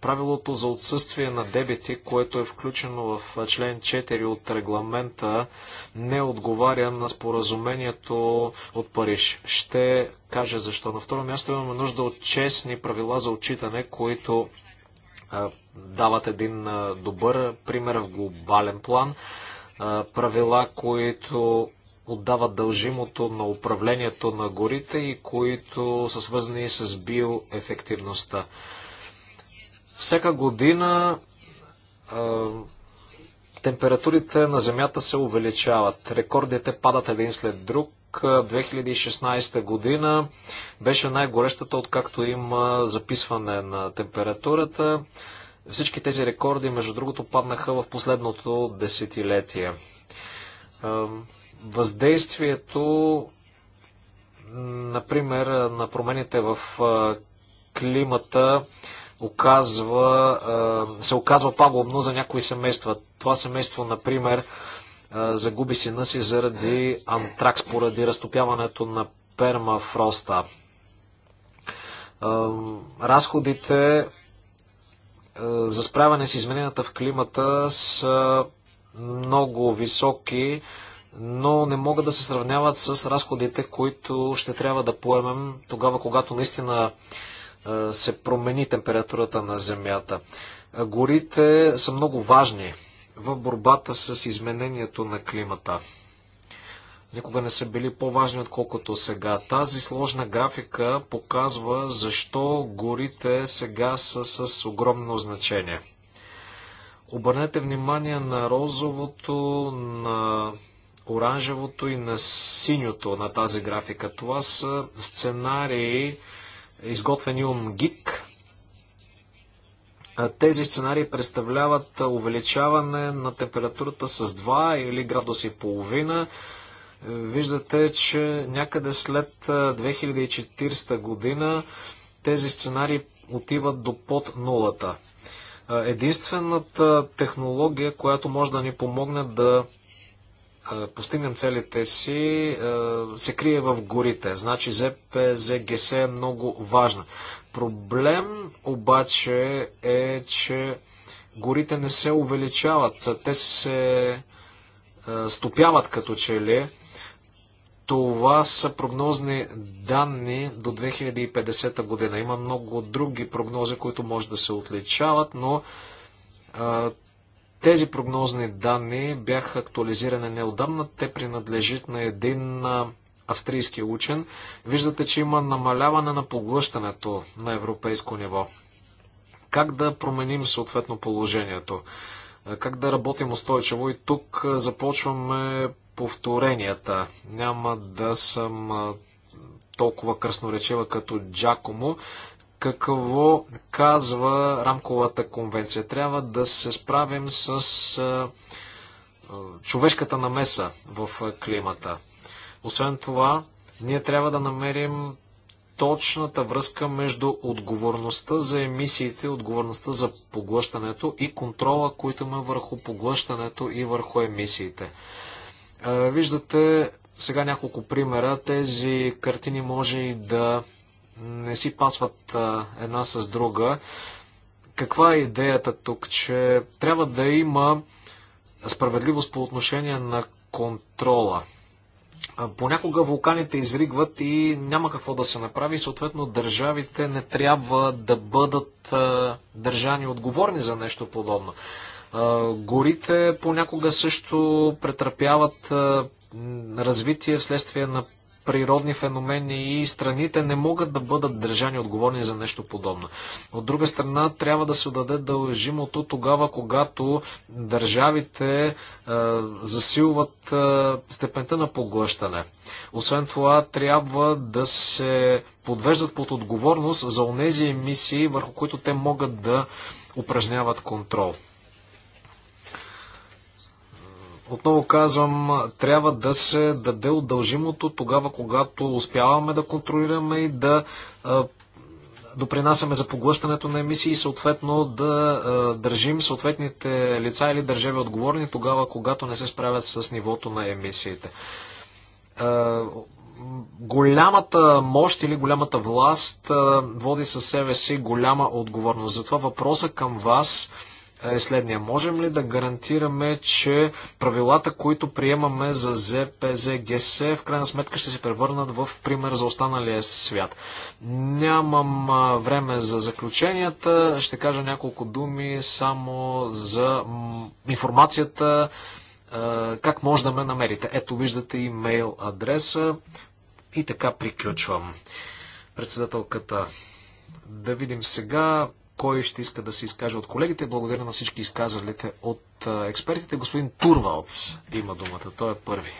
Правилото за отсъствие на дебити, което е включено в член 4 от регламента, не отговаря на споразумението от Париж. Ще кажа защо. На второ място имаме нужда от честни правила за отчитане, които дават един добър пример в глобален план. Правила, които отдават дължимото на управлението на горите и които са свързани с биоефективността. Всяка година а, температурите на Земята се увеличават. Рекордите падат един след друг. 2016 година беше най-горещата, откакто има записване на температурата. Всички тези рекорди, между другото, паднаха в последното десетилетие. Въздействието, например, на промените в климата оказва, се оказва пагубно за някои семейства. Това семейство, например, загуби сина си заради антракс, поради разтопяването на пермафроста. Разходите за справяне с измененията в климата са много високи, но не могат да се сравняват с разходите, които ще трябва да поемем тогава, когато наистина се промени температурата на Земята. Горите са много важни в борбата с изменението на климата. Никога не са били по-важни, отколкото сега. Тази сложна графика показва защо горите сега са с огромно значение. Обърнете внимание на розовото, на оранжевото и на синьото на тази графика. Това са сценарии, изготвени ГИК. Тези сценарии представляват увеличаване на температурата с 2 или градуси и половина. Е, виждате, че някъде след 2040 година тези сценарии отиват до под нулата. Е, единствената технология, която може да ни помогне да е, постигнем целите си, е, се крие в горите. Значи ЗПЗГС е много важна. Проблем обаче е, че горите не се увеличават. Те се е, стопяват като че ли. Това са прогнозни данни до 2050 година. Има много други прогнози, които може да се отличават, но тези прогнозни данни бяха актуализирани неодавна. Те принадлежат на един австрийски учен. Виждате, че има намаляване на поглъщането на европейско ниво. Как да променим съответно положението? Как да работим устойчиво? И тук започваме повторенията. Няма да съм толкова красноречива като Джакомо какво казва рамковата конвенция. Трябва да се справим с човешката намеса в климата. Освен това, ние трябва да намерим точната връзка между отговорността за емисиите, отговорността за поглъщането и контрола, който има върху поглъщането и върху емисиите. Виждате сега няколко примера. Тези картини може и да не си пасват една с друга. Каква е идеята тук, че трябва да има справедливост по отношение на контрола? Понякога вулканите изригват и няма какво да се направи. Съответно, държавите не трябва да бъдат държани отговорни за нещо подобно. Горите понякога също претърпяват развитие вследствие на природни феномени и страните не могат да бъдат държани отговорни за нещо подобно. От друга страна, трябва да се даде дължимото тогава, когато държавите е, засилват е, степента на поглъщане. Освен това, трябва да се подвеждат под отговорност за онези емисии, върху които те могат да упражняват контрол. Отново казвам, трябва да се даде удължимото тогава, когато успяваме да контролираме и да допринасяме за поглъщането на емисии и съответно да е, държим съответните лица или държави отговорни тогава, когато не се справят с нивото на емисиите. Е, голямата мощ или голямата власт е, води със себе си голяма отговорност. Затова въпроса към вас е е следния. Можем ли да гарантираме, че правилата, които приемаме за ЗПЗ, ГС, в крайна сметка ще се превърнат в пример за останалия свят? Нямам време за заключенията. Ще кажа няколко думи само за информацията, как може да ме намерите. Ето виждате имейл адреса и така приключвам. Председателката да видим сега кой ще иска да се изкаже от колегите. Благодаря на всички изказалите от експертите. Господин Турвалц има думата. Той е първи.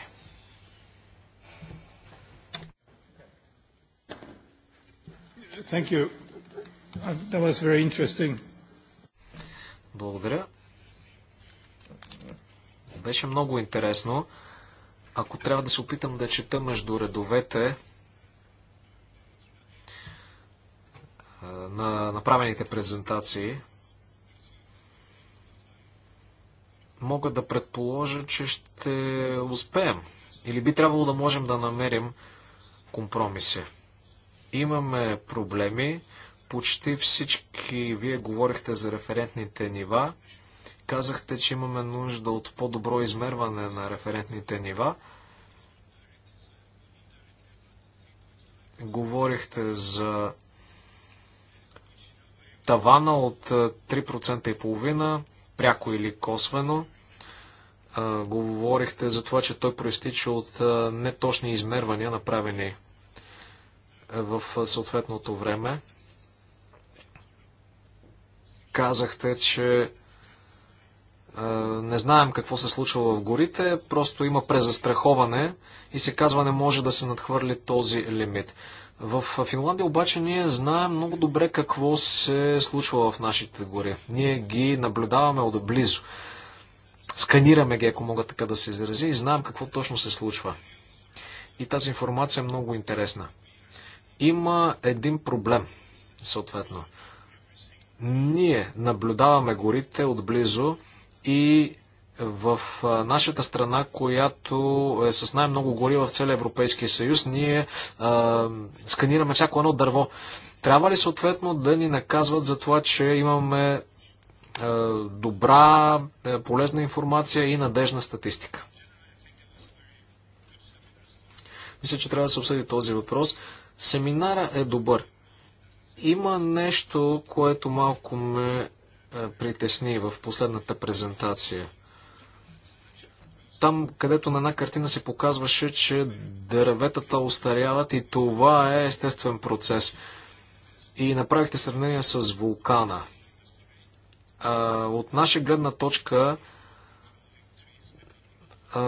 Thank you. Uh, that was very interesting. Благодаря. Беше много интересно. Ако трябва да се опитам да чета между редовете, на направените презентации. Мога да предположа, че ще успеем или би трябвало да можем да намерим компромиси. Имаме проблеми, почти всички вие говорихте за референтните нива. Казахте, че имаме нужда от по-добро измерване на референтните нива. Говорихте за тавана от 3% и половина, пряко или косвено. Говорихте за това, че той проистича от неточни измервания, направени в съответното време. Казахте, че не знаем какво се случва в горите, просто има презастраховане и се казва не може да се надхвърли този лимит. В Финландия обаче ние знаем много добре какво се случва в нашите гори. Ние ги наблюдаваме отблизо. Сканираме ги, ако мога така да се изрази, и знаем какво точно се случва. И тази информация е много интересна. Има един проблем, съответно. Ние наблюдаваме горите отблизо и в нашата страна, която е с най-много гори в целия Европейския съюз, ние а, сканираме всяко едно дърво. Трябва ли съответно да ни наказват за това, че имаме а, добра, а, полезна информация и надежна статистика? Мисля, че трябва да се обсъди този въпрос. Семинара е добър. Има нещо, което малко ме притесни в последната презентация – там, където на една картина се показваше, че дърветата остаряват и това е естествен процес. И направихте сравнение с вулкана. А, от наша гледна точка а,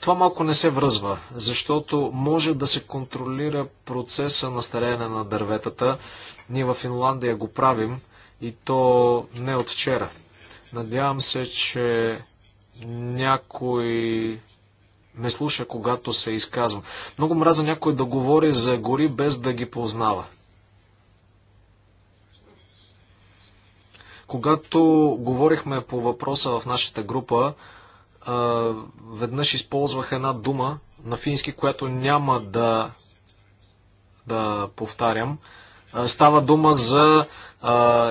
това малко не се връзва, защото може да се контролира процеса на стареене на дърветата. Ние в Финландия го правим и то не от вчера. Надявам се, че някой ме слуша, когато се изказва. Много мраза някой да говори за гори без да ги познава. Когато говорихме по въпроса в нашата група, веднъж използвах една дума на фински, която няма да, да повтарям. Става дума за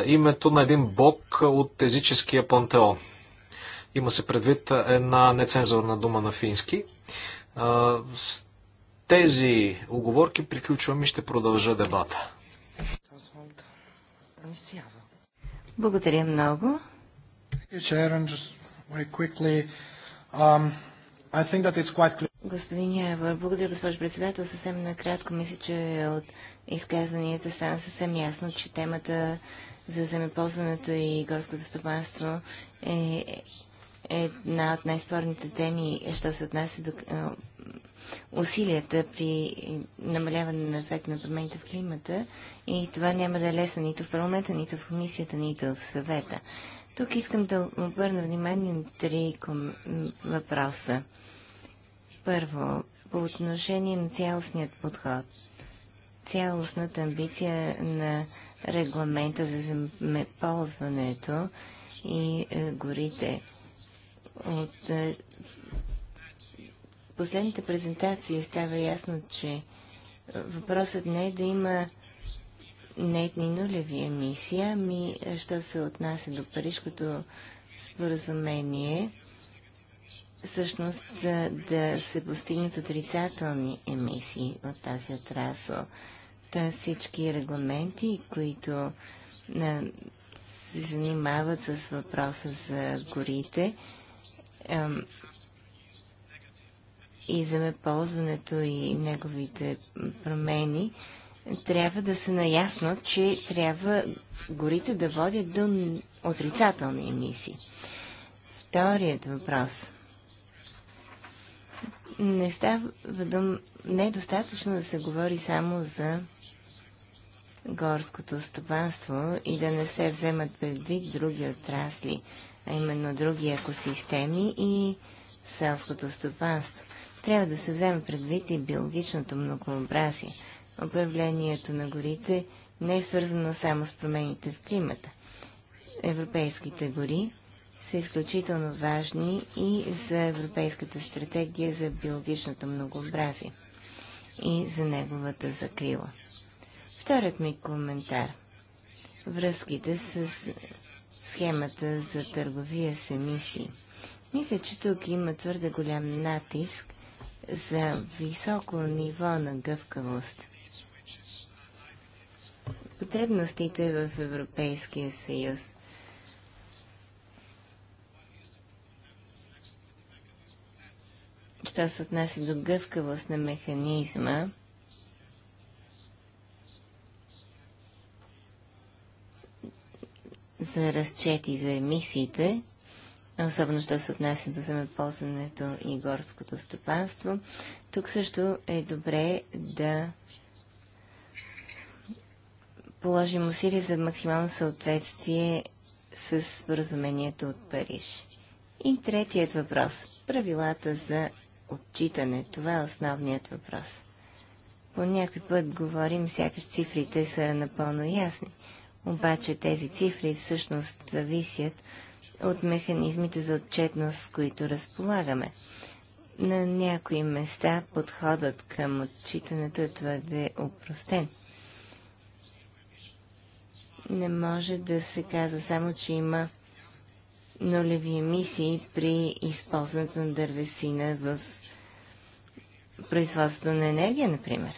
името на един бог от езическия пантеон. Има се предвид една нецензурна дума на фински. С тези оговорки приключвам и ще продължа дебата. Благодаря много. Господин Явър, благодаря, госпожо председател. Съвсем накратко мисля, че от изказванията стана съвсем ясно, че темата за земеползването и горското стопанство е една от най-спорните теми, що се отнася до е, усилията при намаляване на ефект на промените в климата и това няма да е лесно нито в парламента, нито в комисията, нито в съвета. Тук искам да обърна внимание на три ком... въпроса. Първо, по отношение на цялостният подход, цялостната амбиция на регламента за земеползването и е, горите – от е, последните последната презентация става ясно, че въпросът не е да има нетни нулеви емисии, ами е, що се отнася до Парижкото споразумение, всъщност е, да, се постигнат отрицателни емисии от тази отрасъл. Т.е. всички регламенти, които се занимават с въпроса за горите, и земеползването и неговите промени, трябва да са наясно, че трябва горите да водят до отрицателни емисии. Вторият въпрос. Не, става, не е достатъчно да се говори само за горското стопанство и да не се вземат предвид други отрасли а именно други екосистеми и селското стопанство. Трябва да се вземе предвид и биологичното многообразие. Обявлението на горите не е свързано само с промените в климата. Европейските гори са изключително важни и за Европейската стратегия за биологичното многообразие и за неговата закрила. Вторият ми коментар – връзките с схемата за търговия с емисии. Мисля, че тук има твърде голям натиск за високо ниво на гъвкавост. Потребностите в Европейския съюз що се отнася до гъвкавост на механизма, за разчети за емисиите, особено що се отнася до земеползването и горското стопанство. Тук също е добре да положим усилия за максимално съответствие с споразумението от Париж. И третият въпрос – правилата за отчитане. Това е основният въпрос. По някой път говорим, сякаш цифрите са напълно ясни. Обаче тези цифри всъщност зависят от механизмите за отчетност, с които разполагаме. На някои места подходът към отчитането е твърде упростен. Не може да се казва само, че има нулеви емисии при използването на дървесина в производството на енергия, например.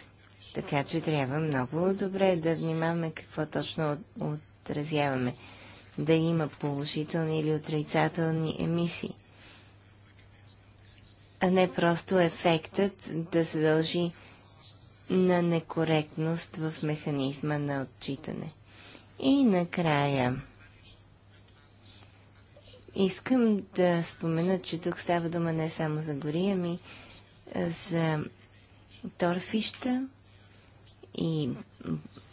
Така че трябва много добре да внимаваме какво точно отразяваме. Да има положителни или отрицателни емисии. А не просто ефектът да се дължи на некоректност в механизма на отчитане. И накрая. Искам да спомена, че тук става дума не само за гори, ами за торфища, и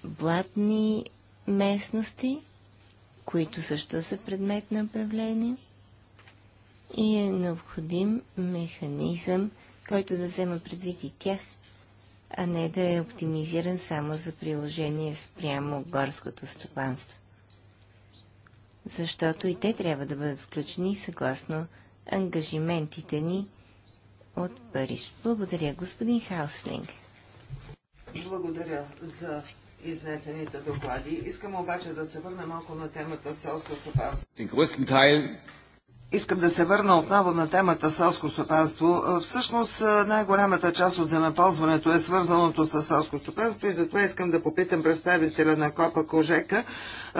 блатни местности, които също са предмет на управление. И е необходим механизъм, който да взема предвид и тях, а не да е оптимизиран само за приложение спрямо горското стопанство. Защото и те трябва да бъдат включени съгласно ангажиментите ни от Париж. Благодаря, господин Хауслинг. Благодаря за изнесените доклади. Искам обаче да се върна малко на темата селско стопанство. Искам да се върна отново на темата селско стопанство. Е, всъщност е, най-голямата част от земеползването е свързаното с селско стопанство и затова искам да попитам представителя на Копа Кожека е,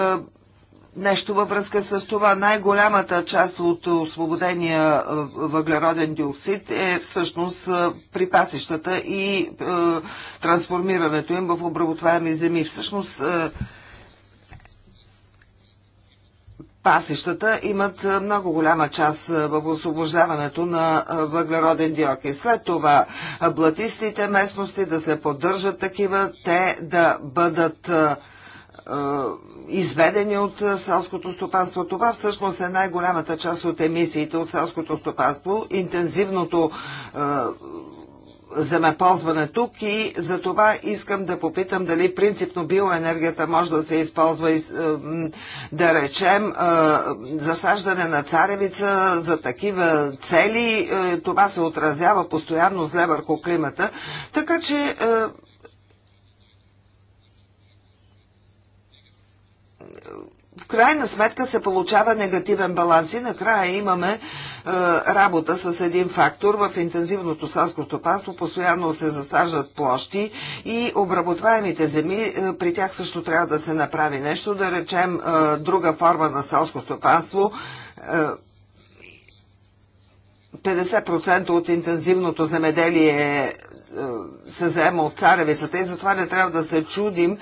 нещо във връзка с това. Най-голямата част от освободения въглероден диоксид е всъщност при и е, трансформирането им в обработваеми земи. Всъщност е, пасещата имат много голяма част в освобождаването на въглероден диоксид. След това блатистите местности да се поддържат такива, те да бъдат е, изведени от селското стопанство. Това всъщност е най-голямата част от емисиите от селското стопанство. Интензивното е, земеползване тук и за това искам да попитам дали принципно биоенергията може да се използва, да речем, засаждане на царевица за такива цели. Е, това се отразява постоянно зле върху климата. Така че е, в крайна сметка се получава негативен баланс и накрая имаме е, работа с един фактор. В интензивното селско стопанство постоянно се засаждат площи и обработваемите земи, е, при тях също трябва да се направи нещо, да речем е, друга форма на селско стопанство. Е, 50% от интензивното земеделие е е, се заема от царевицата и затова не трябва да се чудим, е,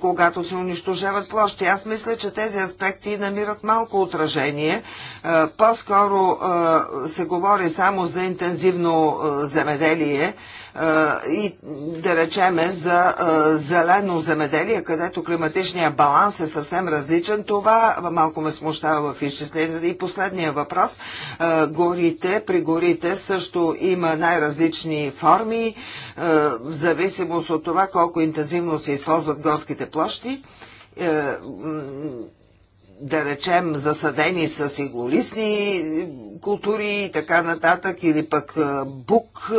когато се унищожават площи. Аз мисля, че тези аспекти намират малко отражение. Е, по-скоро се говори само за интензивно земеделие, и да речеме за зелено земеделие, където климатичният баланс е съвсем различен. Това малко ме смущава в изчисленията. И последния въпрос. Горите, при горите също има най-различни форми, в зависимост от това колко интензивно се използват горските площи е, да речем, засадени с иглолистни култури и така нататък, или пък бук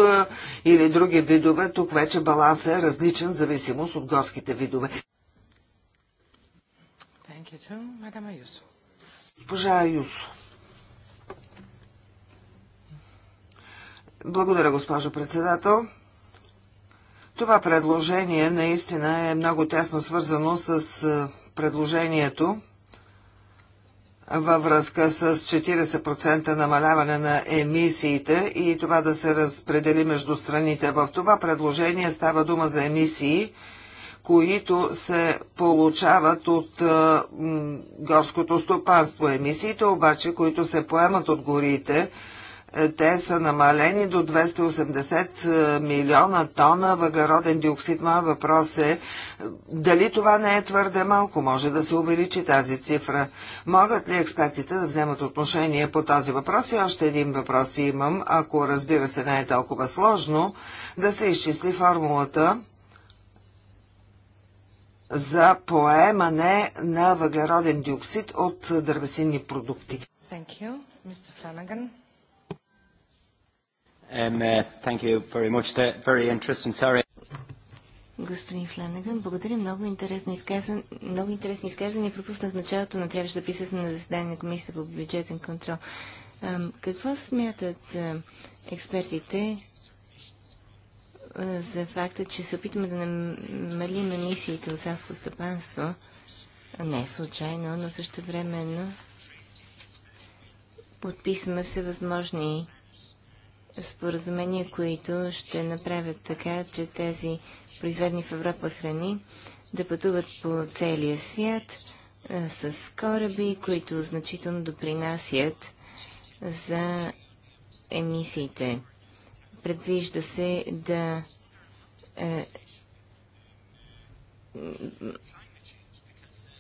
или други видове, тук вече балансът е различен в зависимост от горските видове. Госпожа Юсо. Благодаря, госпожо председател. Това предложение наистина е много тясно свързано с предложението във връзка с 40% намаляване на емисиите и това да се разпредели между страните. В това предложение става дума за емисии, които се получават от горското стопанство. Емисиите обаче, които се поемат от горите, е, те са намалени до 280 е, милиона тона въглероден диоксид. Моя въпрос е, е дали това не е твърде малко, може да се увеличи тази цифра. Могат ли експертите да вземат отношение по този въпрос? И още един въпрос имам, ако разбира се не е толкова сложно, да се изчисли формулата за поемане на въглероден диоксид от дървесинни продукти. Thank you, Mr. Flanagan. Um, uh, thank you very much. Very interesting. Sorry. Господин Фланаган, благодаря. Много интересни, изказан, много интересни изказания. Пропуснах началото, но трябваше да присъствам на заседание на Комисията по бюджетен контрол. какво смятат експертите за факта, че се опитваме да намалим емисиите от селско стопанство? Не е случайно, но също времено подписваме всевъзможни споразумения, които ще направят така, че тези произведени в Европа храни да пътуват по целия свят а, с кораби, които значително допринасят за емисиите. Предвижда се да е,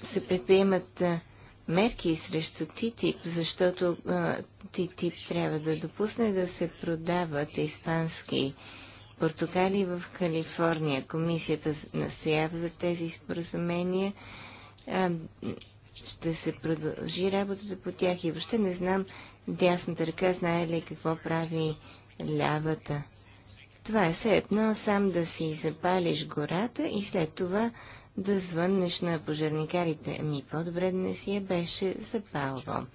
се предприемат мерки срещу ТИТИП, защото ТИТИП трябва да допусне да се продават испански портокали в Калифорния. Комисията настоява за тези споразумения. ще се продължи работата по тях и въобще не знам дясната ръка знае ли какво прави лявата. Това е все едно сам да си запалиш гората и след това да звъннеш на пожарникарите. Ми по-добре да не си я беше запалво.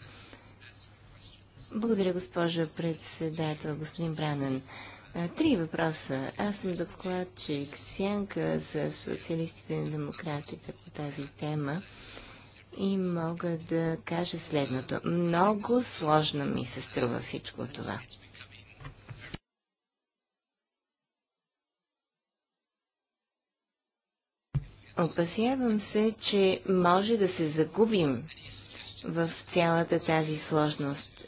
Благодаря, госпожа председател, господин Бранен. Три въпроса. Аз съм докладчик Сянка за социалистите и демократите по тази тема и мога да кажа следното. Много сложно ми се струва всичко това. Опасявам се, че може да се загубим в цялата тази сложност.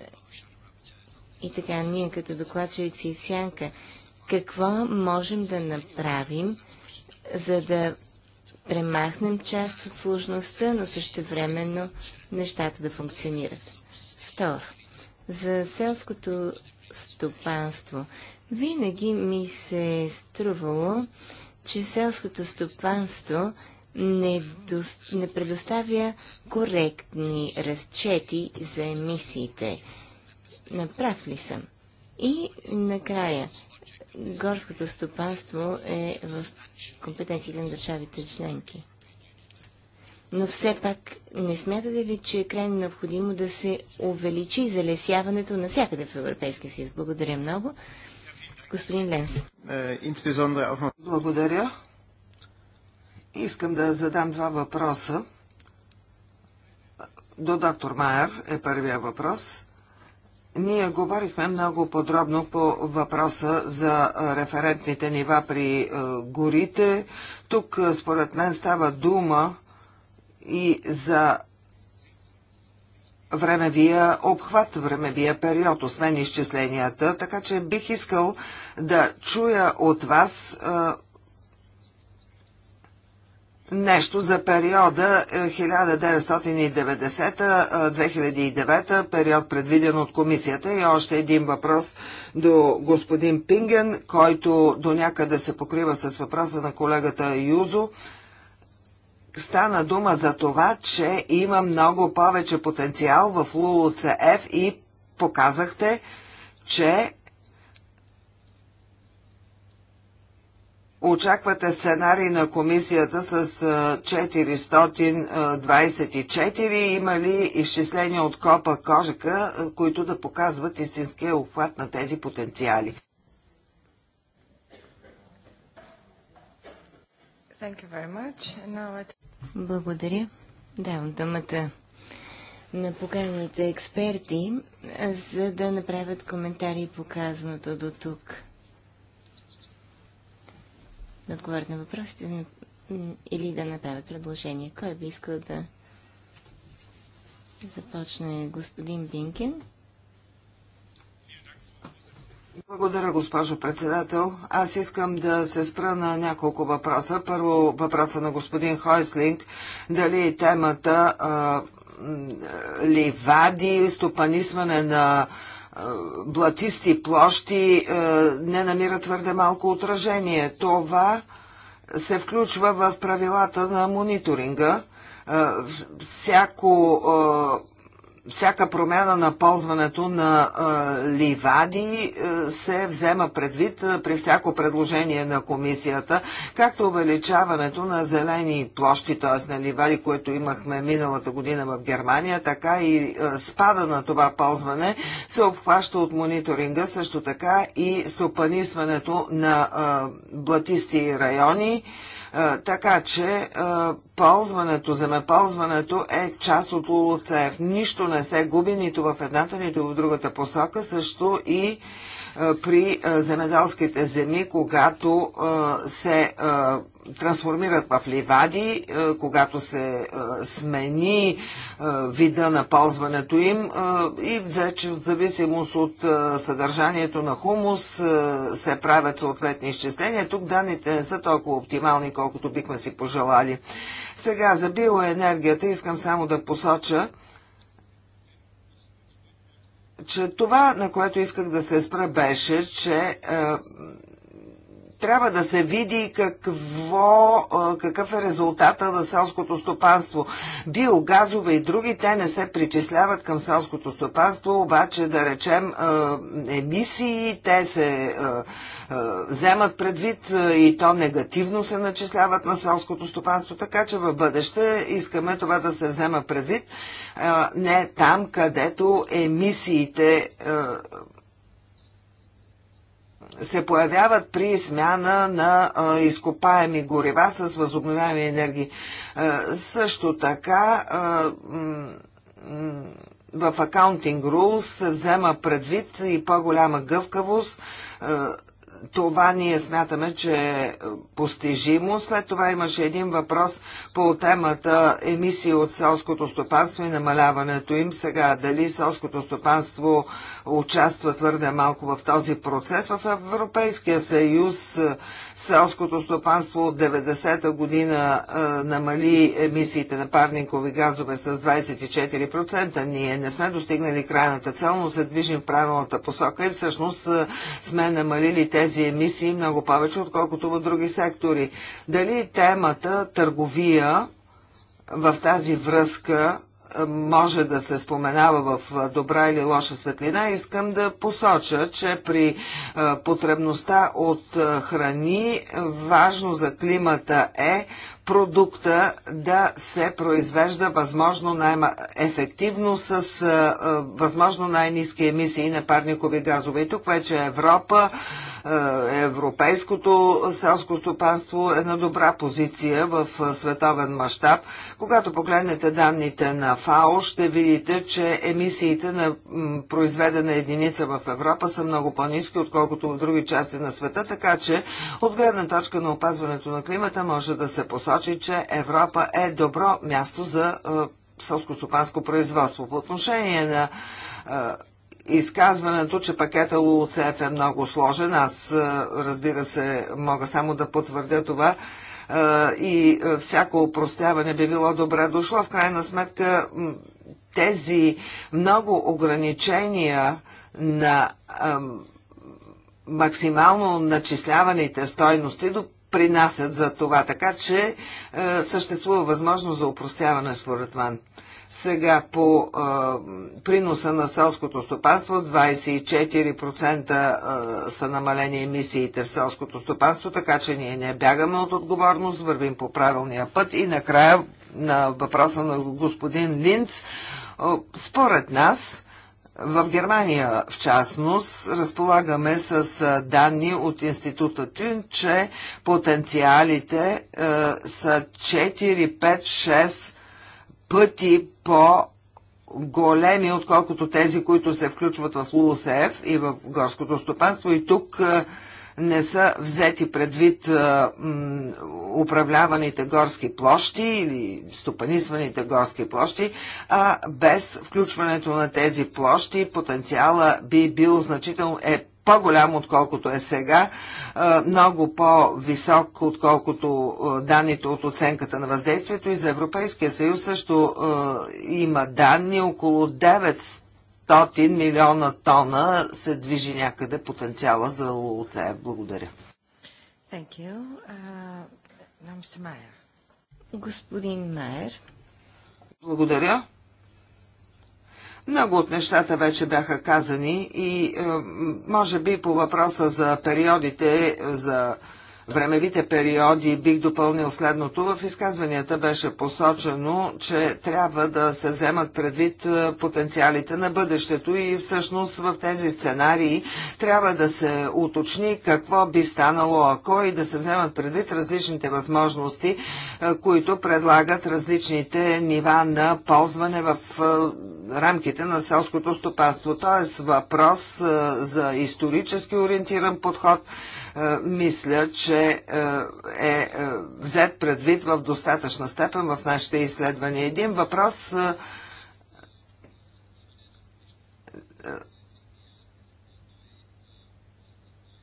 И така, ние като докладчици и Сянка, какво можем да направим, за да премахнем част от сложността, но същевременно нещата да функционират? Второ, за селското стопанство. Винаги ми се е струвало, че селското стопанство не, до... не предоставя коректни разчети за емисиите. Направ ли съм? И накрая, горското стопанство е в компетенциите на държавите членки. Но все пак не смятате ли, че е крайно необходимо да се увеличи залесяването навсякъде в Европейския съюз? Благодаря много. Господин Ленс. Е, е Благодаря. Искам да задам два въпроса. До доктор Майер е първия въпрос. Ние говорихме много подробно по въпроса за референтните нива при е, горите. Тук, според мен, става дума и за времевия обхват, времевия период, освен изчисленията, така че бих искал да чуя от вас нещо за периода 1990-2009, е, период предвиден от комисията и още един въпрос до господин Пинген, който до някъде се покрива с въпроса на колегата Юзо. Стана дума за това, че има много повече потенциал в ЛУЛЦФ и показахте, че очаквате сценарий на комисията с 424. Има ли изчисления от копа кожика, които да показват истинския обхват на тези потенциали? Благодаря. Давам думата на поканите експерти, за да направят коментари показаното до тук да отговарят на въпросите или да направят предложение. Кой би искал да започне господин Бинкин? Благодаря, госпожо председател. Аз искам да се спра на няколко въпроса. Първо въпроса на господин Хойслинг. Дали темата а, вади стопанисване на а, блатисти площи е, не намира твърде малко отражение. Това се включва в правилата на мониторинга. Е, всяко е, всяка промяна на ползването на ливади се взема предвид при всяко предложение на комисията, както увеличаването на зелени площи, т.е. на ливади, които имахме миналата година в Германия, така и спада на това ползване се обхваща от мониторинга, също така и стопанисването на блатисти райони така че ползването, земеползването е част от ЛУЛУЦЕФ. Нищо не се губи нито в едната, нито в другата посока. Също и при земеделските земи, когато се трансформират в ливади, когато се смени вида на ползването им и вече в зависимост от съдържанието на хумус се правят съответни изчисления. Тук данните не са толкова оптимални, колкото бихме си пожелали. Сега за биоенергията искам само да посоча, че това, на което исках да се спра, беше, че е, трябва да се види какво, е, какъв е резултата на селското стопанство. Биогазове и други, те не се причисляват към селското стопанство, обаче да речем е, емисии, те се е, вземат предвид и то негативно се начисляват на селското стопанство, така че в бъдеще искаме това да се взема предвид не там, където емисиите се появяват при смяна на изкопаеми горива с възобновяеми енергии. също така в Accounting Rules се взема предвид и по-голяма гъвкавост това ние смятаме, че е постижимо. След това имаше един въпрос по темата емисии от селското стопанство и намаляването им. Сега дали селското стопанство участва твърде малко в този процес. В Европейския съюз селското стопанство от 90-та година е, намали емисиите на парникови газове с 24%. Ние не сме достигнали крайната цел, но се движим в правилната посока и всъщност сме намалили тези тези емисии много повече, отколкото в други сектори. Дали темата търговия в тази връзка е, може да се споменава в е, добра или лоша светлина, искам да посоча, че при е, потребността от храни важно за климата е продукта да се произвежда възможно най-ефективно с а, а, възможно най-низки емисии на парникови газове. И тук вече Европа, а, европейското селско стопанство е на добра позиция в световен мащаб. Когато погледнете данните на ФАО, ще видите, че емисиите на произведена единица в Европа са много по-низки, отколкото в други части на света, така че от гледна точка на опазването на климата може да се посочи посочи, че Европа е добро място за е, сълскостопанско производство. По отношение на е, изказването, че пакета ЛУЦФ е много сложен, аз е, разбира се мога само да потвърдя това, и всяко упростяване би било добре дошло. В крайна сметка тези много ограничения на максимално начисляваните стойности допринасят за това. Така че е, съществува възможност за упростяване според мен. Сега по е, приноса на селското стопанство 24% е, са намалени емисиите в селското стопанство, така че ние не бягаме от отговорност, вървим по правилния път и накрая на въпроса на господин Линц. Е, според нас в Германия, в частност, разполагаме с данни от Института Тюн, че потенциалите е, са 4, 5, 6 пъти по големи, отколкото тези, които се включват в ЛУСФ и в горското стопанство. И тук е, не са взети предвид управляваните горски площи или стопанисваните горски площи, а без включването на тези площи потенциала би бил значително е по-голям, отколкото е сега, много по-висок, отколкото данните от оценката на въздействието и за Европейския съюз също има данни около 900 500 милиона тона се движи някъде потенциала за Луцея. Благодаря. Thank you. Uh, Господин Майер. Благодаря. Много от нещата вече бяха казани и е, може би по въпроса за периодите е, за времевите периоди бих допълнил следното. В изказванията беше посочено, че трябва да се вземат предвид е, потенциалите на бъдещето и всъщност в тези сценарии трябва да се уточни какво би станало ако и да се вземат предвид различните възможности, е, които предлагат различните нива на ползване в е, рамките на селското стопанство. Тоест въпрос за исторически ориентиран подход, е, мисля, че е, е, е взет предвид в достатъчна степен в нашите изследвания. Един въпрос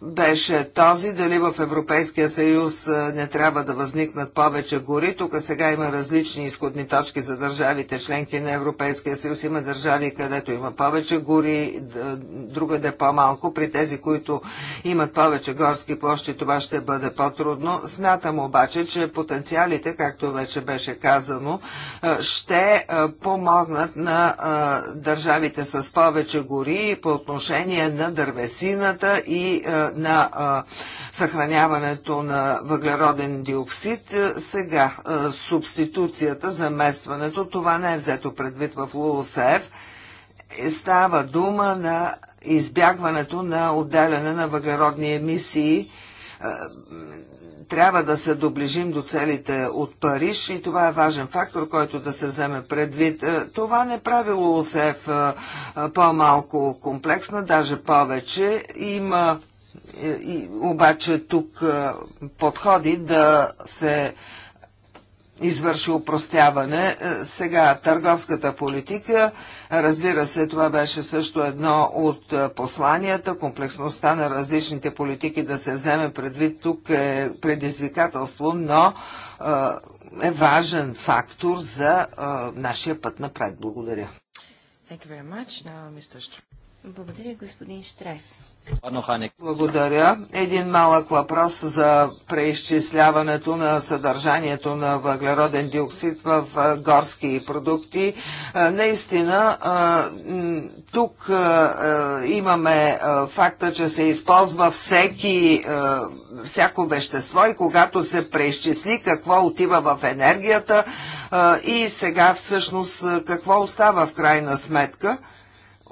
беше този, дали в Европейския съюз не трябва да възникнат повече гори. Тук сега има различни изходни точки за държавите, членки на Европейския съюз. Има държави, където има повече гори, другаде по-малко. При тези, които имат повече горски площи, това ще бъде по-трудно. Смятам обаче, че потенциалите, както вече беше казано, ще помогнат на държавите с повече гори по отношение на дървесината и на съхраняването на въглероден диоксид. Сега субституцията, заместването, това не е взето предвид в ЛУСФ. Е, става дума на избягването на отделяне на въглеродни емисии трябва да се доближим до целите от Париж и това е важен фактор, който да се вземе предвид. Това не правило ОСЕФ по-малко комплексна, даже повече. Има и, обаче тук подходи да се извърши упростяване. Е, сега търговската политика, разбира се, това беше също едно от е, посланията, комплексността на различните политики да се вземе предвид тук е предизвикателство, но е, е важен фактор за нашия път напред. Благодаря. Благодаря, господин Штрайф. Благодаря. Един малък въпрос за преизчисляването на съдържанието на въглероден диоксид в горски продукти. Наистина, тук имаме факта, че се използва всеки, всяко вещество и когато се преизчисли какво отива в енергията и сега всъщност какво остава в крайна сметка –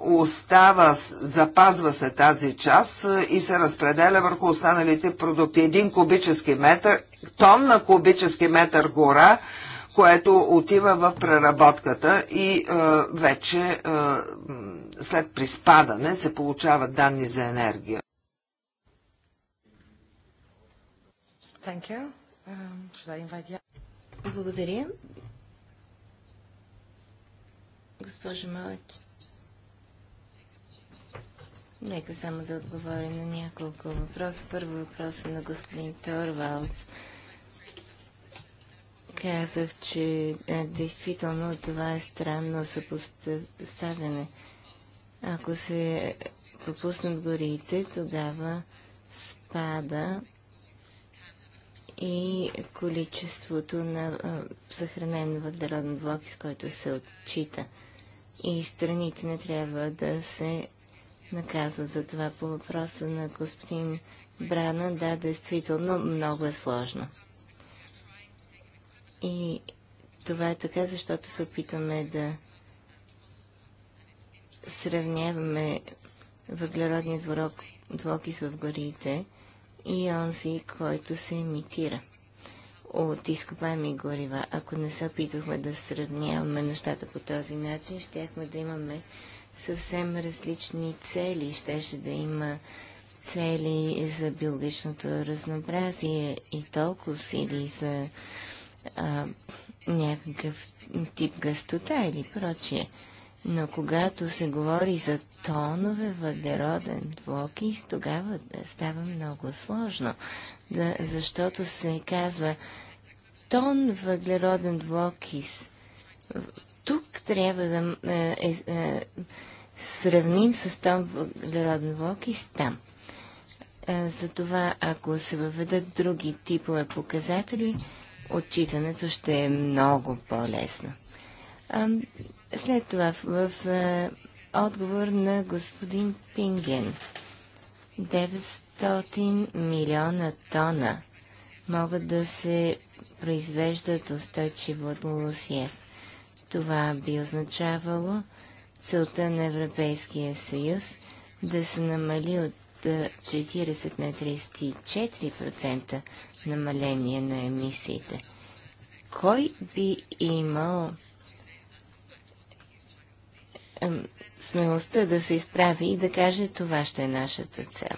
остава, запазва се тази част и се разпределя върху останалите продукти. Един кубически метър, тон на кубически метър гора, което отива в преработката и е, вече е, след приспадане се получават данни за енергия. Um, Благодаря. Госпожа Малаки. Нека само да отговоря на няколко въпроса. Първо въпрос е на господин Торвалц. Казах, че е, действително това е странно съпоставяне. Ако се пропуснат горите, тогава спада и количеството на а, е, съхранен въглероден с който се отчита. И страните не трябва да се наказва за това по въпроса на господин Брана. Да, действително много е сложно. И това е така, защото се опитваме да сравняваме въглеродния дворок, двокис в горите и онзи, който се емитира от изкопаеми горива. Ако не се опитвахме да сравняваме нещата по този начин, щяхме да имаме съвсем различни цели. Щеше да има цели за биологичното разнообразие и толкова или за а, някакъв тип гъстота или прочие. Но когато се говори за тонове въглероден двуокис, тогава става много сложно, да, защото се казва тон въглероден двуокис тук трябва да е, е, е сравним с тон въглероден с там. Е, затова, ако се въведат други типове показатели, отчитането ще е много по-лесно. След това, в, в е, отговор на господин Пинген, 900 милиона тона могат да се произвеждат устойчиво от Лусиев. Това би означавало целта на Европейския съюз да се намали от 40 на 34% намаление на емисиите. Кой би имал смелостта да се изправи и да каже това ще е нашата цел?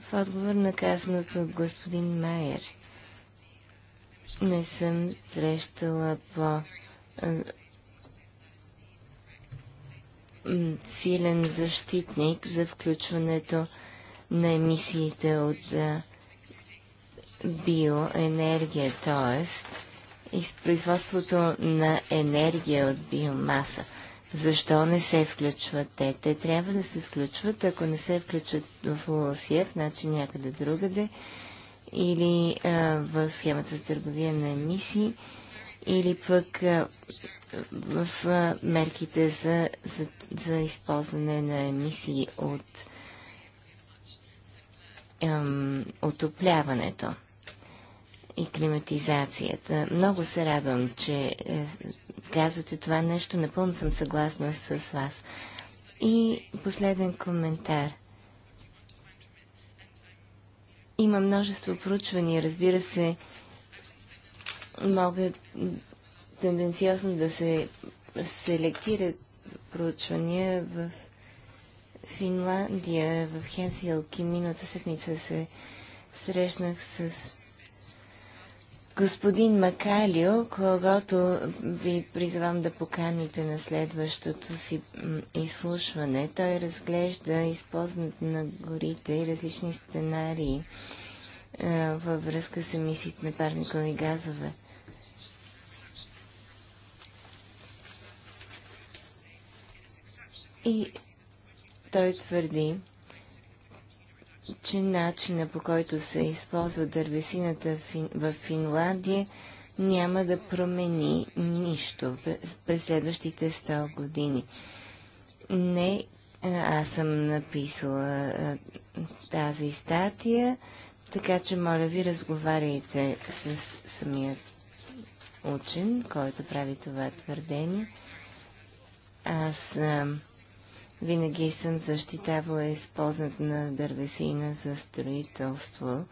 В отговор на казаното от господин Майер, не съм срещала по силен защитник за включването на емисиите от биоенергия, т.е. производството на енергия от биомаса. Защо не се включват те? Те трябва да се включват, ако не се включат в ОСЕФ, значи някъде другаде или а, в схемата за търговия на емисии или пък в мерките за, за, за използване на емисии от ем, отопляването и климатизацията. Много се радвам, че е, казвате това нещо. Напълно съм съгласна с вас. И последен коментар. Има множество проучвания, разбира се, могат тенденциозно да се селектират проучвания в Финландия, в Хенсилки. Миналата седмица се срещнах с господин Макалио, когато ви призвам да поканите на следващото си изслушване. Той разглежда използването на горите и различни сценарии във връзка с емисиите на парникови газове. И той твърди, че начина по който се използва дървесината в Финландия няма да промени нищо през следващите 100 години. Не, аз съм написала тази статия, така че моля ви разговаряйте с самият учен, който прави това твърдение. Аз винаги съм защитавала използват на дървесина за строителство,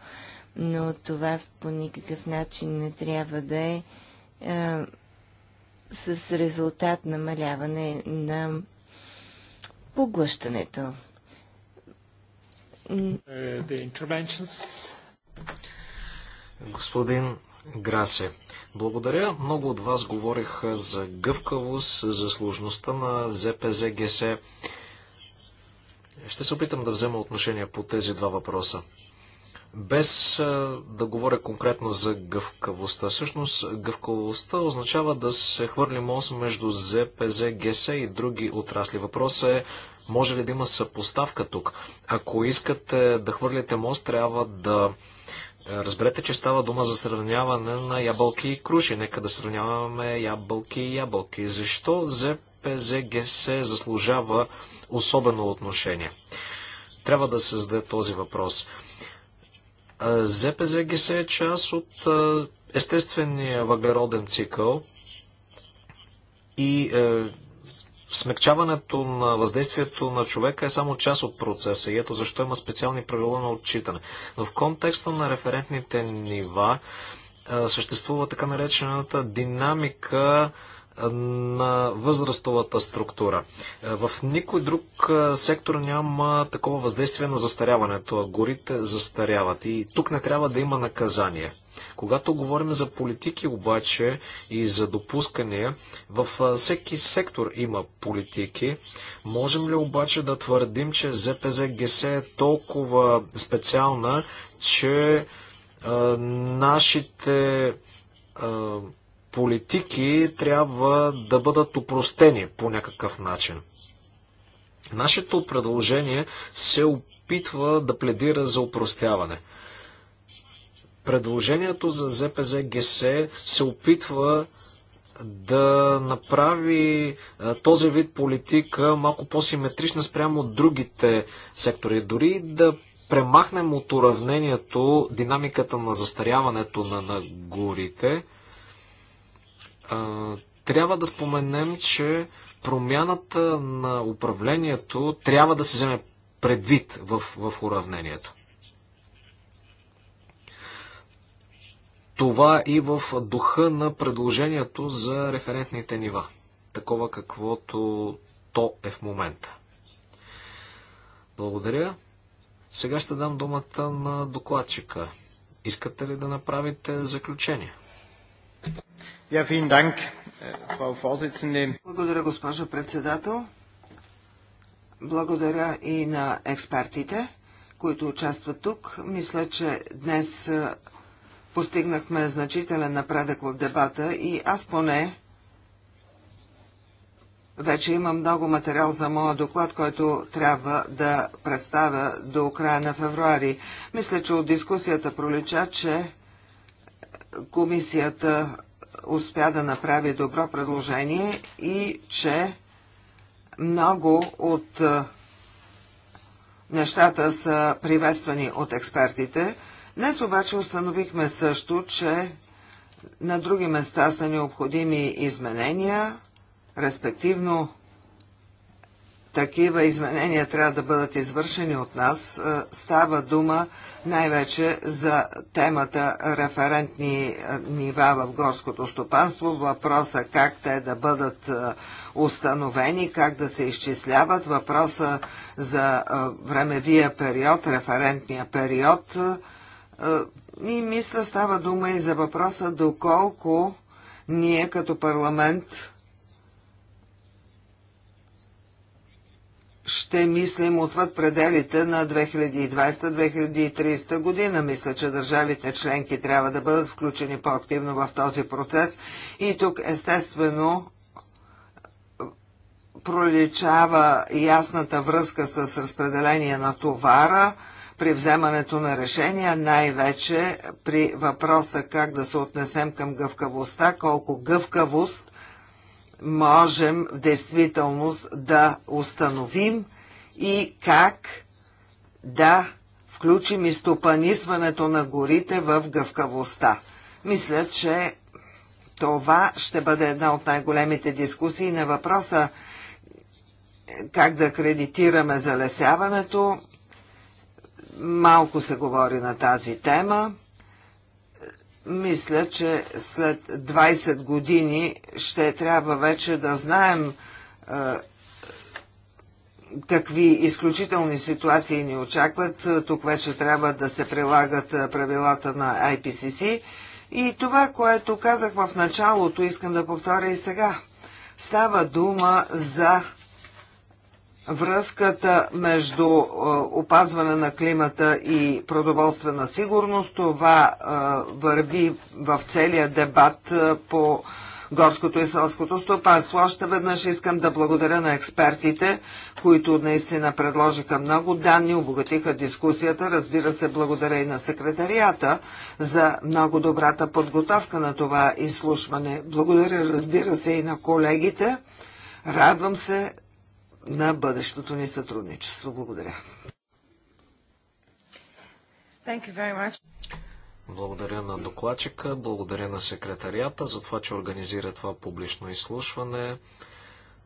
но това по никакъв начин не трябва да е, е с резултат намаляване на поглъщането. Господин Грасе, благодаря. Много от вас говориха за гъвкавост, за сложността на ЗПЗГС. Ще се опитам да взема отношение по тези два въпроса. Без да говоря конкретно за гъвкавостта. Всъщност гъвкавостта означава да се хвърли мост между ЗПЗ, ГС и други отрасли. Въпросът е, може ли да има съпоставка тук? Ако искате да хвърлите мост, трябва да Разберете, че става дума за сравняване на ябълки и круши. Нека да сравняваме ябълки и ябълки. Защо ЗПЗ? ПЗГС заслужава особено отношение. Трябва да се зададе този въпрос. ЗПЗГС е част от естествения въглероден цикъл и е, смекчаването на въздействието на човека е само част от процеса и ето защо има специални правила на отчитане. Но в контекста на референтните нива съществува така наречената динамика на възрастовата структура. Е, в никой друг е, сектор няма такова въздействие на застаряването, а горите застаряват. И тук не трябва да има наказание. Когато говорим за политики обаче и за допускания, във е, всеки сектор има политики. Можем ли обаче да твърдим, че ЗПЗГС е толкова специална, че нашите политики трябва да бъдат упростени по някакъв начин. Нашето предложение се опитва да пледира за упростяване. Предложението за ЗПЗ ГС се опитва да направи този вид политика малко по-симетрична спрямо от другите сектори. Дори да премахнем от уравнението динамиката на застаряването на, на горите, трябва да споменем, че промяната на управлението трябва да се вземе предвид в, в уравнението. Това и в духа на предложението за референтните нива, такова каквото то е в момента. Благодаря. Сега ще дам думата на докладчика. Искате ли да направите заключение? Äh, Благодаря, госпожо председател. Благодаря и на експертите, които участват тук. Мисля, че днес постигнахме значителен напредък в дебата и аз поне вече имам много материал за моя доклад, който трябва да представя до края на февруари. Мисля, че от дискусията пролича, че комисията успя да направи добро предложение и че много от нещата са приветствани от експертите. Днес обаче установихме също, че на други места са необходими изменения, респективно такива изменения трябва да бъдат извършени от нас. Става дума най-вече за темата референтни нива в горското стопанство, въпроса как те да бъдат е, установени, как да се изчисляват, въпроса за е, времевия период, референтния период. Е, и мисля става дума и за въпроса доколко ние като парламент ще мислим отвъд пределите на 2020-2030 година. Мисля, че държавите членки трябва да бъдат включени по-активно в този процес и тук естествено проличава ясната връзка с разпределение на товара при вземането на решения, най-вече при въпроса как да се отнесем към гъвкавостта, колко гъвкавост можем в действителност да установим и как да включим изтопанисването на горите в гъвкавостта. Мисля, че това ще бъде една от най-големите дискусии на въпроса как да кредитираме залесяването. Малко се говори на тази тема. Мисля, че след 20 години ще трябва вече да знаем е, какви изключителни ситуации ни очакват. Тук вече трябва да се прилагат е, правилата на IPCC. И това, което казах в началото, искам да повторя и сега. Става дума за връзката между опазване на климата и продоволствена сигурност. Това върви в целия дебат по горското и селското стопанство. Още веднъж искам да благодаря на експертите, които наистина предложиха много данни, обогатиха дискусията. Разбира се, благодаря и на секретарията за много добрата подготовка на това изслушване. Благодаря, разбира се, и на колегите. Радвам се на бъдещото ни сътрудничество. Благодаря. Благодаря на докладчика, благодаря на секретарията за това, че организира това публично изслушване.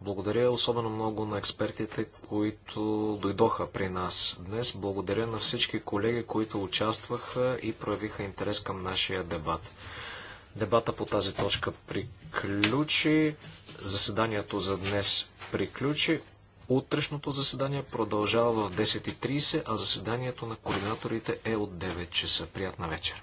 Благодаря особено много на експертите, които дойдоха при нас днес. Благодаря на всички колеги, които участваха и проявиха интерес към нашия дебат. Дебата по тази точка приключи. Заседанието за днес приключи. Утрешното заседание продължава в 10.30, а заседанието на координаторите е от 9 часа. Приятна вечер!